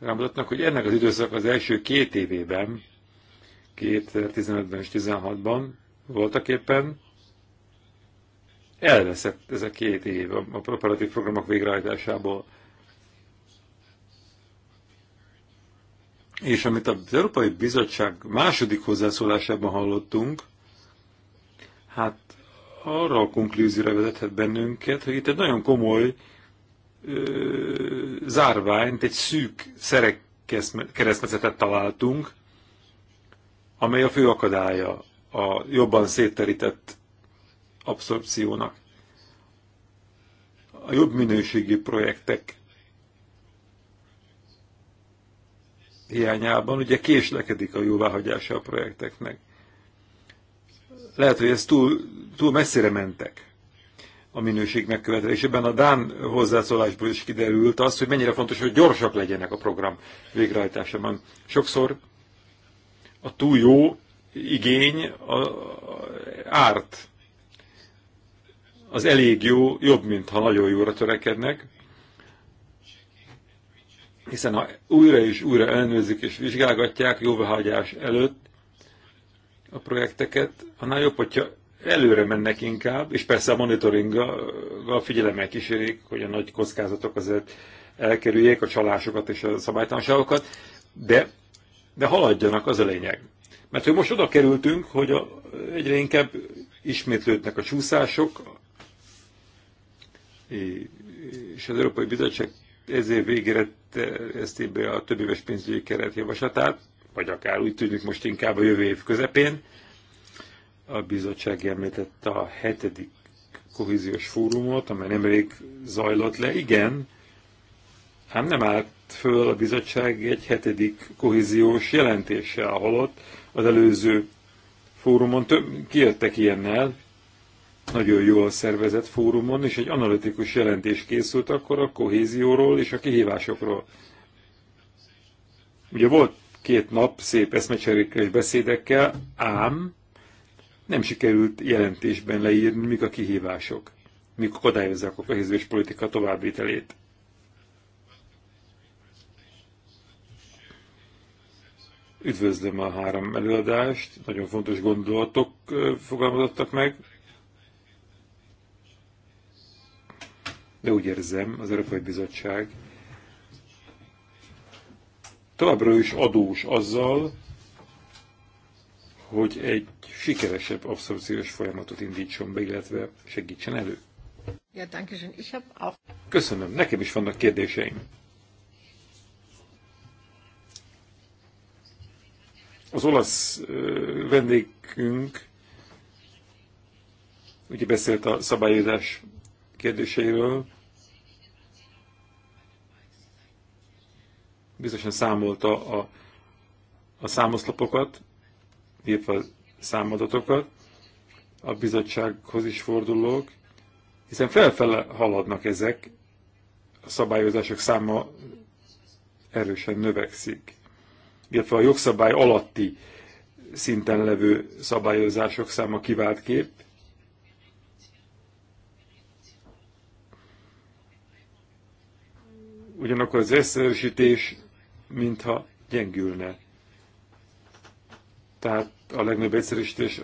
Speaker 2: rámutatnak, hogy ennek az időszak az első két évében, 2015-ben és 2016-ban voltak éppen elveszett ez a két év a preparatív programok végrehajtásából. És amit az Európai Bizottság második hozzászólásában hallottunk, hát arra a konklúzióra vezethet bennünket, hogy itt egy nagyon komoly zárványt, egy szűk szerek keresztmetszetet találtunk, amely a fő akadálya a jobban szétterített abszorpciónak. A jobb minőségi projektek hiányában ugye késlekedik a jóváhagyása a projekteknek. Lehet, hogy ez túl, túl messzire mentek a minőség megkövetelésében. A Dán hozzászólásból is kiderült az, hogy mennyire fontos, hogy gyorsak legyenek a program végrehajtásában. Sokszor a túl jó igény a, a, árt. Az elég jó, jobb, mint ha nagyon jóra törekednek, hiszen ha újra és újra ellenőrzik és vizsgálgatják jóváhagyás előtt a projekteket, annál jobb, hogyha előre mennek inkább, és persze a monitoringgal figyelemmel kísérik, hogy a nagy kockázatok azért elkerüljék a csalásokat és a szabálytalanságokat, de, de haladjanak, az a lényeg. Mert hogy most oda kerültünk, hogy a, egyre inkább ismétlődnek a csúszások, és az Európai Bizottság ezért végére teszti be a többéves pénzügyi keret javaslatát, vagy akár úgy tűnik most inkább a jövő év közepén, a bizottság említette a hetedik kohéziós fórumot, amely nemrég zajlott le. Igen, ám nem állt föl a bizottság egy hetedik kohéziós ahol ott az előző fórumon több, kijöttek ilyennel, nagyon jól szervezett fórumon, és egy analitikus jelentés készült akkor a kohézióról és a kihívásokról. Ugye volt két nap szép eszmecserékkel és beszédekkel, ám nem sikerült jelentésben leírni, mik a kihívások, mik akadályozzák a kohéziós politika továbbvitelét. Üdvözlöm a három előadást, nagyon fontos gondolatok fogalmazottak meg, de úgy érzem, az Európai Bizottság továbbra is adós azzal, hogy egy sikeresebb abszorciós folyamatot indítson be, illetve segítsen elő.
Speaker 1: Ja, danke schön. Ich hab
Speaker 2: auch... Köszönöm, nekem is vannak kérdéseim. Az olasz vendégünk ugye beszélt a szabályozás kérdéseiről, biztosan számolta a, a számoszlapokat, írva számadatokat, a bizottsághoz is fordulók, hiszen felfele haladnak ezek, a szabályozások száma erősen növekszik, illetve a jogszabály alatti szinten levő szabályozások száma kivált kép. Ugyanakkor az egyszerűsítés mintha gyengülne. Tehát a legnagyobb egyszerűsítés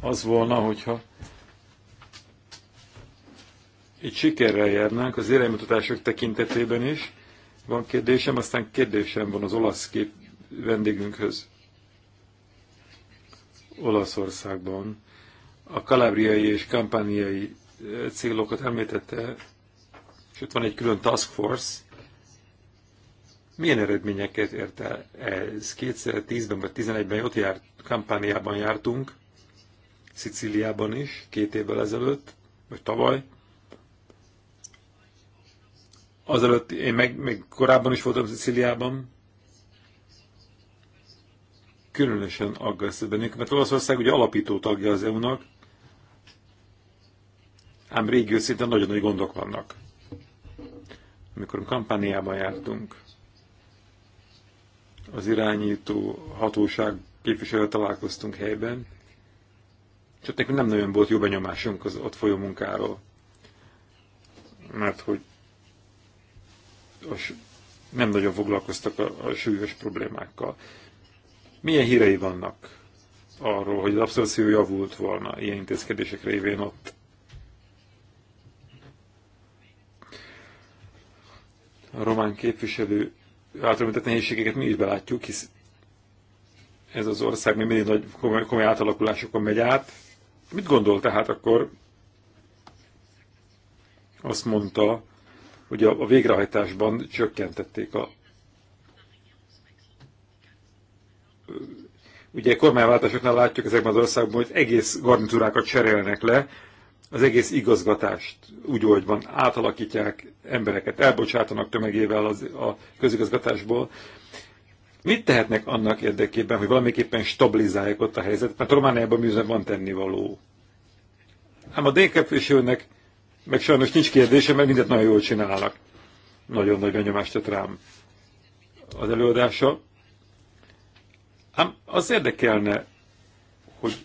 Speaker 2: az volna, hogyha így sikerrel járnánk az élelmutatások tekintetében is. Van kérdésem, aztán kérdésem van az olasz kép vendégünkhöz. Olaszországban a kalábriai és kampániai célokat említette, sőt van egy külön task force, milyen eredményeket ért el ez? 2010-ben vagy 2011-ben ott járt, kampániában jártunk, Szicíliában is, két évvel ezelőtt, vagy tavaly. Azelőtt én meg, meg korábban is voltam Szicíliában. Különösen aggasztott bennünk, mert Olaszország ugye alapító tagja az EU-nak, ám régió szinten nagyon nagy gondok vannak. Amikor kampániában jártunk, az irányító hatóság képviselő találkoztunk helyben, és ott nekünk nem nagyon volt jó benyomásunk az ott folyó munkáról. Mert hogy nem nagyon foglalkoztak a, a súlyos problémákkal. Milyen hírei vannak arról, hogy az abszorció javult volna ilyen intézkedések révén ott? A román képviselő általában nehézségeket mi is belátjuk, hisz ez az ország még mindig nagy komoly, komoly átalakulásokon megy át. Mit gondol tehát akkor? Azt mondta, hogy a, a végrehajtásban csökkentették a ugye kormányváltásoknál látjuk ezekben az országban, hogy egész garnitúrákat cserélnek le, az egész igazgatást úgy, hogy van, átalakítják, embereket elbocsátanak tömegével az, a közigazgatásból. Mit tehetnek annak érdekében, hogy valamiképpen stabilizálják ott a helyzetet? Mert Romániában műzőn van tennivaló. Ám a dénkepviselőnek meg sajnos nincs kérdése, mert mindent nagyon jól csinálnak. Nagyon nagy benyomást tett rám az előadása. Ám az érdekelne, hogy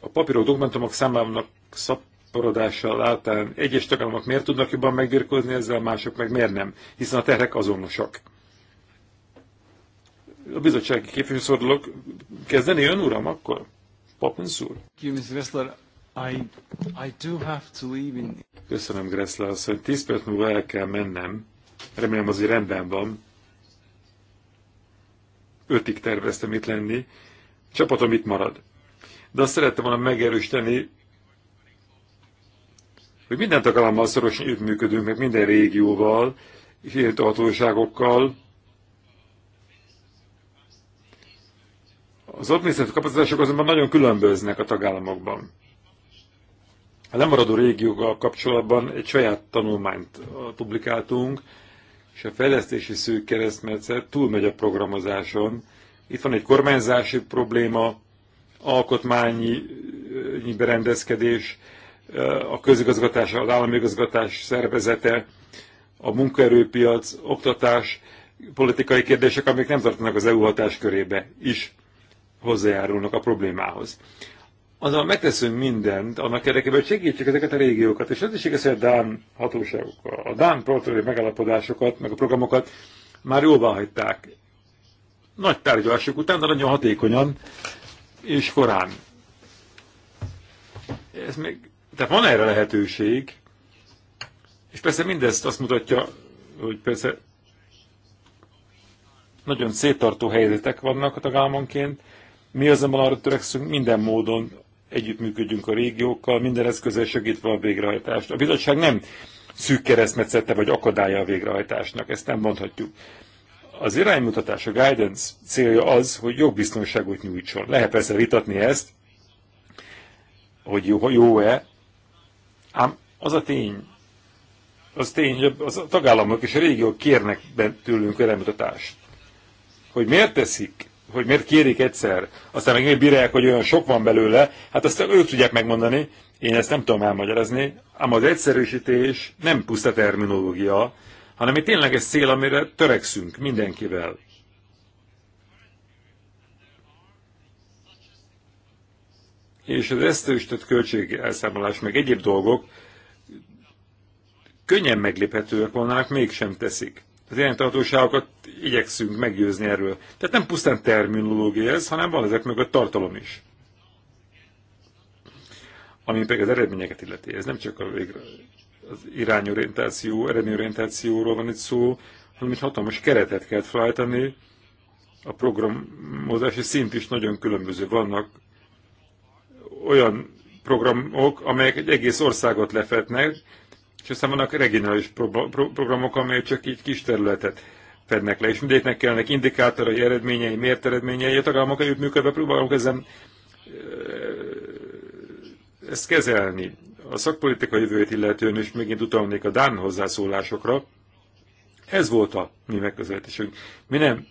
Speaker 2: a papírok dokumentumok számának szab eltaporodással általán egyes tagállamok miért tudnak jobban megbirkózni ezzel, mások meg miért nem, hiszen a terhek azonosak. A bizottsági képviselőszordulók kezdeni ön, uram, akkor? Poppins úr? Köszönöm, Gressler asszony. 10 perc múlva el kell mennem. Remélem azért rendben van. Ötig terveztem itt lenni. Csapatom itt marad de azt szerettem volna megerősíteni hogy minden tagállammal szorosan működünk, meg minden régióval, és hatóságokkal. Az adminisztratív kapacitások azonban nagyon különböznek a tagállamokban. A lemaradó régiókkal kapcsolatban egy saját tanulmányt publikáltunk, és a fejlesztési szűk keresztmetszet túlmegy a programozáson. Itt van egy kormányzási probléma, alkotmányi berendezkedés, a közigazgatás, az állami igazgatás szervezete, a munkaerőpiac, oktatás, politikai kérdések, amik nem tartanak az EU hatáskörébe is hozzájárulnak a problémához. Azonban megteszünk mindent annak érdekében, hogy segítsük ezeket a régiókat, és az is igaz, hogy a Dán hatóságok, a Dán protokolli megállapodásokat, meg a programokat már jóvá hagyták. Nagy tárgyalások után, de nagyon hatékonyan és korán. Ez még tehát van erre lehetőség, és persze mindezt azt mutatja, hogy persze nagyon széttartó helyzetek vannak a tagállamonként. Mi azonban arra törekszünk minden módon együttműködjünk a régiókkal, minden eszközzel segítve a végrehajtást. A bizottság nem szűk keresztmetszette vagy akadálya a végrehajtásnak, ezt nem mondhatjuk. Az iránymutatás, a guidance célja az, hogy jogbiztonságot nyújtson. Lehet persze vitatni ezt, hogy jó-e, Ám az a tény, az tény, hogy az a tagállamok és a régiók kérnek tőlünk elemutatást. Hogy miért teszik, hogy miért kérik egyszer, aztán meg miért bírálják, hogy olyan sok van belőle, hát azt ők tudják megmondani, én ezt nem tudom elmagyarázni, ám az egyszerűsítés nem puszta terminológia, hanem itt tényleges cél, amire törekszünk mindenkivel. és az esztősített költség elszámolás, meg egyéb dolgok könnyen megléphetőek volnának, mégsem teszik. Az tartóságokat igyekszünk meggyőzni erről. Tehát nem pusztán terminológia ez, hanem van ezek a tartalom is. Ami pedig az eredményeket illeti. Ez nem csak a végre, az irányorientáció, eredményorientációról van itt szó, hanem egy hatalmas keretet kell felállítani. A programozási szint is nagyon különböző. Vannak olyan programok, amelyek egy egész országot lefetnek, és aztán vannak regionális pro pro programok, amelyek csak így kis területet fednek le, és mindegyiknek kellnek indikátorai, eredményei, mért eredményei, a tagállamok együttműködve próbálunk ezen ezt kezelni. A szakpolitika jövőjét illetően is megint utalnék a Dán hozzászólásokra. Ez volt a mi megközelítésünk. Mi nem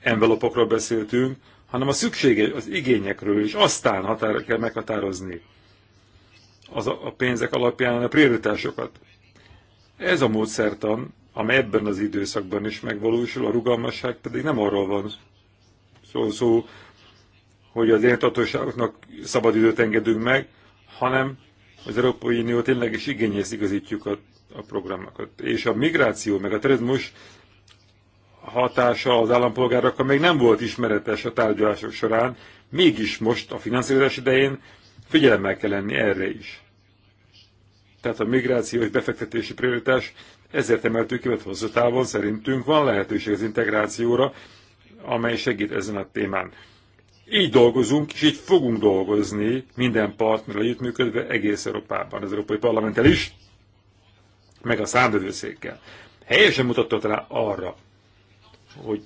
Speaker 2: envelopokról beszéltünk, hanem a szüksége, az igényekről, és aztán határa kell meghatározni az a pénzek alapján a prioritásokat. Ez a módszertan, amely ebben az időszakban is megvalósul, a rugalmasság pedig nem arról van szó, szó hogy az értatóságoknak szabad időt engedünk meg, hanem az Európai Unió tényleg is igényes igazítjuk a, a programokat. És a migráció meg a terrorizmus hatása az állampolgárokra még nem volt ismeretes a tárgyalások során, mégis most a finanszírozás idején figyelemmel kell lenni erre is. Tehát a migráció és befektetési prioritás ezért emeltük ki, mert hosszú távon szerintünk van lehetőség az integrációra, amely segít ezen a témán. Így dolgozunk, és így fogunk dolgozni minden partner együttműködve egész Európában, az Európai Parlamenttel is, meg a számvevőszékkel. Helyesen mutatott rá arra, hogy,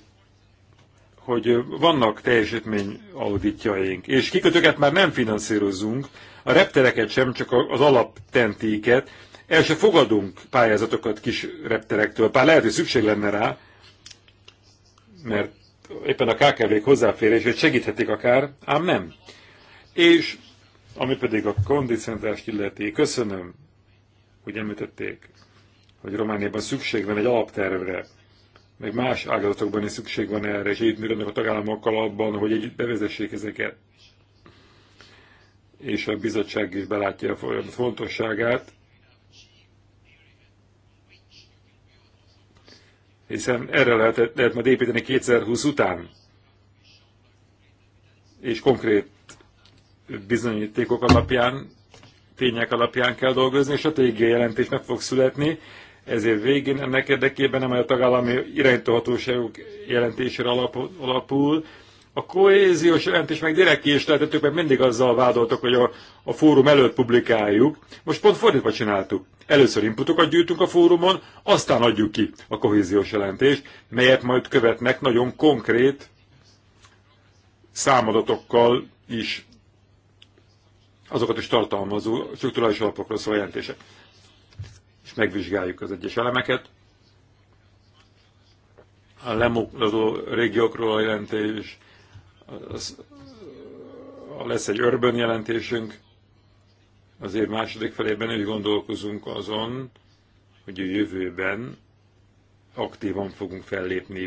Speaker 2: hogy vannak teljesítmény auditjaink, és kikötőket már nem finanszírozunk, a reptereket sem, csak az alaptentéket, el se fogadunk pályázatokat kis repterektől, bár lehet, hogy szükség lenne rá, mert éppen a KKV-k hozzáférését segíthetik akár, ám nem. És ami pedig a kondicionálást illeti, köszönöm, hogy említették, hogy Romániában szükség van egy alaptervre, meg más ágazatokban is szükség van erre, és működnek a tagállamokkal abban, hogy egy bevezessék ezeket. És a bizottság is belátja a folyamat fontosságát, hiszen erre lehet, lehet majd építeni 2020 után. És konkrét bizonyítékok alapján, tények alapján kell dolgozni, és a stratégiai jelentés meg fog születni, ezért végén ennek érdekében, amely a tagállami irányítóhatóságok jelentésére alapul, a kohéziós jelentés meg direkt ki is lehetettük, mert mindig azzal vádoltak, hogy a, a fórum előtt publikáljuk. Most pont fordítva csináltuk. Először inputokat gyűjtünk a fórumon, aztán adjuk ki a kohéziós jelentést, melyet majd követnek nagyon konkrét számadatokkal is azokat is tartalmazó struktúrális alapokra szóló jelentések megvizsgáljuk az egyes elemeket. A lemuklazó régiókról a jelentés, az, lesz egy örbön jelentésünk, azért második felében úgy gondolkozunk azon, hogy a jövőben aktívan fogunk fellépni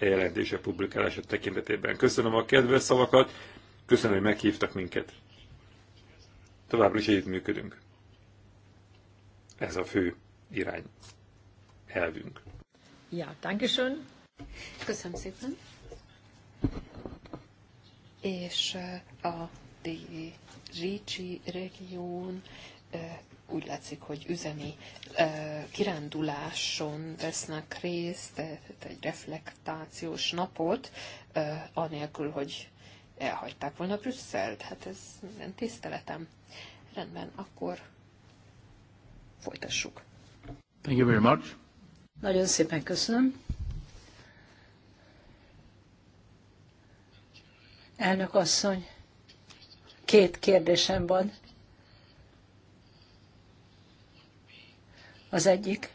Speaker 2: a e jelentése publikálása tekintetében. Köszönöm a kedves szavakat, köszönöm, hogy meghívtak minket. Továbbra is együttműködünk. működünk. Ez a fő irány elvünk.
Speaker 3: Ja, dankeschön. Köszönöm szépen. És eh, a Ricsi region eh, úgy látszik, hogy üzemi eh, kiránduláson vesznek részt, tehát egy reflektációs napot, anélkül, hogy elhagyták volna Brüsszelt. Hát ez nem tiszteletem. Rendben, akkor folytassuk. Thank you very much.
Speaker 4: Nagyon szépen köszönöm. Elnök asszony, két kérdésem van. Az egyik.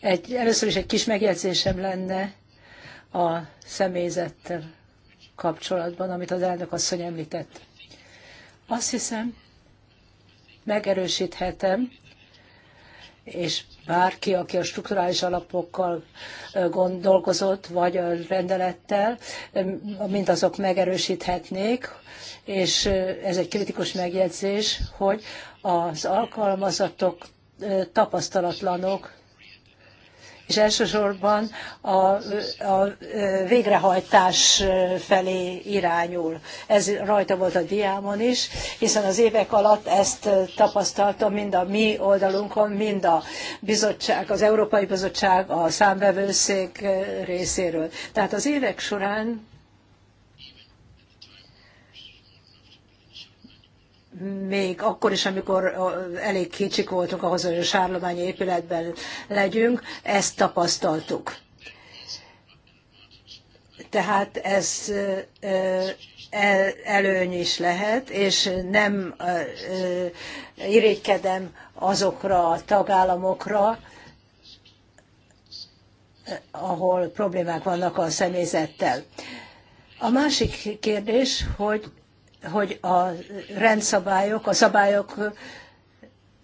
Speaker 4: Egy, először is egy kis megjegyzésem lenne a személyzettel kapcsolatban, amit az elnök asszony említett. Azt hiszem, megerősíthetem, és bárki, aki a strukturális alapokkal gondolkozott vagy a rendelettel, mindazok megerősíthetnék, és ez egy kritikus megjegyzés, hogy az alkalmazatok tapasztalatlanok, és elsősorban a, a végrehajtás felé irányul. Ez rajta volt a diámon is, hiszen az évek alatt ezt tapasztaltam mind a mi oldalunkon, mind a bizottság, az Európai Bizottság, a számbevőszék részéről. Tehát az évek során még akkor is, amikor elég kicsik voltunk ahhoz, hogy a sárlományi épületben legyünk, ezt tapasztaltuk. Tehát ez előny is lehet, és nem irigykedem azokra a tagállamokra, ahol problémák vannak a személyzettel. A másik kérdés, hogy hogy a rendszabályok, a szabályok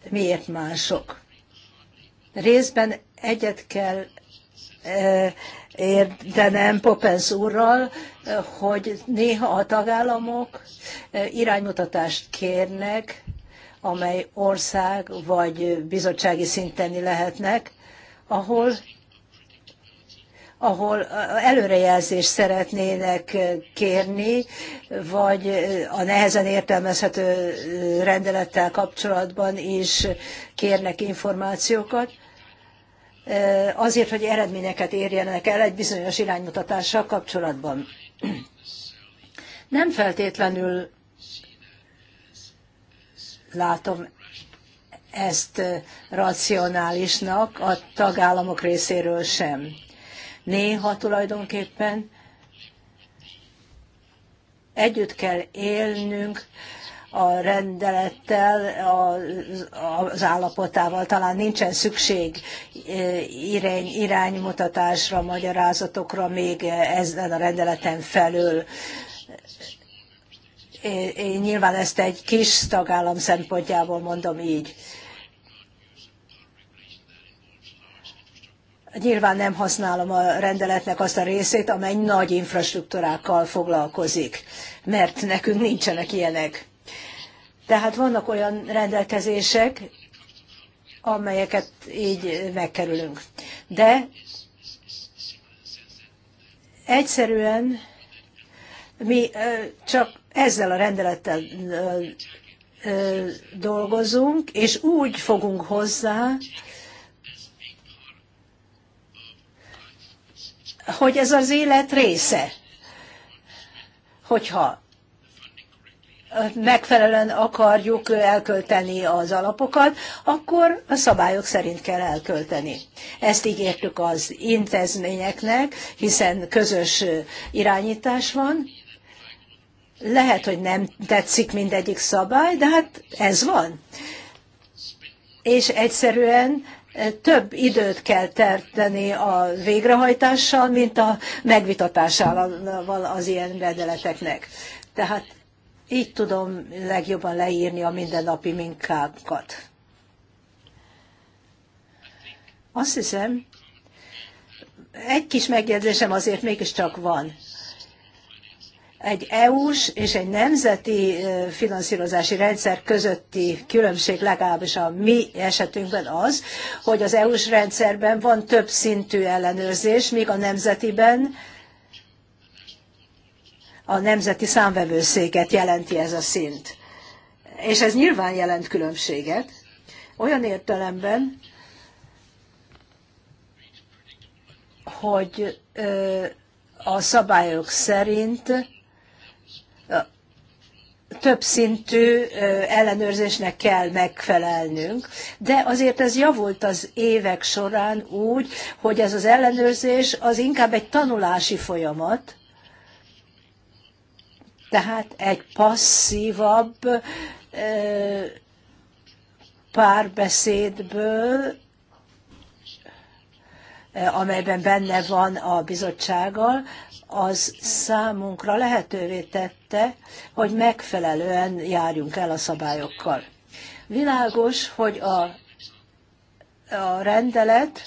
Speaker 4: miért mások. Részben egyet kell e, értenem Popens úrral, hogy néha a tagállamok e, iránymutatást kérnek, amely ország vagy bizottsági szinten lehetnek, ahol ahol előrejelzést szeretnének kérni, vagy a nehezen értelmezhető rendelettel kapcsolatban is kérnek információkat, azért, hogy eredményeket érjenek el egy bizonyos iránymutatással kapcsolatban. Nem feltétlenül látom ezt racionálisnak a tagállamok részéről sem néha tulajdonképpen együtt kell élnünk a rendelettel, az állapotával. Talán nincsen szükség e, irány, iránymutatásra, magyarázatokra még ezen a rendeleten felül. Én nyilván ezt egy kis tagállam szempontjából mondom így. Nyilván nem használom a rendeletnek azt a részét, amely nagy infrastruktúrákkal foglalkozik, mert nekünk nincsenek ilyenek. Tehát vannak olyan rendelkezések, amelyeket így megkerülünk. De egyszerűen mi csak ezzel a rendelettel dolgozunk, és úgy fogunk hozzá, hogy ez az élet része. Hogyha megfelelően akarjuk elkölteni az alapokat, akkor a szabályok szerint kell elkölteni. Ezt ígértük az intézményeknek, hiszen közös irányítás van. Lehet, hogy nem tetszik mindegyik szabály, de hát ez van. És egyszerűen több időt kell tenni a végrehajtással, mint a megvitatásával az ilyen rendeleteknek. Tehát így tudom legjobban leírni a mindennapi minkákat. Azt hiszem, egy kis megjegyzésem azért mégiscsak van egy EU-s és egy nemzeti finanszírozási rendszer közötti különbség legalábbis a mi esetünkben az, hogy az EU-s rendszerben van több szintű ellenőrzés, míg a nemzetiben a nemzeti számvevőszéket jelenti ez a szint. És ez nyilván jelent különbséget, olyan értelemben, hogy a szabályok szerint többszintű ellenőrzésnek kell megfelelnünk, de azért ez javult az évek során úgy, hogy ez az ellenőrzés az inkább egy tanulási folyamat, tehát egy passzívabb párbeszédből, amelyben benne van a bizottsággal, az számunkra lehetővé tette, hogy megfelelően járjunk el a szabályokkal. Világos, hogy a, a rendelet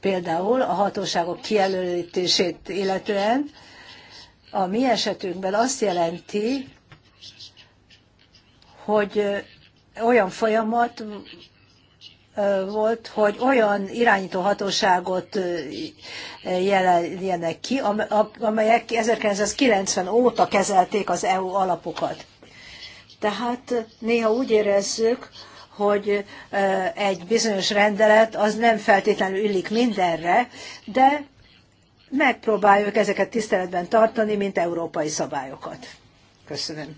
Speaker 4: például a hatóságok kijelölítését illetően a mi esetünkben azt jelenti, hogy olyan folyamat volt, hogy olyan irányító hatóságot jelenjenek ki, amelyek 1990 óta kezelték az EU alapokat. Tehát néha úgy érezzük, hogy egy bizonyos rendelet az nem feltétlenül illik mindenre, de megpróbáljuk ezeket tiszteletben tartani, mint európai szabályokat. Köszönöm.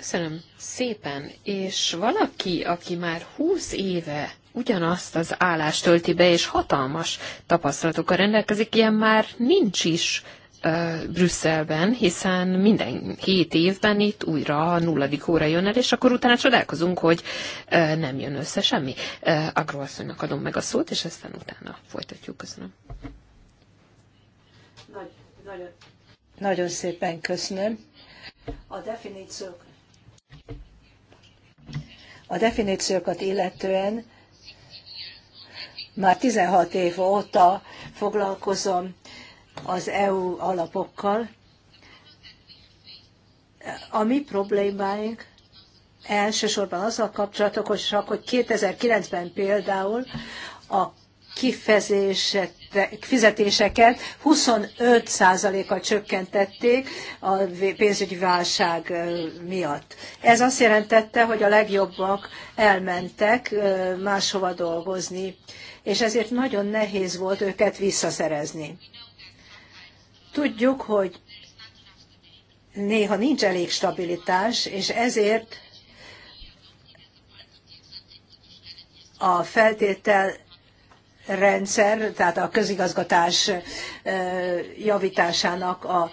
Speaker 3: Köszönöm szépen, és valaki, aki már 20 éve ugyanazt az állást tölti be, és hatalmas tapasztalatokkal rendelkezik, ilyen már nincs is uh, Brüsszelben, hiszen minden hét évben itt újra a nulladik óra jön el, és akkor utána csodálkozunk, hogy uh, nem jön össze semmi. Uh, Agroasszonynak adom meg a szót, és aztán utána folytatjuk. Köszönöm.
Speaker 4: Nagy, nagyon, nagyon szépen köszönöm. A definíciók a definíciókat illetően már 16 év óta foglalkozom az EU alapokkal. A mi problémáink elsősorban azzal kapcsolatok, hogy csak hogy 2009-ben például a kifizetéseket 25%-kal csökkentették a pénzügyi válság miatt. Ez azt jelentette, hogy a legjobbak elmentek máshova dolgozni, és ezért nagyon nehéz volt őket visszaszerezni. Tudjuk, hogy néha nincs elég stabilitás, és ezért a feltétel rendszer, tehát a közigazgatás javításának a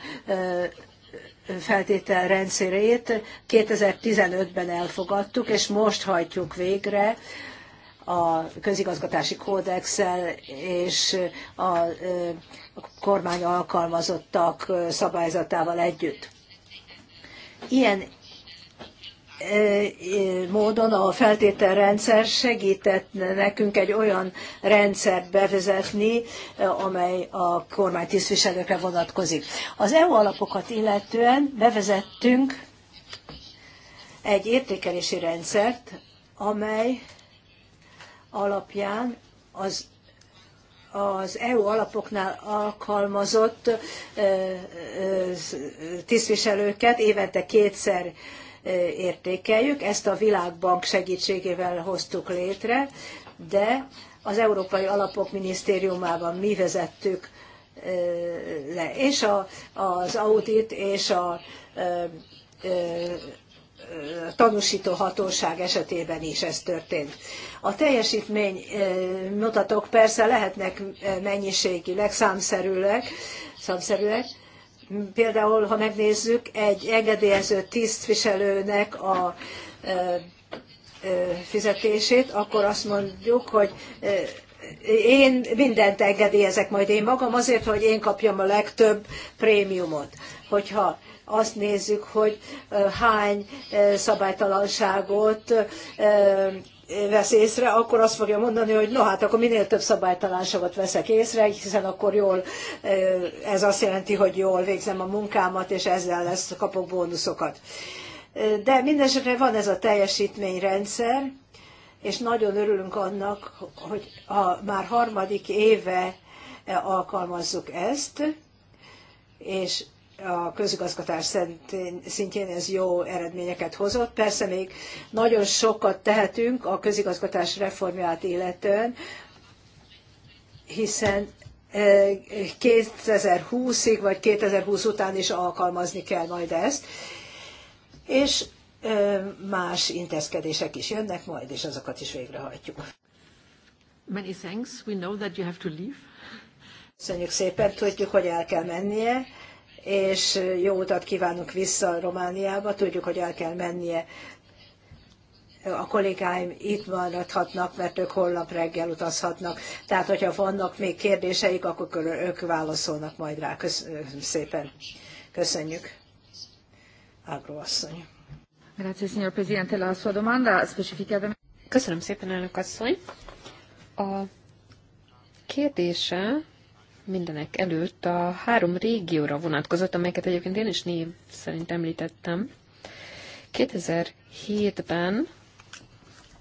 Speaker 4: feltételrendszerét 2015-ben elfogadtuk, és most hajtjuk végre a közigazgatási kódexel és a, kormány alkalmazottak szabályzatával együtt. Ilyen módon a feltételrendszer segített nekünk egy olyan rendszert bevezetni, amely a kormány tisztviselőkre vonatkozik. Az EU alapokat illetően bevezettünk egy értékelési rendszert, amely alapján az az EU alapoknál alkalmazott tisztviselőket évente kétszer értékeljük. Ezt a Világbank segítségével hoztuk létre, de az Európai Alapok Minisztériumában mi vezettük le. És a, az audit és a tanúsító hatóság esetében is ez történt. A teljesítmény mutatók persze lehetnek mennyiségileg, számszerűleg, számszerűleg Például, ha megnézzük egy engedélyező tisztviselőnek a fizetését, akkor azt mondjuk, hogy én mindent engedélyezek majd én magam azért, hogy én kapjam a legtöbb prémiumot. Hogyha azt nézzük, hogy hány szabálytalanságot vesz észre, akkor azt fogja mondani, hogy no hát akkor minél több szabálytalanságot veszek észre, hiszen akkor jól, eh, ez azt jelenti, hogy jól végzem a munkámat, és ezzel lesz, kapok bónuszokat. Eh, de mindesetre van ez a teljesítményrendszer, és nagyon örülünk annak, hogy a már harmadik éve eh, alkalmazzuk ezt, és a közigazgatás szintjén ez jó eredményeket hozott. Persze még nagyon sokat tehetünk a közigazgatás reformját illetően, hiszen 2020-ig e, vagy 2020 után is alkalmazni kell majd ezt, és e, más intézkedések is jönnek majd, és azokat is végrehajtjuk.
Speaker 1: Many thanks. We know that you have to leave.
Speaker 4: Köszönjük szépen, tudjuk, hogy el kell mennie és jó utat kívánok vissza Romániába. Tudjuk, hogy el kell mennie. A kollégáim itt maradhatnak, mert ők holnap reggel utazhatnak. Tehát, hogyha vannak még kérdéseik, akkor ők válaszolnak majd rá. Köszönöm szépen. Köszönjük. Ágró asszony.
Speaker 3: Köszönöm szépen, elnök asszony. A kérdése mindenek előtt a három régióra vonatkozott, amelyeket egyébként én is név szerint említettem. 2007-ben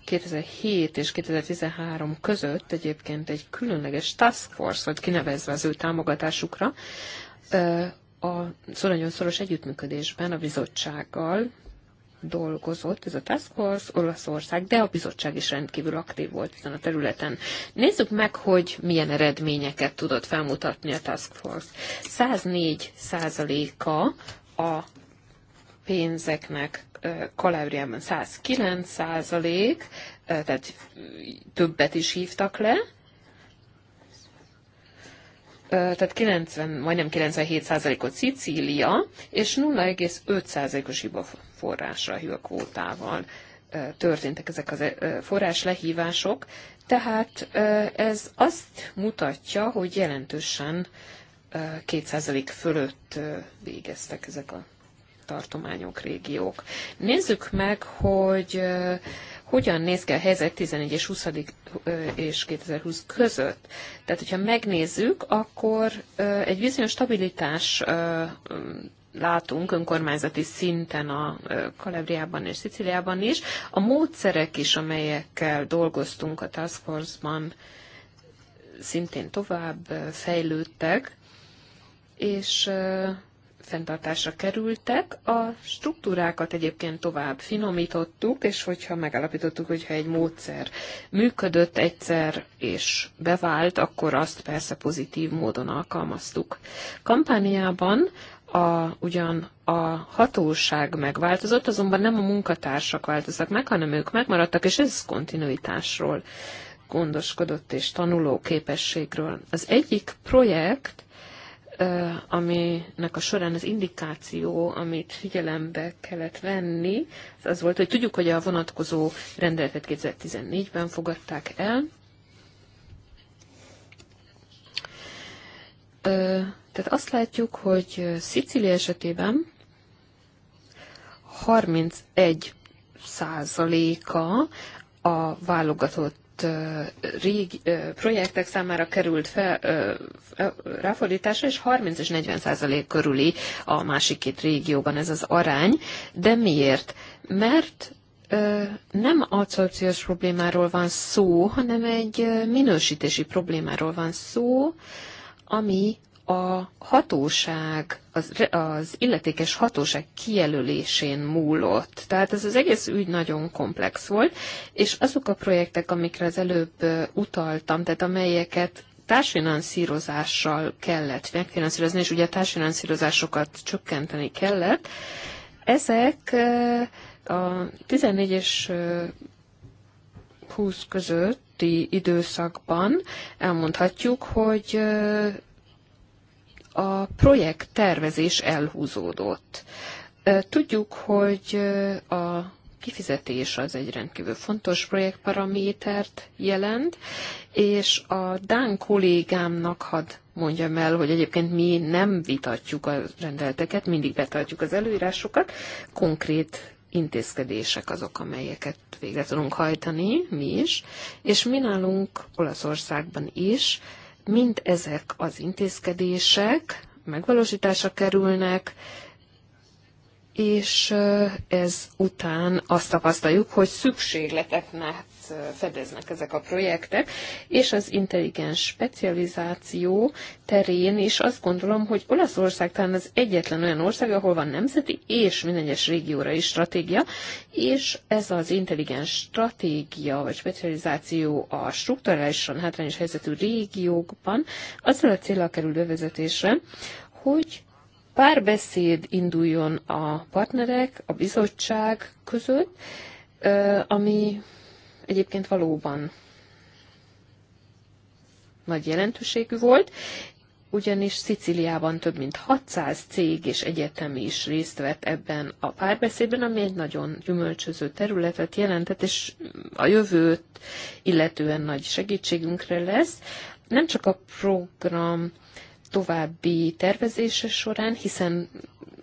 Speaker 3: 2007 és 2013 között egyébként egy különleges task force volt kinevezve az ő támogatásukra a nagyon szoros együttműködésben a bizottsággal, dolgozott ez a Task Force, Olaszország, de a bizottság is rendkívül aktív volt ezen a területen. Nézzük meg, hogy milyen eredményeket tudott felmutatni a Task Force. 104 százaléka a pénzeknek Kalábriában 109 százalék, tehát többet is hívtak le, tehát 90, majdnem 97%-ot Szicília, és 0,5%-os hibaforrásra, kvótával történtek ezek az forrás lehívások, tehát ez azt mutatja, hogy jelentősen 2% fölött végeztek ezek a tartományok, régiók. Nézzük meg, hogy hogyan néz ki a helyzet 11 és 20 és 2020 között. Tehát, hogyha megnézzük, akkor egy bizonyos stabilitás látunk önkormányzati szinten a Kalebriában és Sziciliában is. A módszerek is, amelyekkel dolgoztunk a Task Force-ban, szintén tovább fejlődtek, és fenntartásra kerültek. A struktúrákat egyébként tovább finomítottuk, és hogyha megállapítottuk, hogyha egy módszer működött egyszer és bevált, akkor azt persze pozitív módon alkalmaztuk. Kampániában a, ugyan a hatóság megváltozott, azonban nem a munkatársak változtak meg, hanem ők megmaradtak, és ez kontinuitásról gondoskodott és tanuló képességről. Az egyik projekt aminek a során az indikáció, amit figyelembe kellett venni, az, az volt, hogy tudjuk, hogy a vonatkozó rendeletet 2014-ben fogadták el. Tehát azt látjuk, hogy Szicília esetében 31 százaléka a válogatott adott régi, projektek számára került fel, ráfordításra, és 30 és 40 százalék körüli a másik két régióban ez az arány. De miért? Mert nem adszorpciós problémáról van szó, hanem egy minősítési problémáról van szó, ami a hatóság, az, az illetékes hatóság kijelölésén múlott. Tehát ez az egész ügy nagyon komplex volt, és azok a projektek, amikre az előbb utaltam, tehát amelyeket társfinanszírozással kellett megfinanszírozni, és ugye a társfinanszírozásokat csökkenteni kellett, ezek a 14 és 20 között közötti időszakban elmondhatjuk, hogy a projekt tervezés elhúzódott. Tudjuk, hogy a kifizetés az egy rendkívül fontos projektparamétert jelent, és a Dán kollégámnak had mondjam el, hogy egyébként mi nem vitatjuk a rendelteket, mindig betartjuk az előírásokat, konkrét intézkedések azok, amelyeket végre tudunk hajtani, mi is, és mi nálunk Olaszországban is mind ezek az intézkedések megvalósításra kerülnek, és ez után azt tapasztaljuk, hogy szükségleteknek fedeznek ezek a projektek, és az intelligens specializáció terén is azt gondolom, hogy Olaszország talán az egyetlen olyan ország, ahol van nemzeti és minden egyes régióra is stratégia, és ez az intelligens stratégia vagy specializáció a strukturálisan hátrányos helyzetű régiókban azzal a célra kerül bevezetésre, hogy párbeszéd induljon a partnerek, a bizottság között, ami egyébként valóban nagy jelentőségű volt, ugyanis Sziciliában több mint 600 cég és egyetem is részt vett ebben a párbeszédben, ami egy nagyon gyümölcsöző területet jelentett, és a jövőt illetően nagy segítségünkre lesz. Nem csak a program további tervezése során, hiszen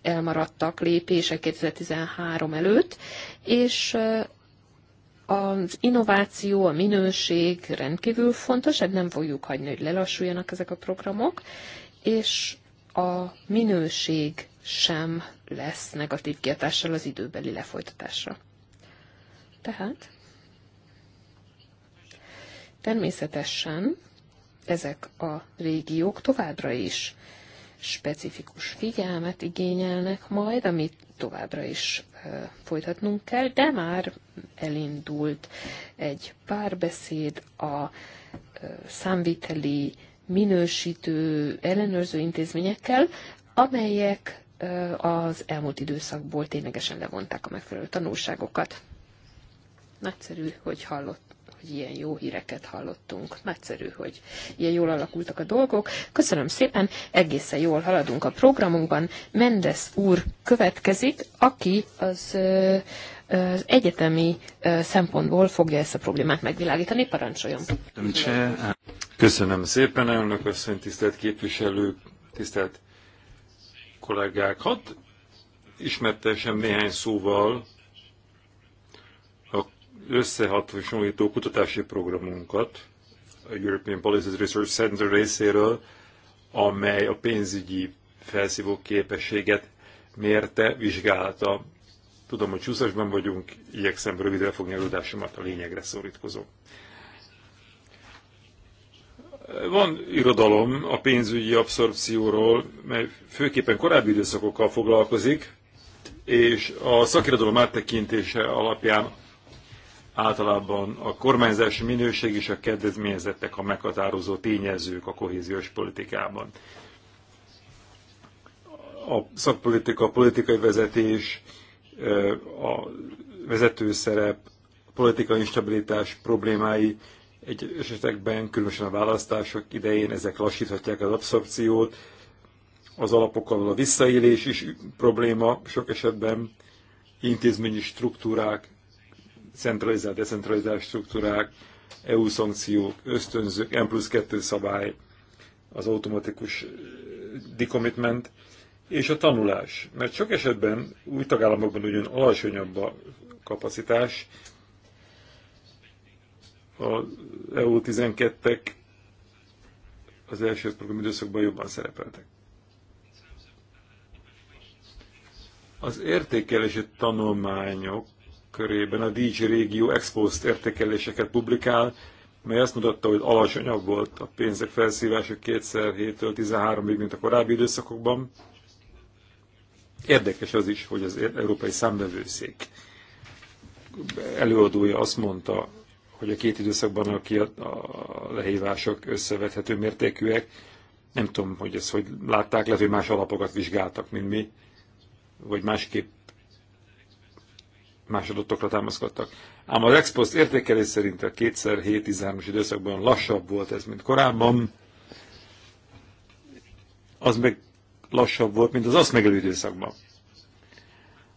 Speaker 3: elmaradtak lépések 2013 előtt, és az innováció, a minőség rendkívül fontos, hát nem fogjuk hagyni, hogy lelassuljanak ezek a programok, és a minőség sem lesz negatív kihatással az időbeli lefolytatásra. Tehát természetesen ezek a régiók továbbra is specifikus figyelmet igényelnek majd, amit továbbra is folytatnunk kell, de már elindult egy párbeszéd a számviteli minősítő ellenőrző intézményekkel, amelyek az elmúlt időszakból ténylegesen levonták a megfelelő tanulságokat. Nagyszerű, hogy hallott, hogy ilyen jó híreket hallottunk. Nagyszerű, hogy ilyen jól alakultak a dolgok. Köszönöm szépen, egészen jól haladunk a programunkban. Mendes úr következik, aki az, az egyetemi szempontból fogja ezt a problémát megvilágítani. Parancsoljon!
Speaker 2: Uh, Köszönöm szépen, elnök asszony, tisztelt képviselők, tisztelt kollégák. Hadd ismertessem néhány szóval összehasonlító kutatási programunkat a European Policies Research Center részéről, amely a pénzügyi felszívó képességet mérte, vizsgálta. Tudom, hogy csúszásban vagyunk, igyekszem rövidre fogni előadásomat, a lényegre szorítkozom. Van irodalom a pénzügyi abszorpcióról, mely főképpen korábbi időszakokkal foglalkozik, és a szakirodalom áttekintése alapján általában a kormányzási minőség és a kedvezményezettek a meghatározó tényezők a kohéziós politikában. A szakpolitika, a politikai vezetés, a vezetőszerep, a politikai instabilitás problémái egy esetekben, különösen a választások idején ezek lassíthatják az abszorpciót, az alapokkal a visszaélés is probléma sok esetben, intézményi struktúrák centralizált, decentralizált struktúrák, EU szankciók, ösztönzők, M plusz 2 szabály, az automatikus decommitment, és a tanulás. Mert sok esetben új tagállamokban ugyan alacsonyabb a kapacitás, a EU-12-ek az első program időszakban jobban szerepeltek. Az értékelési tanulmányok körében a DJ Régió Expost értékeléseket publikál, mely azt mutatta, hogy alacsonyabb volt a pénzek felszívása 2007-től 13-ig, mint a korábbi időszakokban. Érdekes az is, hogy az Európai Számbevőszék előadója azt mondta, hogy a két időszakban a, a lehívások összevethető mértékűek. Nem tudom, hogy ezt hogy látták, lehet, hogy más alapokat vizsgáltak, mint mi, vagy másképp más adatokra támaszkodtak. Ám az expost értékelés szerint a 2007-13-as időszakban lassabb volt ez, mint korábban. Az meg lassabb volt, mint az azt megelő időszakban.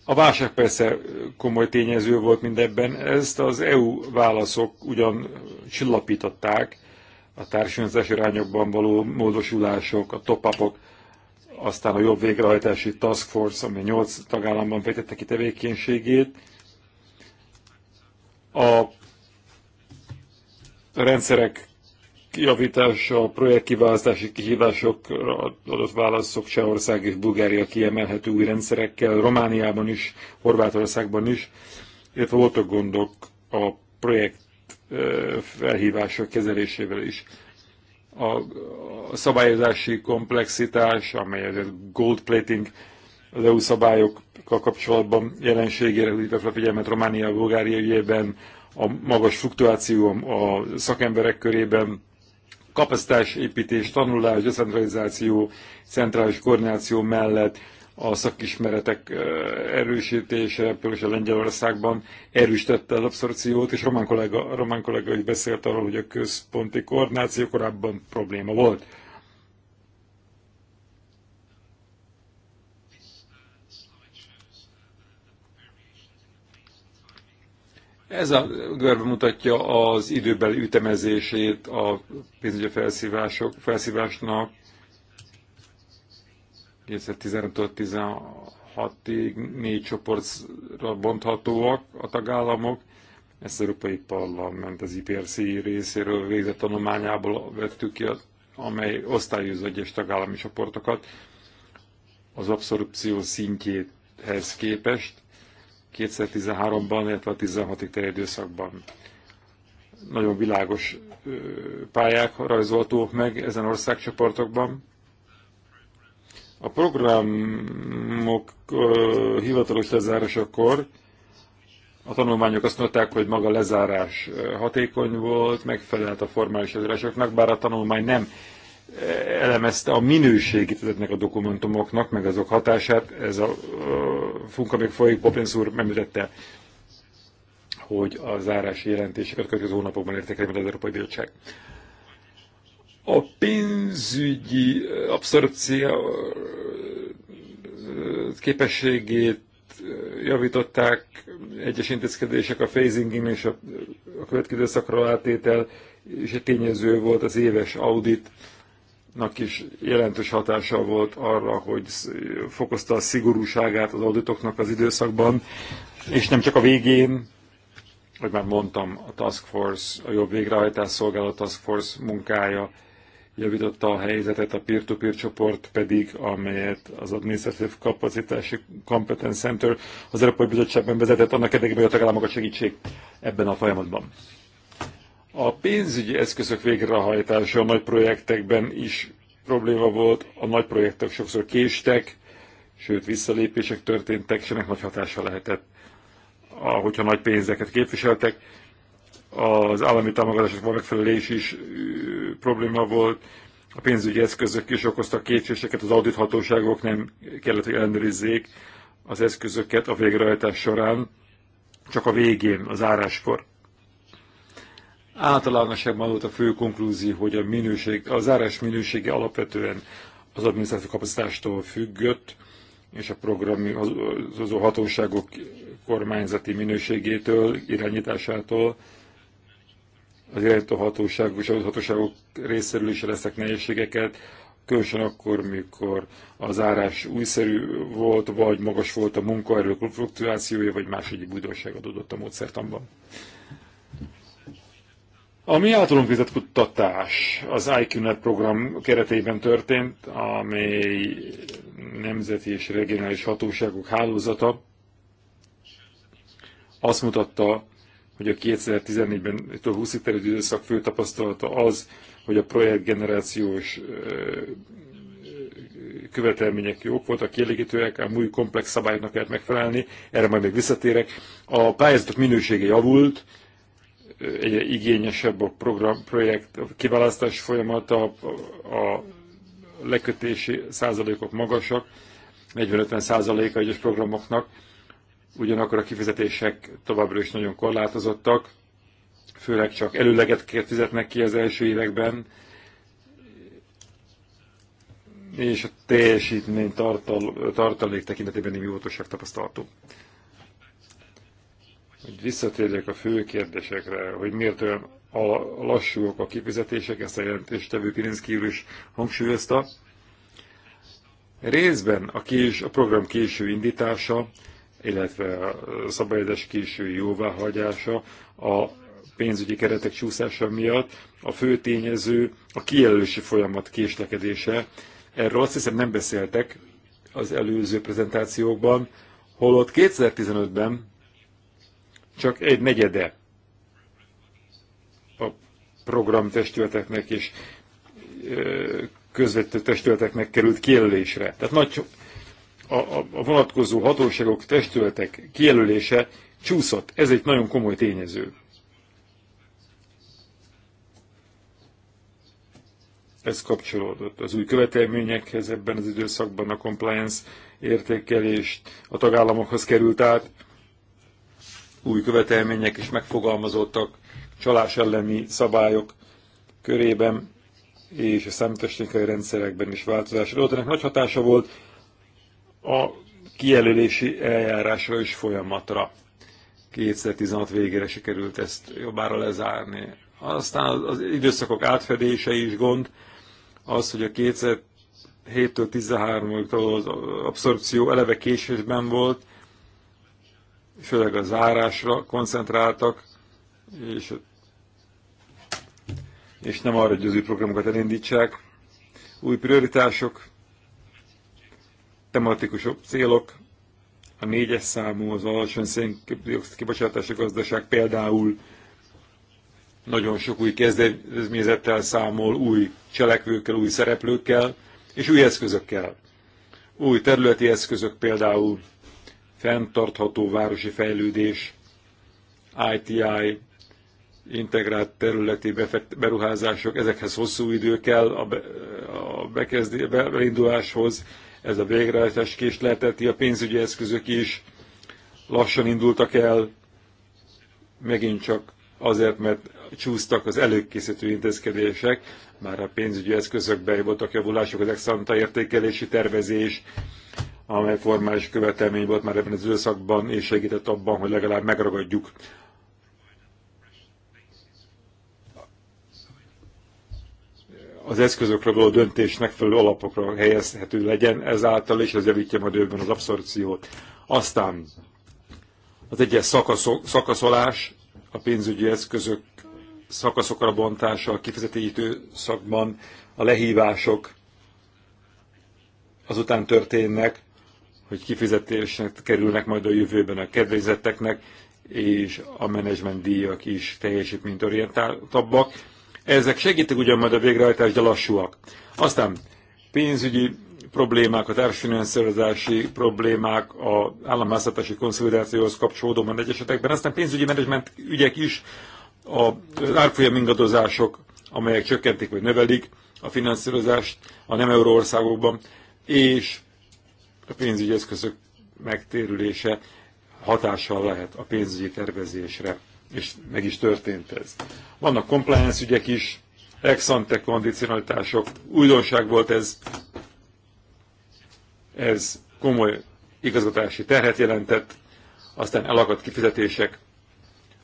Speaker 2: A válság persze komoly tényező volt mindebben, ezt az EU válaszok ugyan csillapították, a társadalmi irányokban való módosulások, a top aztán a jobb végrehajtási task force, ami 8 tagállamban fejtette ki tevékenységét, a rendszerek javítása, a projektkiválasztási kihívásokra adott válaszok Csehország és Bulgária kiemelhető új rendszerekkel, Romániában is, Horvátországban is, illetve voltak gondok a projekt felhívások kezelésével is. A, szabályozási komplexitás, amely a gold plating, az EU szabályok kapcsolatban jelenségére húzítva fel a figyelmet Románia, Bulgária ügyében, a magas fluktuáció a szakemberek körében, építés, tanulás, decentralizáció, centrális koordináció mellett a szakismeretek erősítése, például a Lengyelországban erősítette az abszorciót, és román kollega, román kollega is beszélt arról, hogy a központi koordináció korábban probléma volt Ez a görbe mutatja az időbeli ütemezését a pénzügyi felszívások, felszívásnak 2015 16-ig négy csoportra bonthatóak a tagállamok. Ezt az Európai Parlament az IPRC részéről végzett tanulmányából vettük ki, amely osztályozza egyes tagállami csoportokat az abszorpció szintjéhez képest 2013-ban, illetve a 16-ig időszakban. Nagyon világos pályák rajzoltók meg ezen országcsoportokban. A programok hivatalos lezárásakor a tanulmányok azt mondták, hogy maga lezárás hatékony volt, megfelelt a formális lezárásoknak, bár a tanulmány nem elemezte a minőségét ezeknek a dokumentumoknak, meg azok hatását. Ez a funka még folyik, Poppins úr említette, hogy a zárási jelentéseket következő hónapokban el meg az Európai Bizottság. A pénzügyi abszorpció képességét javították egyes intézkedések, a phasing és a, a következő szakra átétel, és egy tényező volt az éves audit nak is jelentős hatása volt arra, hogy fokozta a szigorúságát az auditoknak az időszakban, és nem csak a végén, hogy már mondtam, a Task Force, a jobb végrehajtás szolgálat Task Force munkája javította a helyzetet, a peer-to-peer csoport pedig, amelyet az Administrative Kapacitási Competence Center az Európai Bizottságban vezetett, annak érdekében, hogy a tagállamokat segítség ebben a folyamatban. A pénzügyi eszközök végrehajtása a nagy projektekben is probléma volt, a nagy projektek sokszor késtek, sőt visszalépések történtek, és ennek nagy hatása lehetett, hogyha nagy pénzeket képviseltek. Az állami támogatások megfelelés is probléma volt, a pénzügyi eszközök is okoztak kétségeket, az audithatóságok nem kellett, hogy ellenőrizzék az eszközöket a végrehajtás során, csak a végén, az áráskor. Általánosságban volt a fő konklúzió, hogy a, minőség, a zárás minősége alapvetően az adminisztráció kapacitástól függött, és a program az, az hatóságok kormányzati minőségétől, irányításától, az irányító hatóságok és a hatóságok részéről is lesznek nehézségeket, különösen akkor, mikor a zárás újszerű volt, vagy magas volt a munkaerő fluktuációja, vagy más egyéb újdonság adódott a módszertamban. A mi általunk vizet kutatás az IQNet program keretében történt, amely nemzeti és regionális hatóságok hálózata azt mutatta, hogy a 2014-ben 20-ig terjedő időszak fő tapasztalata az, hogy a projektgenerációs követelmények jók voltak, kielégítőek, a új komplex szabályoknak kellett megfelelni, erre majd még visszatérek. A pályázatok minősége javult, egyre igényesebb a program, projekt, a kiválasztás folyamata, a lekötési százalékok magasak, 40-50 százaléka egyes programoknak, ugyanakkor a kifizetések továbbra is nagyon korlátozottak, főleg csak előleget fizetnek ki az első években, és a teljesítmény tartal, tartalék tekintetében nem óvatosság tapasztalható hogy visszatérjek a fő kérdésekre, hogy miért olyan lassúak a kifizetések, ezt a jelentéstevő Pirinszki úr is hangsúlyozta. Részben a, kés, a program késő indítása, illetve a szabályozás késő jóváhagyása a pénzügyi keretek csúszása miatt a fő tényező a kijelölési folyamat késlekedése. Erről azt hiszem nem beszéltek az előző prezentációkban, holott 2015-ben csak egy negyede a programtestületeknek és közvető testületeknek került kijelölésre. Tehát nagy, a, a, a vonatkozó hatóságok, testületek kijelölése csúszott. Ez egy nagyon komoly tényező. Ez kapcsolódott az új követelményekhez ebben az időszakban a compliance értékelést a tagállamokhoz került át új követelmények is megfogalmazottak csalás elleni szabályok körében és a számítástechnikai rendszerekben is változás adott. Ennek nagy hatása volt a kijelölési eljárásra és folyamatra. 2016 végére sikerült ezt jobbára lezárni. Aztán az, időszakok átfedése is gond, az, hogy a 2007-től 2013 ig az abszorpció eleve késésben volt, főleg a zárásra koncentráltak, és, és nem arra, hogy az új programokat elindítsák. Új prioritások, tematikus célok, a négyes számú az alacsony szénkibocsátási gazdaság például nagyon sok új kezdeményezettel számol, új cselekvőkkel, új szereplőkkel és új eszközökkel. Új területi eszközök például fenntartható városi fejlődés, ITI, integrált területi beruházások, ezekhez hosszú idő kell a, be, a bekezdi, beinduláshoz, ez a végrehajtás késlelteti, a pénzügyi eszközök is lassan indultak el, megint csak azért, mert csúsztak az előkészítő intézkedések, már a pénzügyi eszközök voltak javulások, az exanta értékelési tervezés, amely formális követelmény volt már ebben az időszakban, és segített abban, hogy legalább megragadjuk az eszközökre való döntés megfelelő alapokra helyezhető legyen ezáltal, és ez javítja majd őben az abszorciót. Aztán az egyes szakaszok, szakaszolás, a pénzügyi eszközök szakaszokra bontása, a kifizetítő szakban, a lehívások azután történnek, hogy kifizetésnek kerülnek majd a jövőben a kedvezeteknek, és a menedzsment díjak is teljesítményorientáltabbak. Ezek segítik ugyan majd a végrehajtás, de lassúak. Aztán pénzügyi problémák, a társfinanszírozási problémák, a államháztartási konszolidációhoz kapcsolódó egy esetekben, aztán pénzügyi menedzsment ügyek is, a árfolyam ingadozások, amelyek csökkentik vagy növelik a finanszírozást a nem euróországokban, és a pénzügyi eszközök megtérülése hatással lehet a pénzügyi tervezésre, és meg is történt ez. Vannak compliance ügyek is, ex-ante kondicionalitások, újdonság volt ez, ez komoly igazgatási terhet jelentett, aztán elakadt kifizetések,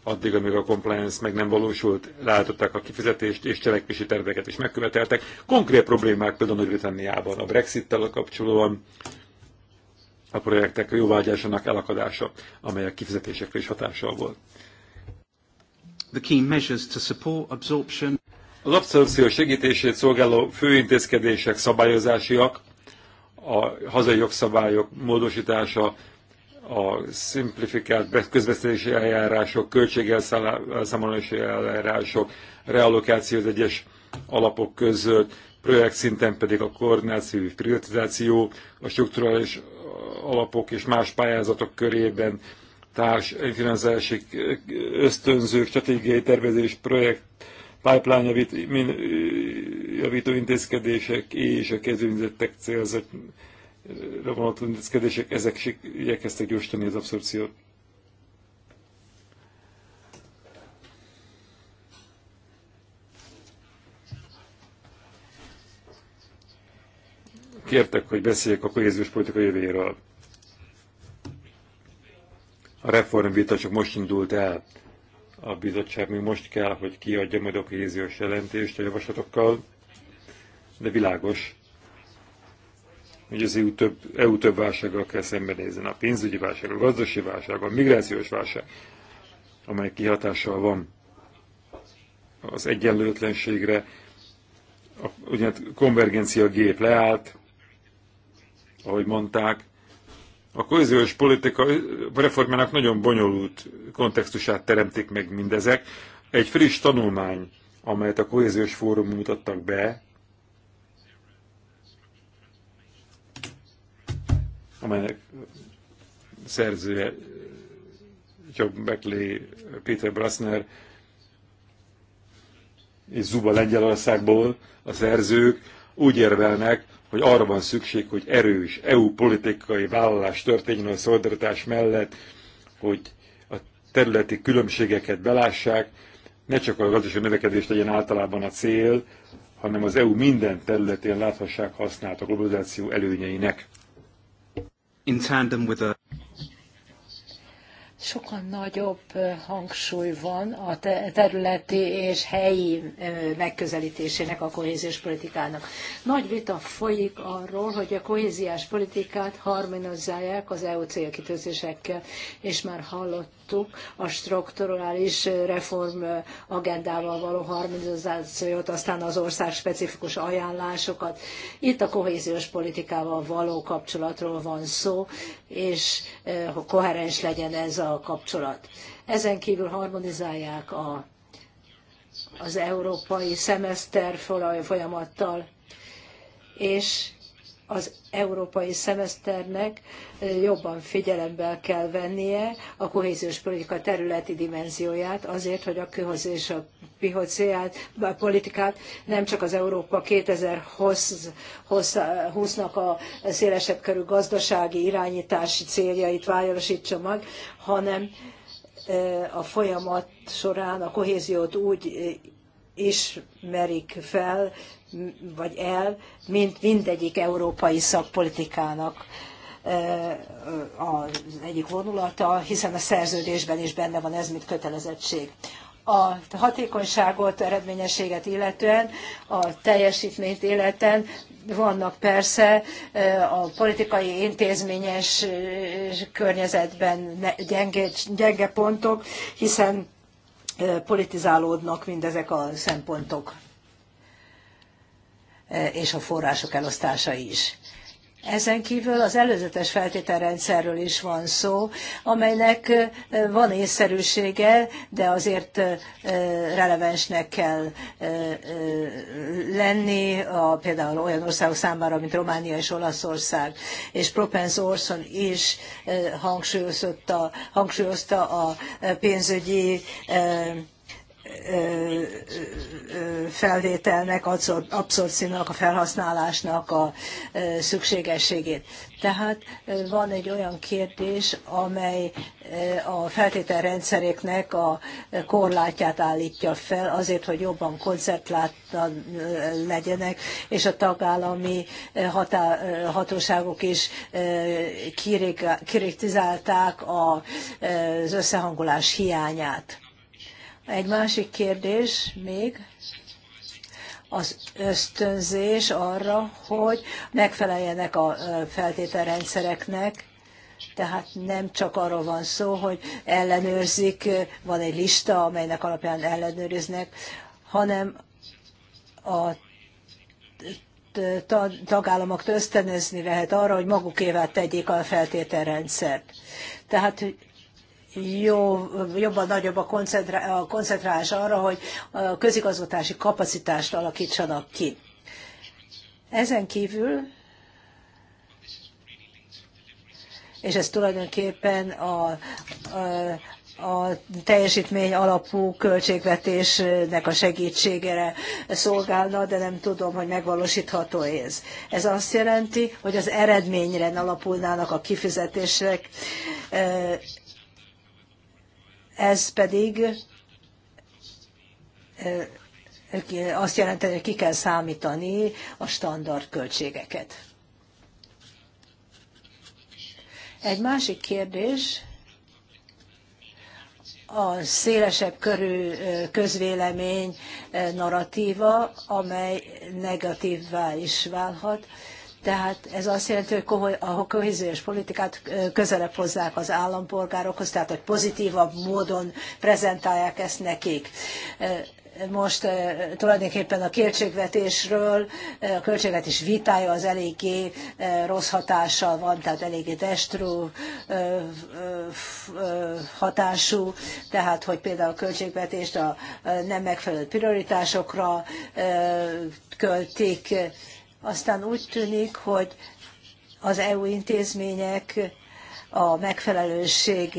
Speaker 2: addig, amíg a compliance meg nem valósult, leállították a kifizetést, és cselekvési terveket is megköveteltek. Konkrét problémák például Nagy-Britanniában a Brexit-tel kapcsolóan, a projektek jóvágyásának elakadása, amely a kifizetésekre is hatással volt. The key measures to support absorption. Az abszorpció segítését szolgáló főintézkedések szabályozásiak, a hazai jogszabályok módosítása, a szimplifikált közbeszélési eljárások, költségelszámolási eljárások, realokáció az egyes alapok között, projekt szinten pedig a koordináció prioritizáció, a strukturális alapok és más pályázatok körében társ finanszírozási ösztönzők, stratégiai tervezés, projekt, pipeline javító intézkedések és a kezdeményezettek célzatra eh, vonatkozó intézkedések, ezek igyekeztek gyorsítani az abszorpciót. kértek, hogy beszéljek a kohéziós politika jövőjéről. A reformvita csak most indult el. A bizottság még most kell, hogy kiadja majd a kohéziós jelentést a javaslatokkal, de világos, hogy az EU több, EU több válsággal kell szembenézni. A pénzügyi válság, a gazdasági válság, a migrációs válság, amely kihatással van az egyenlőtlenségre, a, ugye hát konvergencia gép leállt, ahogy mondták, a kohéziós politika reformjának nagyon bonyolult kontextusát teremtik meg mindezek. Egy friss tanulmány, amelyet a kohéziós fórum mutattak be, amelynek szerzője Job Beckley, Peter Brassner és Zuba Lengyelországból a szerzők úgy érvelnek, hogy arra van szükség, hogy erős EU politikai vállalás történjen a szolidaritás mellett, hogy a területi különbségeket belássák, ne csak a gazdasági növekedés legyen általában a cél, hanem az EU minden területén láthassák használt a globalizáció előnyeinek. In tandem with a...
Speaker 4: Sokan nagyobb hangsúly van a területi és helyi megközelítésének a kohéziós politikának. Nagy vita folyik arról, hogy a kohéziás politikát harmonizálják az EU célkitűzésekkel, és már hallottuk a strukturális reform agendával való harmonizációt, aztán az ország specifikus ajánlásokat. Itt a kohéziós politikával való kapcsolatról van szó, és eh, koherens legyen ez a kapcsolat. Ezen kívül harmonizálják a, az európai szemeszter folyamattal, és az európai szemeszternek jobban figyelembe kell vennie a kohéziós politika területi dimenzióját azért, hogy a kohéziós politikát nem csak az Európa 2020-nak a szélesebb körű gazdasági irányítási céljait valósítsa meg, hanem a folyamat során a kohéziót úgy ismerik fel, vagy el, mint mindegyik európai szakpolitikának e, az egyik vonulata, hiszen a szerződésben is benne van ez, mint kötelezettség. A hatékonyságot, eredményességet illetően, a teljesítményt életen vannak persze e, a politikai intézményes e, környezetben gyenge, gyenge pontok, hiszen politizálódnak mindezek a szempontok és a források elosztása is. Ezen kívül az előzetes feltételrendszerről is van szó, amelynek van észszerűsége, de azért relevánsnak kell lenni, a, például olyan országok számára, mint Románia és Olaszország, és Propens Orson is hangsúlyozta, hangsúlyozta a pénzügyi felvételnek, abszorpciónak, a felhasználásnak a szükségességét. Tehát van egy olyan kérdés, amely a feltételrendszereknek a korlátját állítja fel azért, hogy jobban koncertláttan legyenek, és a tagállami hatóságok is kritizálták az összehangolás hiányát. Egy másik kérdés még az ösztönzés arra, hogy megfeleljenek a feltételrendszereknek, tehát nem csak arról van szó, hogy ellenőrzik, van egy lista, amelynek alapján ellenőriznek, hanem a tagállamok ösztönözni lehet arra, hogy magukévá tegyék a feltételrendszert. Tehát, hogy jó, jobban nagyobb a, koncentrá, a koncentrálás arra, hogy a közigazgatási kapacitást alakítsanak ki. Ezen kívül, és ez tulajdonképpen a, a a teljesítmény alapú költségvetésnek a segítségére szolgálna, de nem tudom, hogy megvalósítható ez. Ez azt jelenti, hogy az eredményre alapulnának a kifizetések, ez pedig eh, azt jelenti, hogy ki kell számítani a standard költségeket. Egy másik kérdés a szélesebb körű eh, közvélemény eh, narratíva, amely negatívvá is válhat, tehát ez azt jelenti, hogy a kohéziós politikát közelebb hozzák az állampolgárokhoz, tehát hogy pozitívabb módon prezentálják ezt nekik most tulajdonképpen a költségvetésről, a költségvetés vitája az eléggé rossz hatással van, tehát eléggé destró hatású, tehát hogy például a költségvetést a nem megfelelő prioritásokra költik, aztán úgy tűnik, hogy az EU intézmények a megfelelőség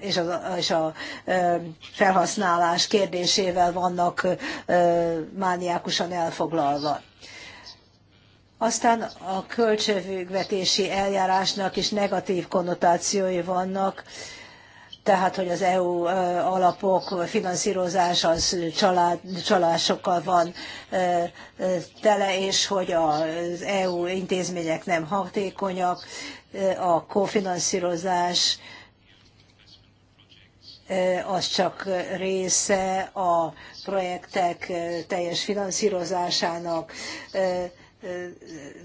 Speaker 4: és a, és a felhasználás kérdésével vannak mániákusan elfoglalva. Aztán a költségvetési eljárásnak is negatív konnotációi vannak, tehát hogy az EU alapok finanszírozás az család, csalásokkal van tele, és hogy az EU intézmények nem hatékonyak, a kofinanszírozás az csak része a projektek teljes finanszírozásának.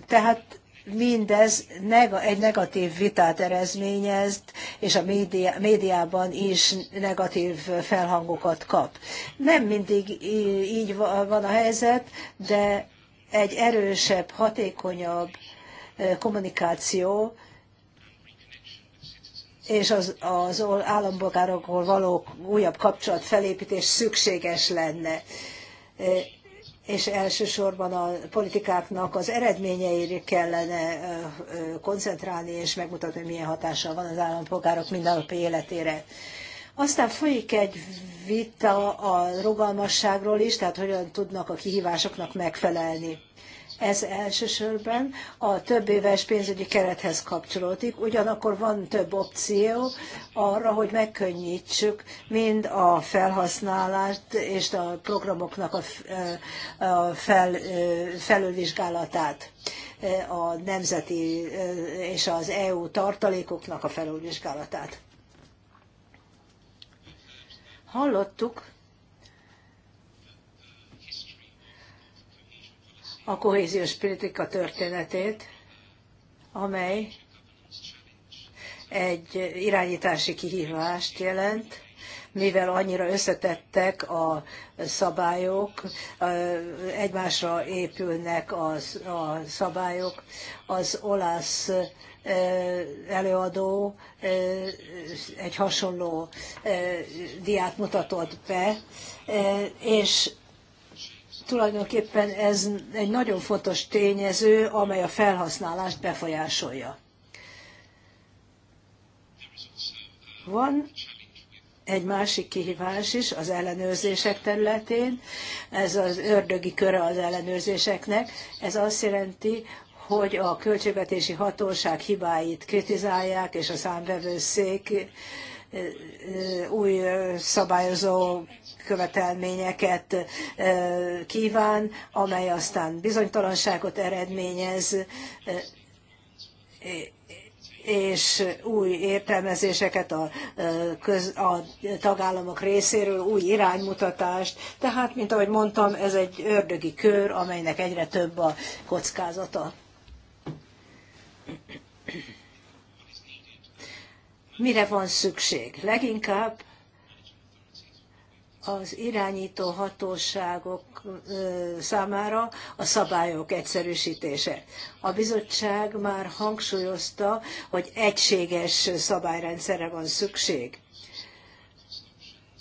Speaker 4: Tehát mindez egy negatív vitát eredményez, és a média, médiában is negatív felhangokat kap. Nem mindig így van a helyzet, de egy erősebb, hatékonyabb kommunikáció és az, az állampolgárokhoz való újabb kapcsolat felépítés szükséges lenne és elsősorban a politikáknak az eredményeire kellene koncentrálni, és megmutatni, milyen hatással van az állampolgárok mindennapi életére. Aztán folyik egy vita a rugalmasságról is, tehát hogyan tudnak a kihívásoknak megfelelni. Ez elsősorban a több éves pénzügyi kerethez kapcsolódik, ugyanakkor van több opció arra, hogy megkönnyítsük mind a felhasználást és a programoknak a, fel, felülvizsgálatát a nemzeti és az EU tartalékoknak a felülvizsgálatát. Hallottuk, a kohéziós politika történetét, amely egy irányítási kihívást jelent, mivel annyira összetettek a szabályok, egymásra épülnek az, a szabályok, az olasz előadó egy hasonló diát mutatott be, és tulajdonképpen ez egy nagyon fontos tényező, amely a felhasználást befolyásolja. Van egy másik kihívás is az ellenőrzések területén, ez az ördögi köre az ellenőrzéseknek. Ez azt jelenti, hogy a költségvetési hatóság hibáit kritizálják, és a számvevőszék új szabályozó követelményeket kíván, amely aztán bizonytalanságot eredményez, és új értelmezéseket a, a tagállamok részéről, új iránymutatást. Tehát, mint ahogy mondtam, ez egy ördögi kör, amelynek egyre több a kockázata. Mire van szükség? Leginkább az irányító hatóságok számára a szabályok egyszerűsítése. A bizottság már hangsúlyozta, hogy egységes szabályrendszerre van szükség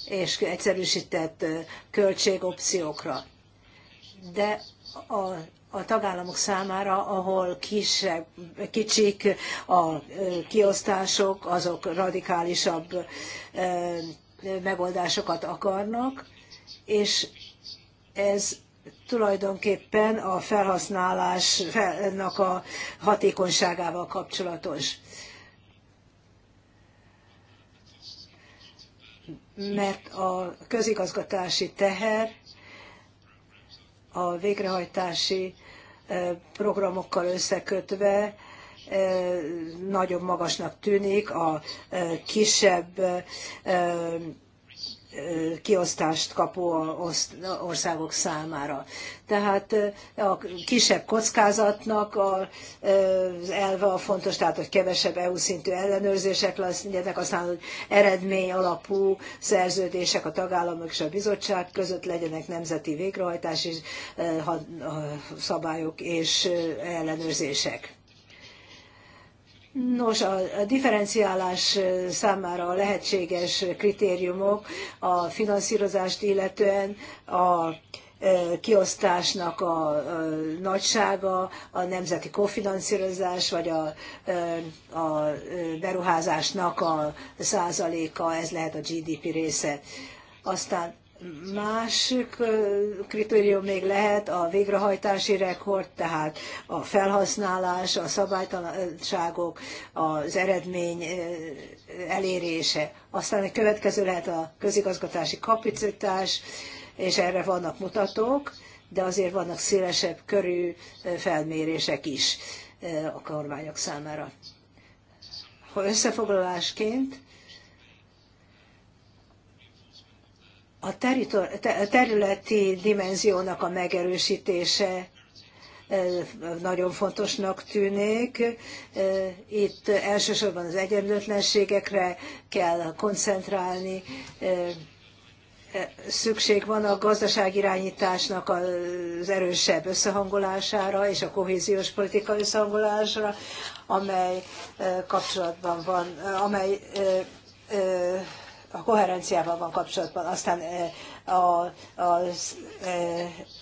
Speaker 4: és egyszerűsített költségopciókra. De a, a tagállamok számára, ahol kisebb, kicsik a kiosztások, azok radikálisabb megoldásokat akarnak, és ez tulajdonképpen a felhasználásnak a hatékonyságával kapcsolatos. Mert a közigazgatási teher a végrehajtási eh, programokkal összekötve nagyon magasnak tűnik a kisebb kiosztást kapó országok számára. Tehát a kisebb kockázatnak az elve a fontos, tehát hogy kevesebb EU szintű ellenőrzések legyenek, aztán hogy eredmény alapú szerződések a tagállamok és a bizottság között legyenek nemzeti végrehajtási szabályok és ellenőrzések. Nos, a differenciálás számára a lehetséges kritériumok a finanszírozást illetően a kiosztásnak a nagysága, a nemzeti kofinanszírozás, vagy a, a beruházásnak a százaléka, ez lehet a GDP része. Aztán Másik kritérium még lehet a végrehajtási rekord, tehát a felhasználás, a szabálytalanságok, az eredmény elérése. Aztán a következő lehet a közigazgatási kapacitás, és erre vannak mutatók, de azért vannak szélesebb körű felmérések is a kormányok számára. Ha összefoglalásként A területi dimenziónak a megerősítése nagyon fontosnak tűnik. Itt elsősorban az egyenlőtlenségekre kell koncentrálni. Szükség van a gazdaságirányításnak az erősebb összehangolására és a kohéziós politika összehangolására, amely kapcsolatban van, amely a koherenciával van kapcsolatban. Aztán e, a, az e,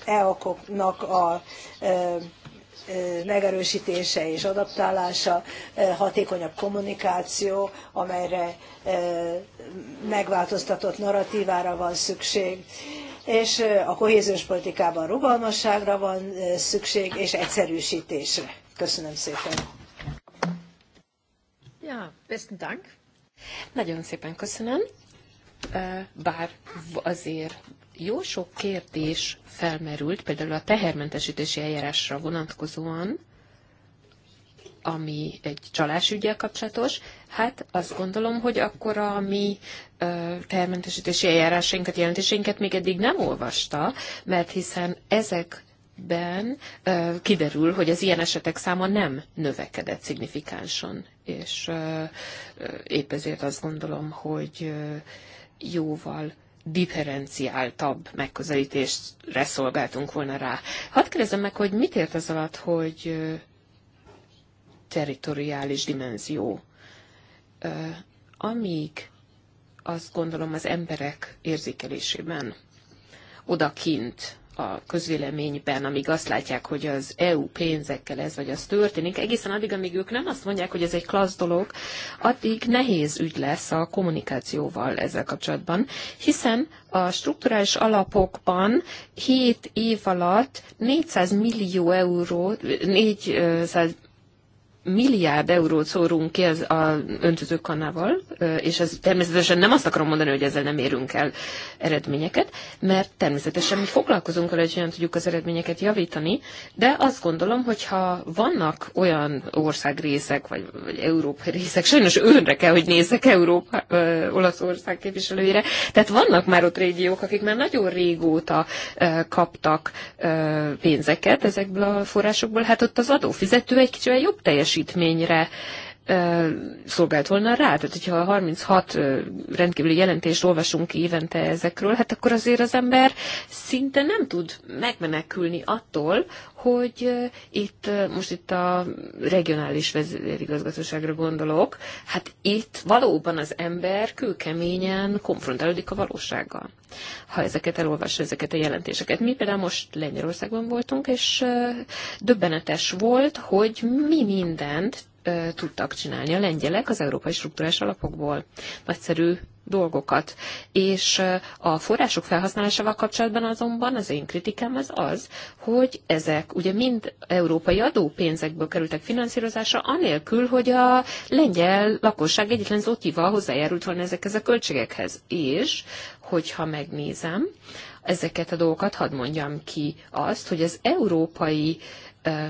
Speaker 4: EOK-nak a e, megerősítése és adaptálása, hatékonyabb kommunikáció, amelyre megváltoztatott narratívára van szükség, és a kohéziós politikában rugalmasságra van szükség, és egyszerűsítésre. Köszönöm szépen.
Speaker 1: Ja, besten Dank.
Speaker 4: Nagyon szépen
Speaker 3: köszönöm bár azért jó sok kérdés felmerült, például a tehermentesítési eljárásra vonatkozóan, ami egy csalásügyel kapcsolatos, hát azt gondolom, hogy akkor a mi tehermentesítési eljárásainkat, jelentéseinket még eddig nem olvasta, mert hiszen ezek ben kiderül, hogy az ilyen esetek száma nem növekedett szignifikánsan, és épp ezért azt gondolom, hogy jóval differenciáltabb megközelítést szolgáltunk volna rá. Hadd kérdezem meg, hogy mit ért az alatt, hogy territoriális dimenzió. Amíg azt gondolom az emberek érzékelésében odakint a közvéleményben, amíg azt látják, hogy az EU pénzekkel ez vagy az történik, egészen addig, amíg ők nem azt mondják, hogy ez egy klassz dolog, addig nehéz ügy lesz a kommunikációval ezzel kapcsolatban, hiszen a strukturális alapokban 7 év alatt 400 millió euró, 400 milliárd eurót szórunk ki az a öntözőkanával, és ez természetesen nem azt akarom mondani, hogy ezzel nem érünk el eredményeket, mert természetesen mi foglalkozunk vele, hogy olyan tudjuk az eredményeket javítani, de azt gondolom, hogy ha vannak olyan országrészek, vagy, vagy európai részek, sajnos önre kell, hogy nézzek Európa, ö, Olaszország képviselőire, tehát vannak már ott régiók, akik már nagyon régóta ö, kaptak ö, pénzeket ezekből a forrásokból, hát ott az adófizető egy kicsit jobb teljes teljesítményre szolgált volna rá. Tehát, hogyha 36 rendkívüli jelentést olvasunk évente ezekről, hát akkor azért az ember szinte nem tud megmenekülni attól, hogy itt, most itt a regionális vezérigazgatóságra gondolok, hát itt valóban az ember kőkeményen konfrontálódik a valósággal. Ha ezeket elolvassa, ezeket a jelentéseket. Mi például most Lengyelországban voltunk, és döbbenetes volt, hogy mi mindent tudtak csinálni a lengyelek az európai struktúrás alapokból. Nagyszerű dolgokat. És a források felhasználásával kapcsolatban azonban az én kritikám az az, hogy ezek ugye mind európai adópénzekből kerültek finanszírozásra, anélkül, hogy a lengyel lakosság egyetlen zótival hozzájárult volna ezekhez a költségekhez. És, hogyha megnézem, ezeket a dolgokat, hadd mondjam ki azt, hogy az európai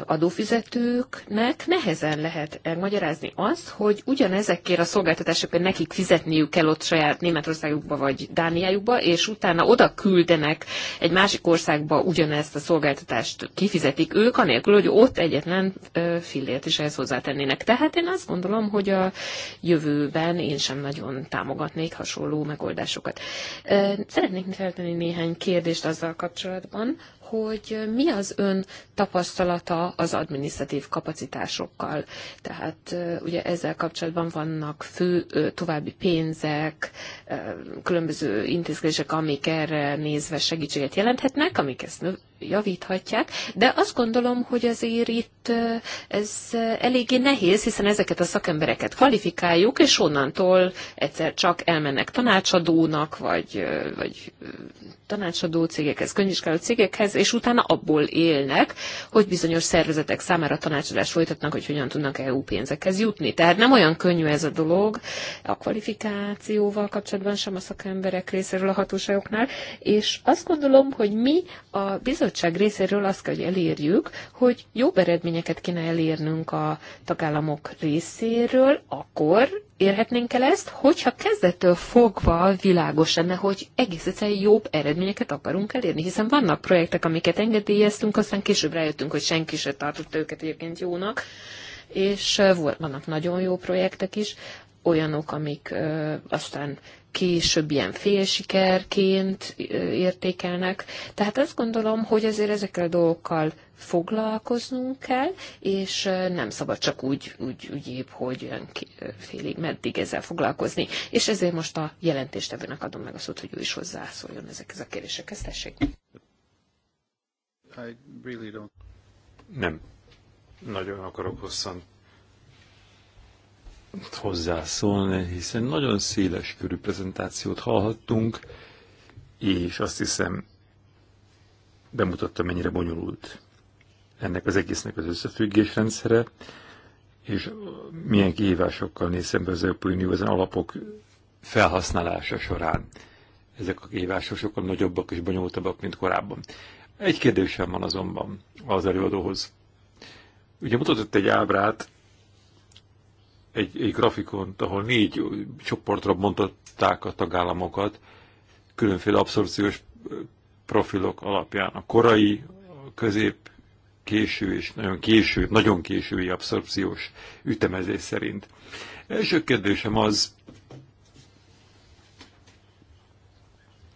Speaker 3: adófizetőknek nehezen lehet elmagyarázni azt, hogy ugyanezekért a szolgáltatásokért nekik fizetniük kell ott saját Németországukba vagy Dániájukba, és utána oda küldenek egy másik országba ugyanezt a szolgáltatást kifizetik ők, anélkül, hogy ott egyetlen fillért is ehhez hozzátennének. Tehát én azt gondolom, hogy a jövőben én sem nagyon támogatnék hasonló megoldásokat. Szeretnék feltenni néhány kérdést azzal kapcsolatban, hogy mi az ön tapasztalata az adminisztratív kapacitásokkal. Tehát ugye ezzel kapcsolatban vannak fő további pénzek, különböző intézkedések, amik erre nézve segítséget jelenthetnek, amik ezt javíthatják, de azt gondolom, hogy azért itt ez eléggé nehéz, hiszen ezeket a szakembereket kvalifikáljuk, és onnantól egyszer csak elmennek tanácsadónak, vagy, vagy tanácsadó cégekhez, könyvvizsgáló cégekhez, és utána abból élnek, hogy bizonyos szervezetek számára tanácsadást folytatnak, hogy hogyan tudnak EU pénzekhez jutni. Tehát nem olyan könnyű ez a dolog a kvalifikációval kapcsolatban sem a szakemberek részéről a hatóságoknál, és azt gondolom, hogy mi a bizottság bizottság részéről azt kell, hogy elérjük, hogy jobb eredményeket kéne elérnünk a tagállamok részéről, akkor érhetnénk el ezt, hogyha kezdettől fogva világos lenne, hogy egész egyszerűen jobb eredményeket akarunk elérni, hiszen vannak projektek, amiket engedélyeztünk, aztán később rájöttünk, hogy senki se tartotta őket egyébként jónak, és vannak nagyon jó projektek is, olyanok, amik ö, aztán később ilyen félsikerként értékelnek. Tehát azt gondolom, hogy azért ezekkel a dolgokkal foglalkoznunk kell, és nem szabad csak úgy, úgy, úgy épp, hogy félig meddig ezzel foglalkozni. És ezért most a jelentéstevőnek adom meg a szót, hogy ő is hozzászóljon ezekhez a kérdésekhez. Tessék!
Speaker 2: I really don't. Nem. Nagyon akarok hosszan hozzászólni, hiszen nagyon széles körű prezentációt hallhattunk, és azt hiszem bemutatta, mennyire bonyolult ennek az egésznek az összefüggésrendszere, és milyen kihívásokkal néz szembe az Európai Unió ezen alapok felhasználása során. Ezek a kihívások sokkal nagyobbak és bonyolultabbak, mint korábban. Egy kérdésem van azonban az előadóhoz. Ugye mutatott egy ábrát egy, egy grafikont, ahol négy csoportra bontották a tagállamokat, különféle abszorpciós profilok alapján. A korai, a közép, késő és nagyon késő, nagyon késői abszorpciós ütemezés szerint. Első kérdésem az,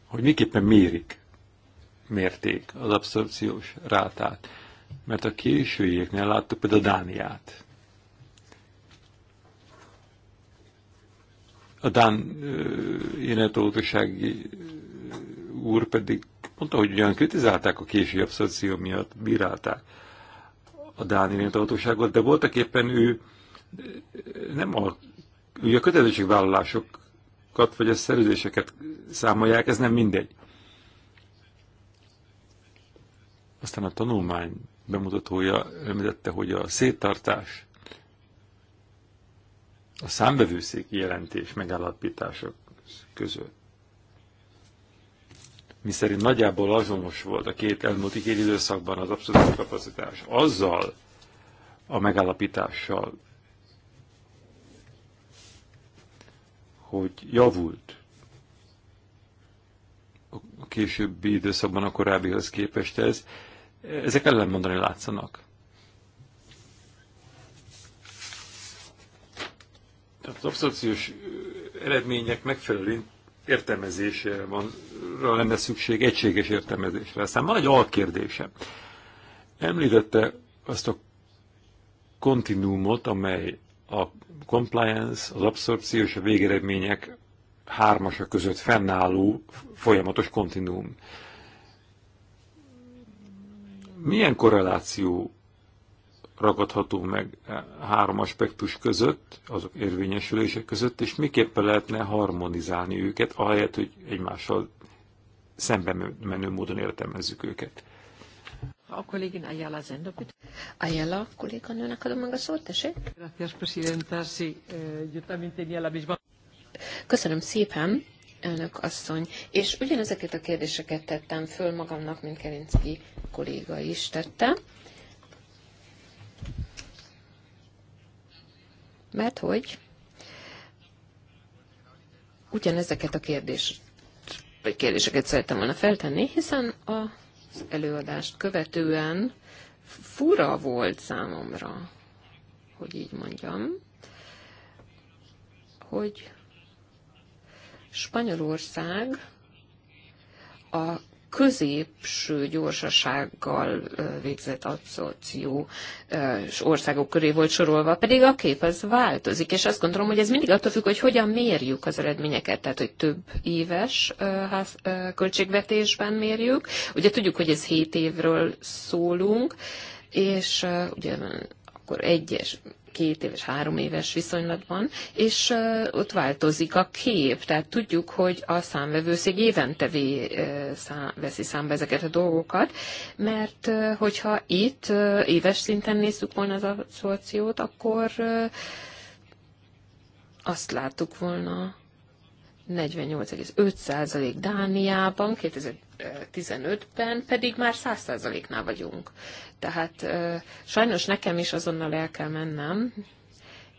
Speaker 2: hogy miképpen mérik, mérték az abszorpciós rátát. Mert a későieknél láttuk például Dániát, A Dán énetológussági úr pedig mondta, hogy ugyan kritizálták a késői abszorció miatt, bírálták a Dán irányítóhatóságot, de voltak éppen ő nem a, ő a kötelezettségvállalásokat vagy a szerződéseket számolják, ez nem mindegy. Aztán a tanulmány bemutatója említette, hogy a széttartás a számbevőszéki jelentés megállapítások között, miszerint nagyjából azonos volt a két elmúlt két időszakban az abszolút kapacitás azzal a megállapítással, hogy javult a későbbi időszakban a korábbihoz képest ez, ezek mondani látszanak. Tehát az abszorpciós eredmények megfelelő értelmezése van, lenne szükség egységes értelmezésre. Aztán van egy alkérdése. Említette azt a kontinúmot, amely a compliance, az abszorpció és a végeredmények hármasa között fennálló folyamatos kontinúm. Milyen korreláció ragadható meg három aspektus között, azok érvényesülések között, és miképpen lehetne harmonizálni őket, ahelyett, hogy egymással szemben menő módon értelmezzük őket.
Speaker 1: A kollégin Ayala Zendopit.
Speaker 3: Ayala kolléganőnek adom meg a szót, tessék. Eh, Köszönöm szépen, elnök asszony. És ugyanezeket a kérdéseket tettem föl magamnak, mint Kerinszki kolléga is tette. mert hogy ugyanezeket a kérdést, vagy kérdéseket szerettem volna feltenni, hiszen az előadást követően fura volt számomra, hogy így mondjam, hogy Spanyolország a középső gyorsasággal végzett abszorciós országok köré volt sorolva, pedig a kép az változik, és azt gondolom, hogy ez mindig attól függ, hogy hogyan mérjük az eredményeket, tehát hogy több éves ház, költségvetésben mérjük. Ugye tudjuk, hogy ez 7 évről szólunk, és ugye akkor egyes két éves, három éves viszonylatban, és ott változik a kép. Tehát tudjuk, hogy a számvevőszék évente vé, szám, veszi számbe ezeket a dolgokat, mert hogyha itt éves szinten nézzük volna az abszorciót, akkor azt láttuk volna, 48,5% Dániában, 2000 2015-ben pedig már 100%-nál vagyunk. Tehát sajnos nekem is azonnal el kell mennem,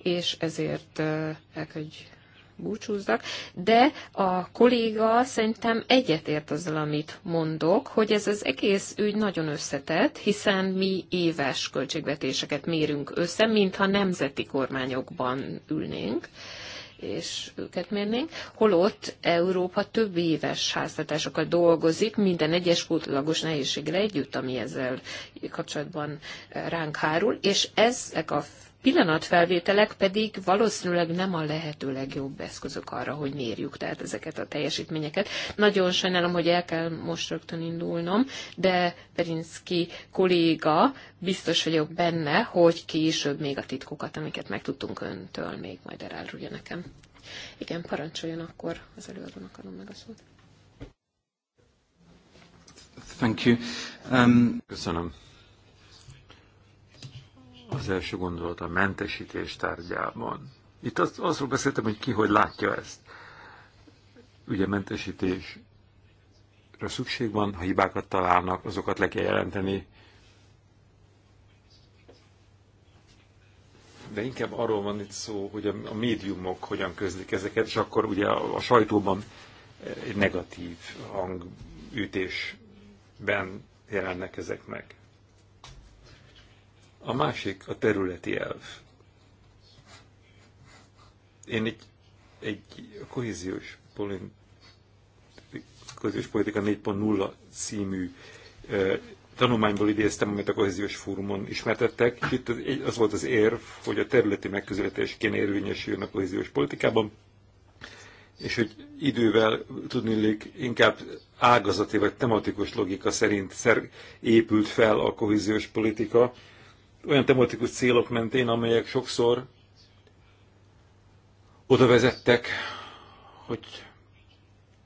Speaker 3: és ezért el kell, hogy búcsúzzak, de a kolléga szerintem egyetért azzal, amit mondok, hogy ez az egész ügy nagyon összetett, hiszen mi éves költségvetéseket mérünk össze, mintha nemzeti kormányokban ülnénk, és őket mérnénk, holott Európa több éves háztartásokkal dolgozik, minden egyes kultúrlagos nehézségre együtt, ami ezzel kapcsolatban ránk hárul, és ezek a pillanatfelvételek pedig valószínűleg nem a lehető legjobb eszközök arra, hogy mérjük tehát ezeket a teljesítményeket. Nagyon sajnálom, hogy el kell most rögtön indulnom, de Perinszki kolléga, biztos vagyok benne, hogy később még a titkokat, amiket megtudtunk öntől, még majd elárulja nekem. Igen, parancsoljon akkor, az előadónak adom meg a szót.
Speaker 2: Thank you. Um, Köszönöm az első gondolat a mentesítés tárgyában. Itt azt, azról beszéltem, hogy ki hogy látja ezt. Ugye mentesítésre szükség van, ha hibákat találnak, azokat le kell jelenteni. De inkább arról van itt szó, hogy a, a médiumok hogyan közlik ezeket, és akkor ugye a, a sajtóban egy negatív hangütésben jelennek ezek meg. A másik a területi elv. Én egy, egy kohéziós, politi, kohéziós politika 4.0 című eh, tanulmányból idéztem, amit a kohéziós fórumon ismertettek. És itt az volt az érv, hogy a területi megközelítés kéne érvényesüljön a kohéziós politikában, és hogy idővel tudnélik inkább ágazati vagy tematikus logika szerint szer épült fel a kohéziós politika, olyan tematikus célok mentén, amelyek sokszor oda vezettek, hogy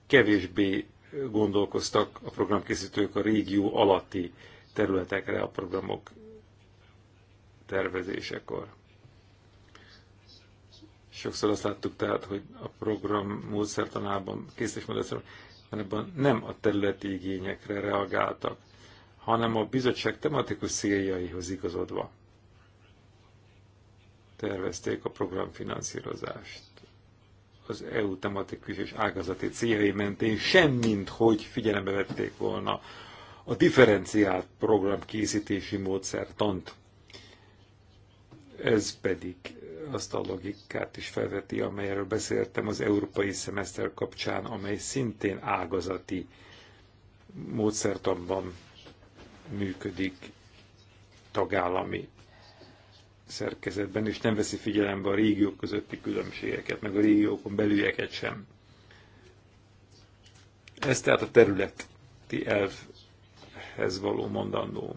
Speaker 2: kevésbé gondolkoztak a programkészítők a régió alatti területekre a programok tervezésekor. Sokszor azt láttuk tehát, hogy a program módszertanában, készítésmódszertanában nem a területi igényekre reagáltak hanem a bizottság tematikus céljaihoz igazodva tervezték a programfinanszírozást az EU tematikus és ágazati céljai mentén, semmint hogy figyelembe vették volna a differenciált program készítési módszertant. Ez pedig azt a logikát is felveti, amelyről beszéltem az európai szemeszter kapcsán, amely szintén ágazati módszertanban működik tagállami szerkezetben, és nem veszi figyelembe a régiók közötti különbségeket, meg a régiókon belülieket sem. Ez tehát a területi elvhez való mondandó.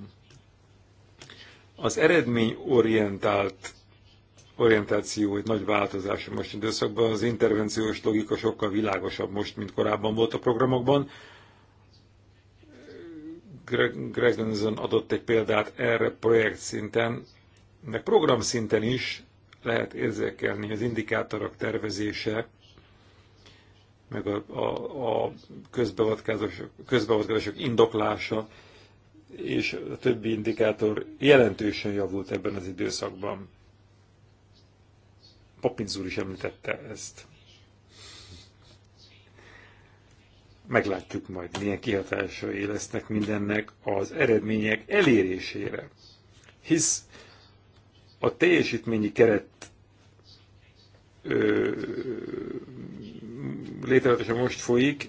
Speaker 2: Az eredmény orientált orientáció egy nagy változás a most időszakban. Az intervenciós logika sokkal világosabb most, mint korábban volt a programokban. Greg, Gregenson adott egy példát erre projekt szinten, meg program szinten is lehet érzékelni az indikátorok tervezése, meg a, a, a közbeavatkozások, közbeavatkozások indoklása, és a többi indikátor jelentősen javult ebben az időszakban. Papinz úr is említette ezt. meglátjuk majd, milyen kihatásai lesznek mindennek az eredmények elérésére. Hisz a teljesítményi keret létrehozása most folyik,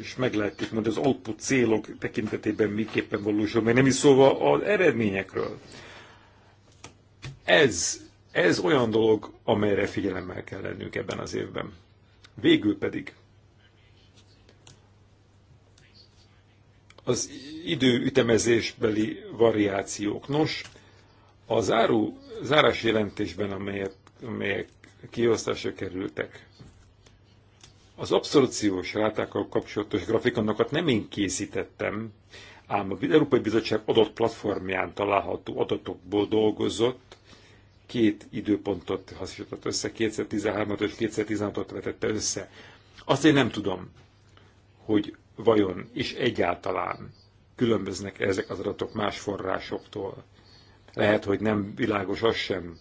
Speaker 2: és meglátjuk majd az output célok tekintetében miképpen valósul, mert nem is szóval az eredményekről. Ez, ez olyan dolog, amelyre figyelemmel kell lennünk ebben az évben. Végül pedig az időütemezésbeli variációk. Nos, a záró, zárás jelentésben, amelyek, amelyek kiosztásra kerültek, az abszolúciós rátákkal kapcsolatos grafikonokat nem én készítettem, ám a Európai Bizottság adott platformján található adatokból dolgozott, két időpontot hasonlított össze, 2013-at és 2016-ot vetette össze. Azt én nem tudom, hogy vajon és egyáltalán különböznek -e ezek az adatok más forrásoktól? Lehet, hogy nem világos az sem,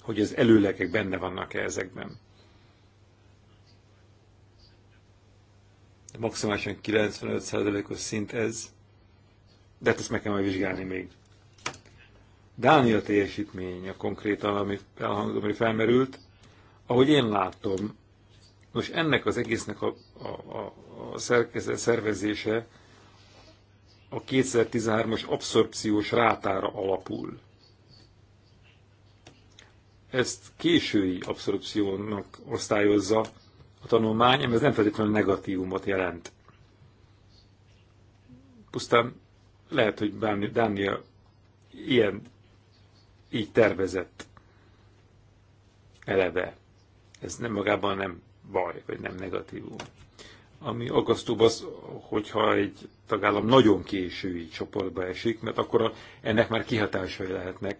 Speaker 2: hogy az előlegek benne vannak-e ezekben. Maximálisan 95%-os szint ez, de hát ezt meg kell majd vizsgálni még. Dánia teljesítmény a konkrétan, ami, elhangzott, ami felmerült, ahogy én látom, most ennek az egésznek a, a, a a szerkezet szervezése a 2013-as abszorpciós rátára alapul. Ezt késői abszorpciónak osztályozza a tanulmány, ez nem feltétlenül negatívumot jelent. Pusztán lehet, hogy Dánia ilyen így tervezett eleve. Ez nem magában nem baj, vagy nem negatívum ami aggasztóbb az, hogyha egy tagállam nagyon késői csoportba esik, mert akkor a, ennek már kihatásai lehetnek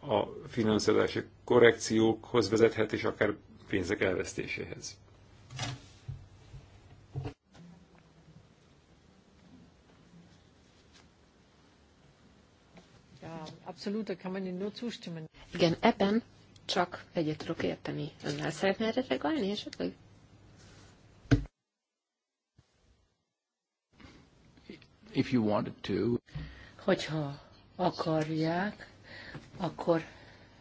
Speaker 2: a finanszírozási korrekciókhoz vezethet, és akár pénzek elvesztéséhez.
Speaker 3: Igen, ebben csak egyet tudok érteni. Önnel szeretne erre reagálni esetleg?
Speaker 4: if you wanted to. Hogyha akarják, akkor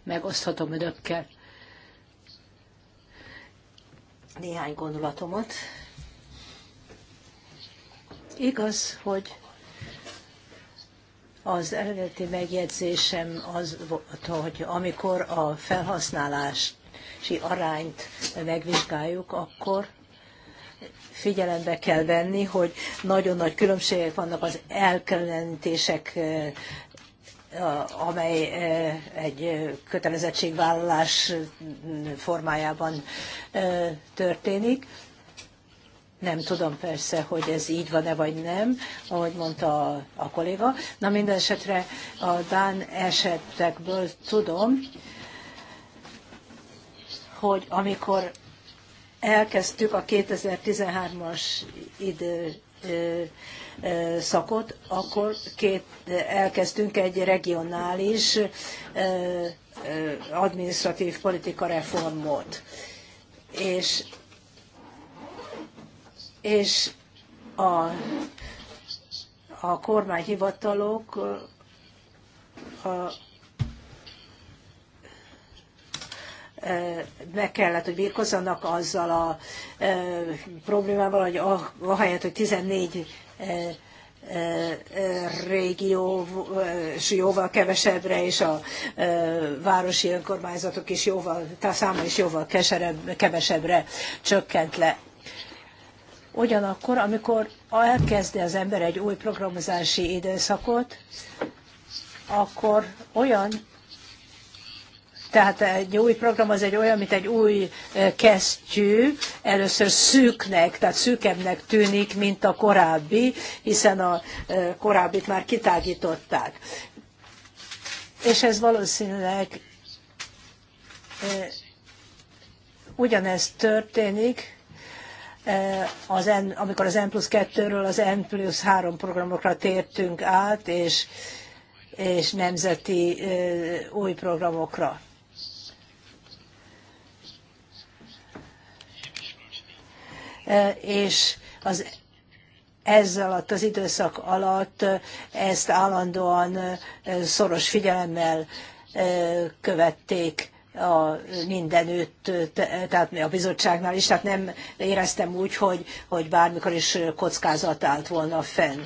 Speaker 4: megoszthatom önökkel néhány gondolatomat. Igaz, hogy az eredeti megjegyzésem az volt, hogy amikor a felhasználási arányt megvizsgáljuk, akkor figyelembe kell venni, hogy nagyon nagy különbségek vannak az elkülönítések eh, amely eh, egy eh, kötelezettségvállalás mm, formájában történik. Nem tudom persze, hogy ez így van-e vagy nem, ahogy mondta a, a kolléga. Na minden esetre a Dán esetekből tudom, hogy amikor elkezdtük a 2013-as idő szakot, akkor két, elkezdtünk egy regionális administratív politika reformot. És, és a, a kormányhivatalok a, meg kellett, hogy birkozzanak azzal a problémával, hogy ahelyett, hogy 14 régió és jóval kevesebbre, és a városi önkormányzatok is jóval, tehát száma is jóval kevesebbre csökkent le. Ugyanakkor, amikor elkezdi az ember egy új programozási időszakot, akkor olyan tehát egy új program az egy olyan, mint egy új e, kesztyű, először szűknek, tehát szűkebbnek tűnik, mint a korábbi, hiszen a e, korábbit már kitágították. És ez valószínűleg e, ugyanezt történik, az N, amikor az N plusz 2-ről az N plusz 3 programokra tértünk át, és, és nemzeti új programokra. E, és az ez alatt az időszak alatt ezt állandóan e, szoros figyelemmel e, követték a mindenütt, tehát a bizottságnál is, tehát nem éreztem úgy, hogy, hogy bármikor is kockázat állt volna fenn.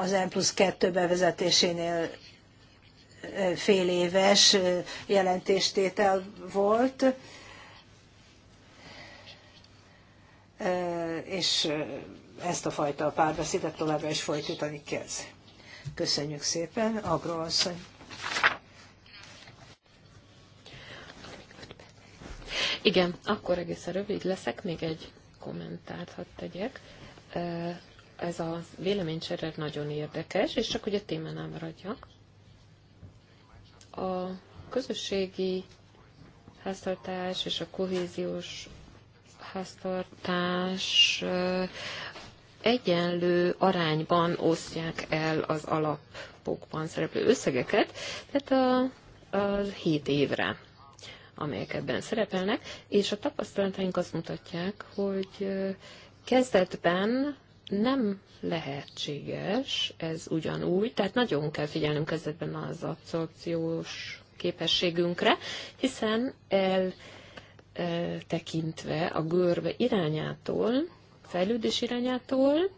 Speaker 4: Az M plusz 2 bevezetésénél fél éves jelentéstétel volt, és ezt a fajta párbeszédet továbbra is folytatni kezd. Köszönjük szépen, Agra asszony.
Speaker 3: Igen, akkor egészen rövid leszek, még egy kommentárt hadd tegyek. Ez a véleménycserre nagyon érdekes, és csak a témánál maradjak. A közösségi háztartás és a kohéziós háztartás egyenlő arányban osztják el az alapokban szereplő összegeket, tehát a, a 7 évre amelyek ebben szerepelnek, és a tapasztalataink azt mutatják, hogy kezdetben nem lehetséges ez ugyanúgy, tehát nagyon kell figyelnünk kezdetben az abszorpciós képességünkre, hiszen el tekintve a görbe irányától, fejlődés irányától,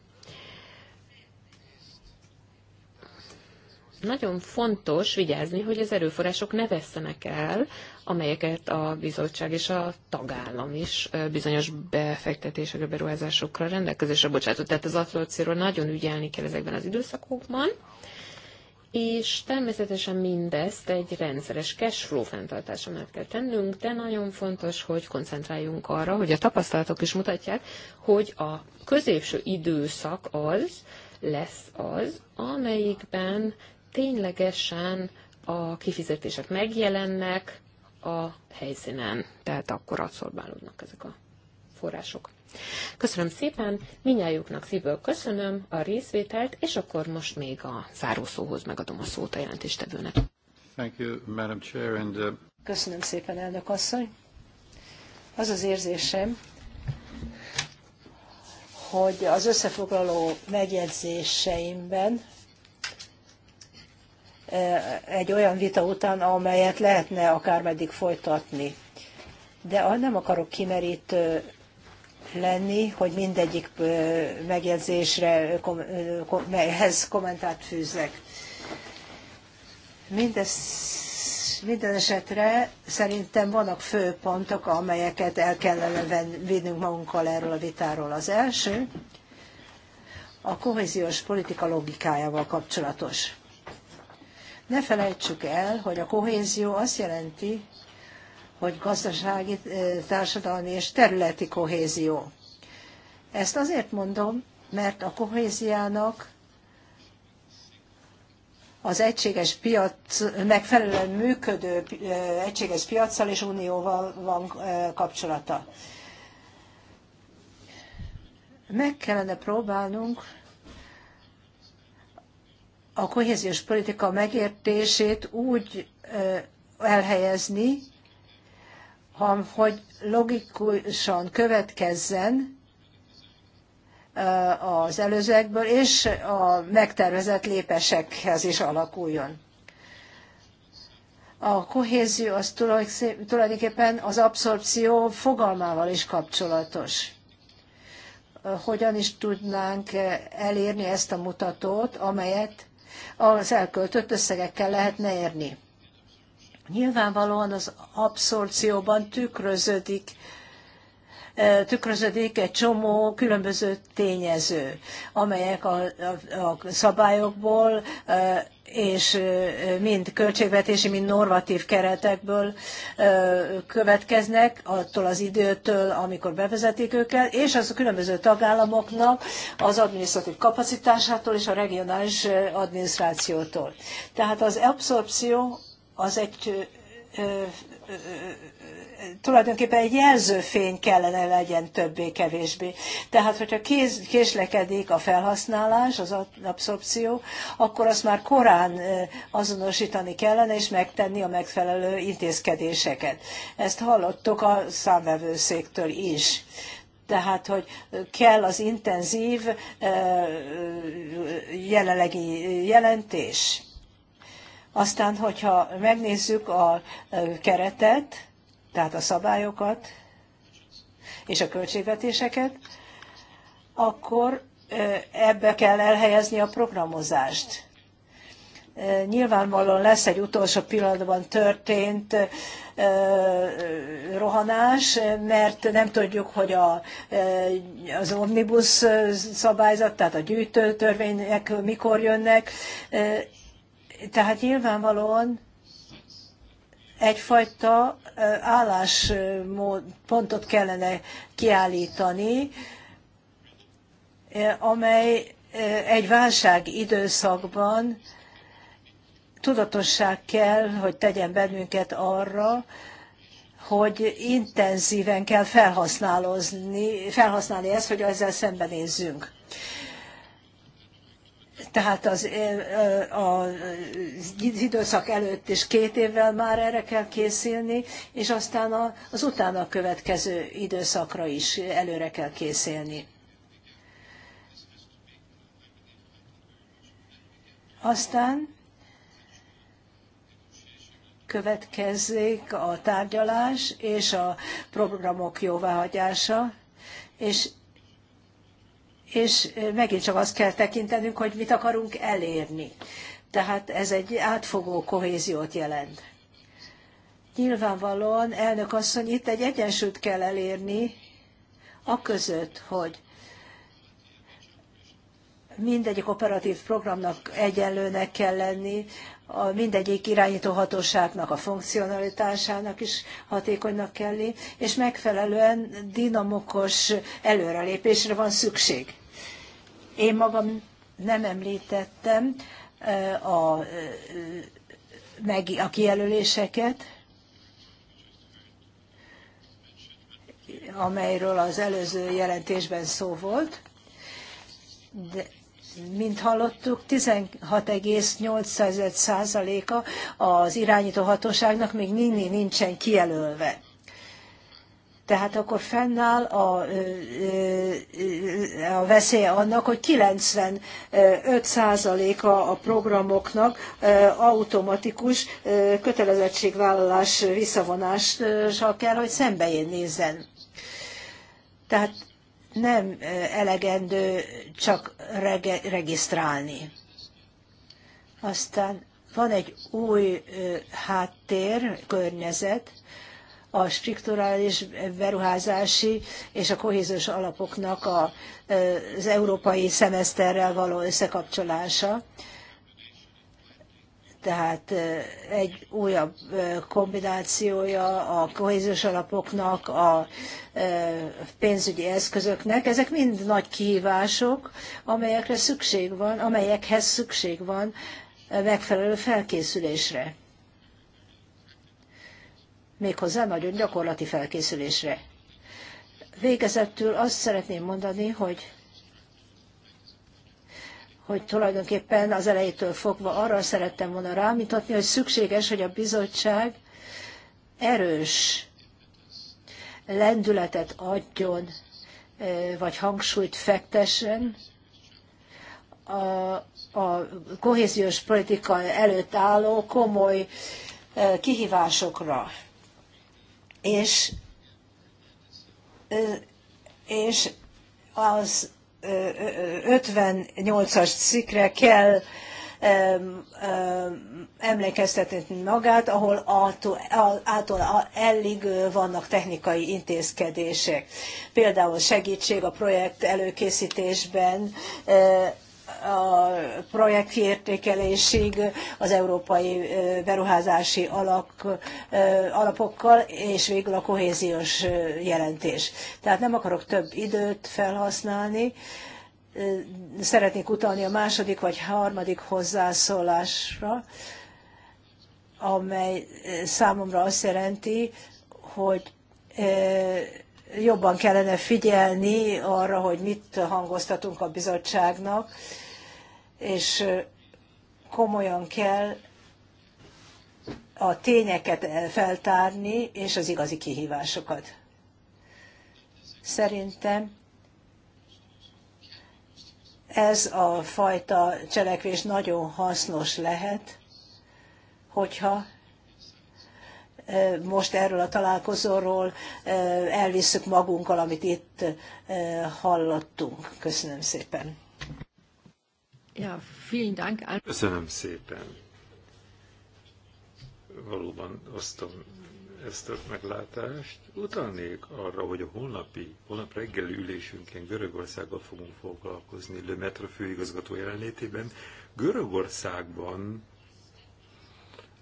Speaker 3: nagyon fontos vigyázni, hogy az erőforrások ne vesszenek el, amelyeket a bizottság és a tagállam is bizonyos befektetésekre, beruházásokra rendelkezésre bocsátott. Tehát az atlóciról nagyon ügyelni kell ezekben az időszakokban, és természetesen mindezt egy rendszeres cash flow fenntartása meg kell tennünk, de nagyon fontos, hogy koncentráljunk arra, hogy a tapasztalatok is mutatják, hogy a középső időszak az lesz az, amelyikben ténylegesen a kifizetések megjelennek a helyszínen, tehát akkor abszorbálódnak ezek a források. Köszönöm szépen, minnyájuknak szívből köszönöm a részvételt, és akkor most még a zárószóhoz megadom a szót a
Speaker 2: jelentéstevőnek. Thank you, Madam Chair, and, uh...
Speaker 4: Köszönöm szépen, elnök asszony. Az az érzésem, hogy az összefoglaló megjegyzéseimben e, egy olyan vita után, amelyet lehetne akármeddig folytatni. De nem akarok kimerítő lenni, hogy mindegyik megjegyzésre kom, kommentát fűzzek. Mindez, minden esetre szerintem vannak fő pontok, amelyeket el kellene vinnünk magunkkal erről a vitáról. Az első a kohéziós politika logikájával kapcsolatos. Ne felejtsük el, hogy a kohézió azt jelenti, hogy gazdasági, társadalmi és területi kohézió. Ezt azért mondom, mert a kohéziának az egységes piac, megfelelően működő egységes piacsal és unióval van kapcsolata. Meg kellene próbálnunk a kohéziós politika megértését úgy elhelyezni, hogy logikusan következzen az előzőekből, és a megtervezett lépesekhez is alakuljon. A kohézió az tulajdonképpen az abszorpció fogalmával is kapcsolatos. Hogyan is tudnánk elérni ezt a mutatót, amelyet az elköltött összegekkel lehetne érni. Nyilvánvalóan az abszorcióban tükröződik tükröződik egy csomó különböző tényező, amelyek a, a, a szabályokból és mind költségvetési, mind normatív keretekből következnek, attól az időtől, amikor bevezetik őket, és az a különböző tagállamoknak az adminisztratív kapacitásától és a regionális adminisztrációtól. Tehát az abszorpció az egy tulajdonképpen egy jelzőfény kellene legyen többé-kevésbé. Tehát, hogyha kéz, késlekedik a felhasználás, az abszorpció, akkor azt már korán azonosítani kellene, és megtenni a megfelelő intézkedéseket. Ezt hallottuk a számvevőszéktől is. Tehát, hogy kell az intenzív jelenlegi jelentés aztán, hogyha megnézzük a keretet, tehát a szabályokat és a költségvetéseket, akkor ebbe kell elhelyezni a programozást. Nyilvánvalóan lesz egy utolsó pillanatban történt rohanás, mert nem tudjuk, hogy a, az omnibus szabályzat, tehát a gyűjtő törvények mikor jönnek, tehát nyilvánvalóan egyfajta álláspontot kellene kiállítani, amely egy válság időszakban tudatosság kell, hogy tegyen bennünket arra, hogy intenzíven kell felhasználni ezt, hogy ezzel szembenézzünk tehát az, az időszak előtt is két évvel már erre kell készülni, és aztán az utána következő időszakra is előre kell készülni. Aztán következik a tárgyalás és a programok jóváhagyása, és és megint csak azt kell tekintenünk, hogy mit akarunk elérni. Tehát ez egy átfogó kohéziót jelent. Nyilvánvalóan, elnök asszony, itt egy egyensúlyt kell elérni, a között, hogy mindegyik operatív programnak egyenlőnek kell lenni, a mindegyik irányító hatóságnak a funkcionalitásának is hatékonynak kell és megfelelően dinamokos előrelépésre van szükség. Én magam nem említettem a, meg, a kijelöléseket, amelyről az előző jelentésben szó volt, de mint hallottuk, 16,8%-a az irányító hatóságnak még mindig nincsen kijelölve. Tehát akkor fennáll a, a veszélye annak, hogy 95%-a a programoknak automatikus kötelezettségvállalás visszavonással kell, hogy nézzen. Tehát nem elegendő csak regisztrálni. Aztán van egy új háttér, környezet, a strukturális beruházási és a kohéziós alapoknak a, az európai szemeszterrel való összekapcsolása tehát egy újabb kombinációja a kohéziós alapoknak, a pénzügyi eszközöknek. Ezek mind nagy kihívások, amelyekre szükség van, amelyekhez szükség van megfelelő felkészülésre. Méghozzá nagyon gyakorlati felkészülésre. Végezetül azt szeretném mondani, hogy hogy tulajdonképpen az elejétől fogva arra szerettem volna rámutatni, hogy szükséges, hogy a bizottság erős lendületet adjon, eh, vagy hangsúlyt fektessen a, a kohéziós politika előtt álló komoly eh, kihívásokra. És, eh, és az 58-as cikkre kell emlékeztetni magát, ahol által elég vannak technikai intézkedések. Például segítség a projekt előkészítésben, a projektkiértékelésig az európai beruházási alak, alapokkal, és végül a kohéziós jelentés. Tehát nem akarok több időt felhasználni, szeretnék utalni a második vagy harmadik hozzászólásra, amely számomra azt jelenti, hogy jobban kellene figyelni arra, hogy mit hangoztatunk a bizottságnak, és komolyan kell a tényeket eh, feltárni, és az igazi kihívásokat. Szerintem ez a fajta cselekvés nagyon hasznos lehet, hogyha eh, most erről a találkozóról eh, elvisszük magunkkal, amit itt hallottunk. Köszönöm szépen.
Speaker 1: Ja, vielen Dank. Köszönöm
Speaker 2: szépen. Valóban osztom ezt a meglátást. Utalnék arra, hogy a holnapi, holnap reggeli ülésünkön Görögországgal fogunk foglalkozni, Le Metro főigazgató jelenlétében. Görögországban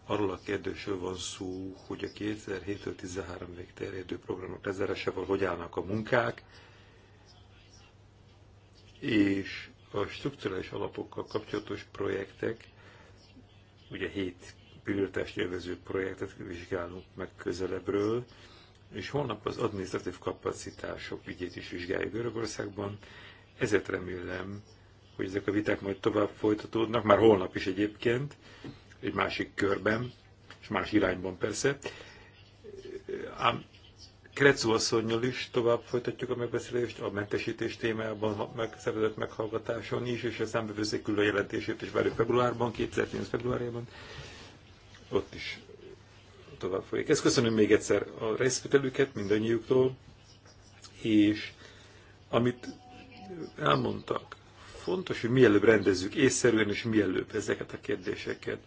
Speaker 2: arról a kérdésről van szó, hogy a 2007-13-ig terjedő programok lezárásával hogy állnak a munkák,
Speaker 4: és
Speaker 2: a strukturális alapokkal kapcsolatos projektek, ugye hét prioritást élvező projektet vizsgálunk meg közelebbről, és holnap az administratív kapacitások ügyét is vizsgáljuk Görögországban. Ezért remélem, hogy ezek a viták majd tovább folytatódnak, már holnap is egyébként, egy másik körben, és más irányban persze. Ám Krecu asszonynal is tovább folytatjuk a megbeszélést a mentesítés témában megszervezett meghallgatáson is, és a számbevőzék külön jelentését is várjuk februárban, 2010 februárjában. Ott is tovább folyik. Ezt köszönöm még egyszer a részvételüket mindannyiuktól, és amit elmondtak, fontos, hogy mielőbb rendezzük észszerűen és mielőbb ezeket a kérdéseket,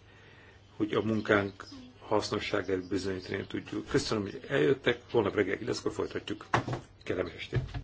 Speaker 2: hogy a munkánk hasznosságát bizonyítani tudjuk. Köszönöm, hogy eljöttek, holnap reggel 9 folytatjuk. Kellemes estét!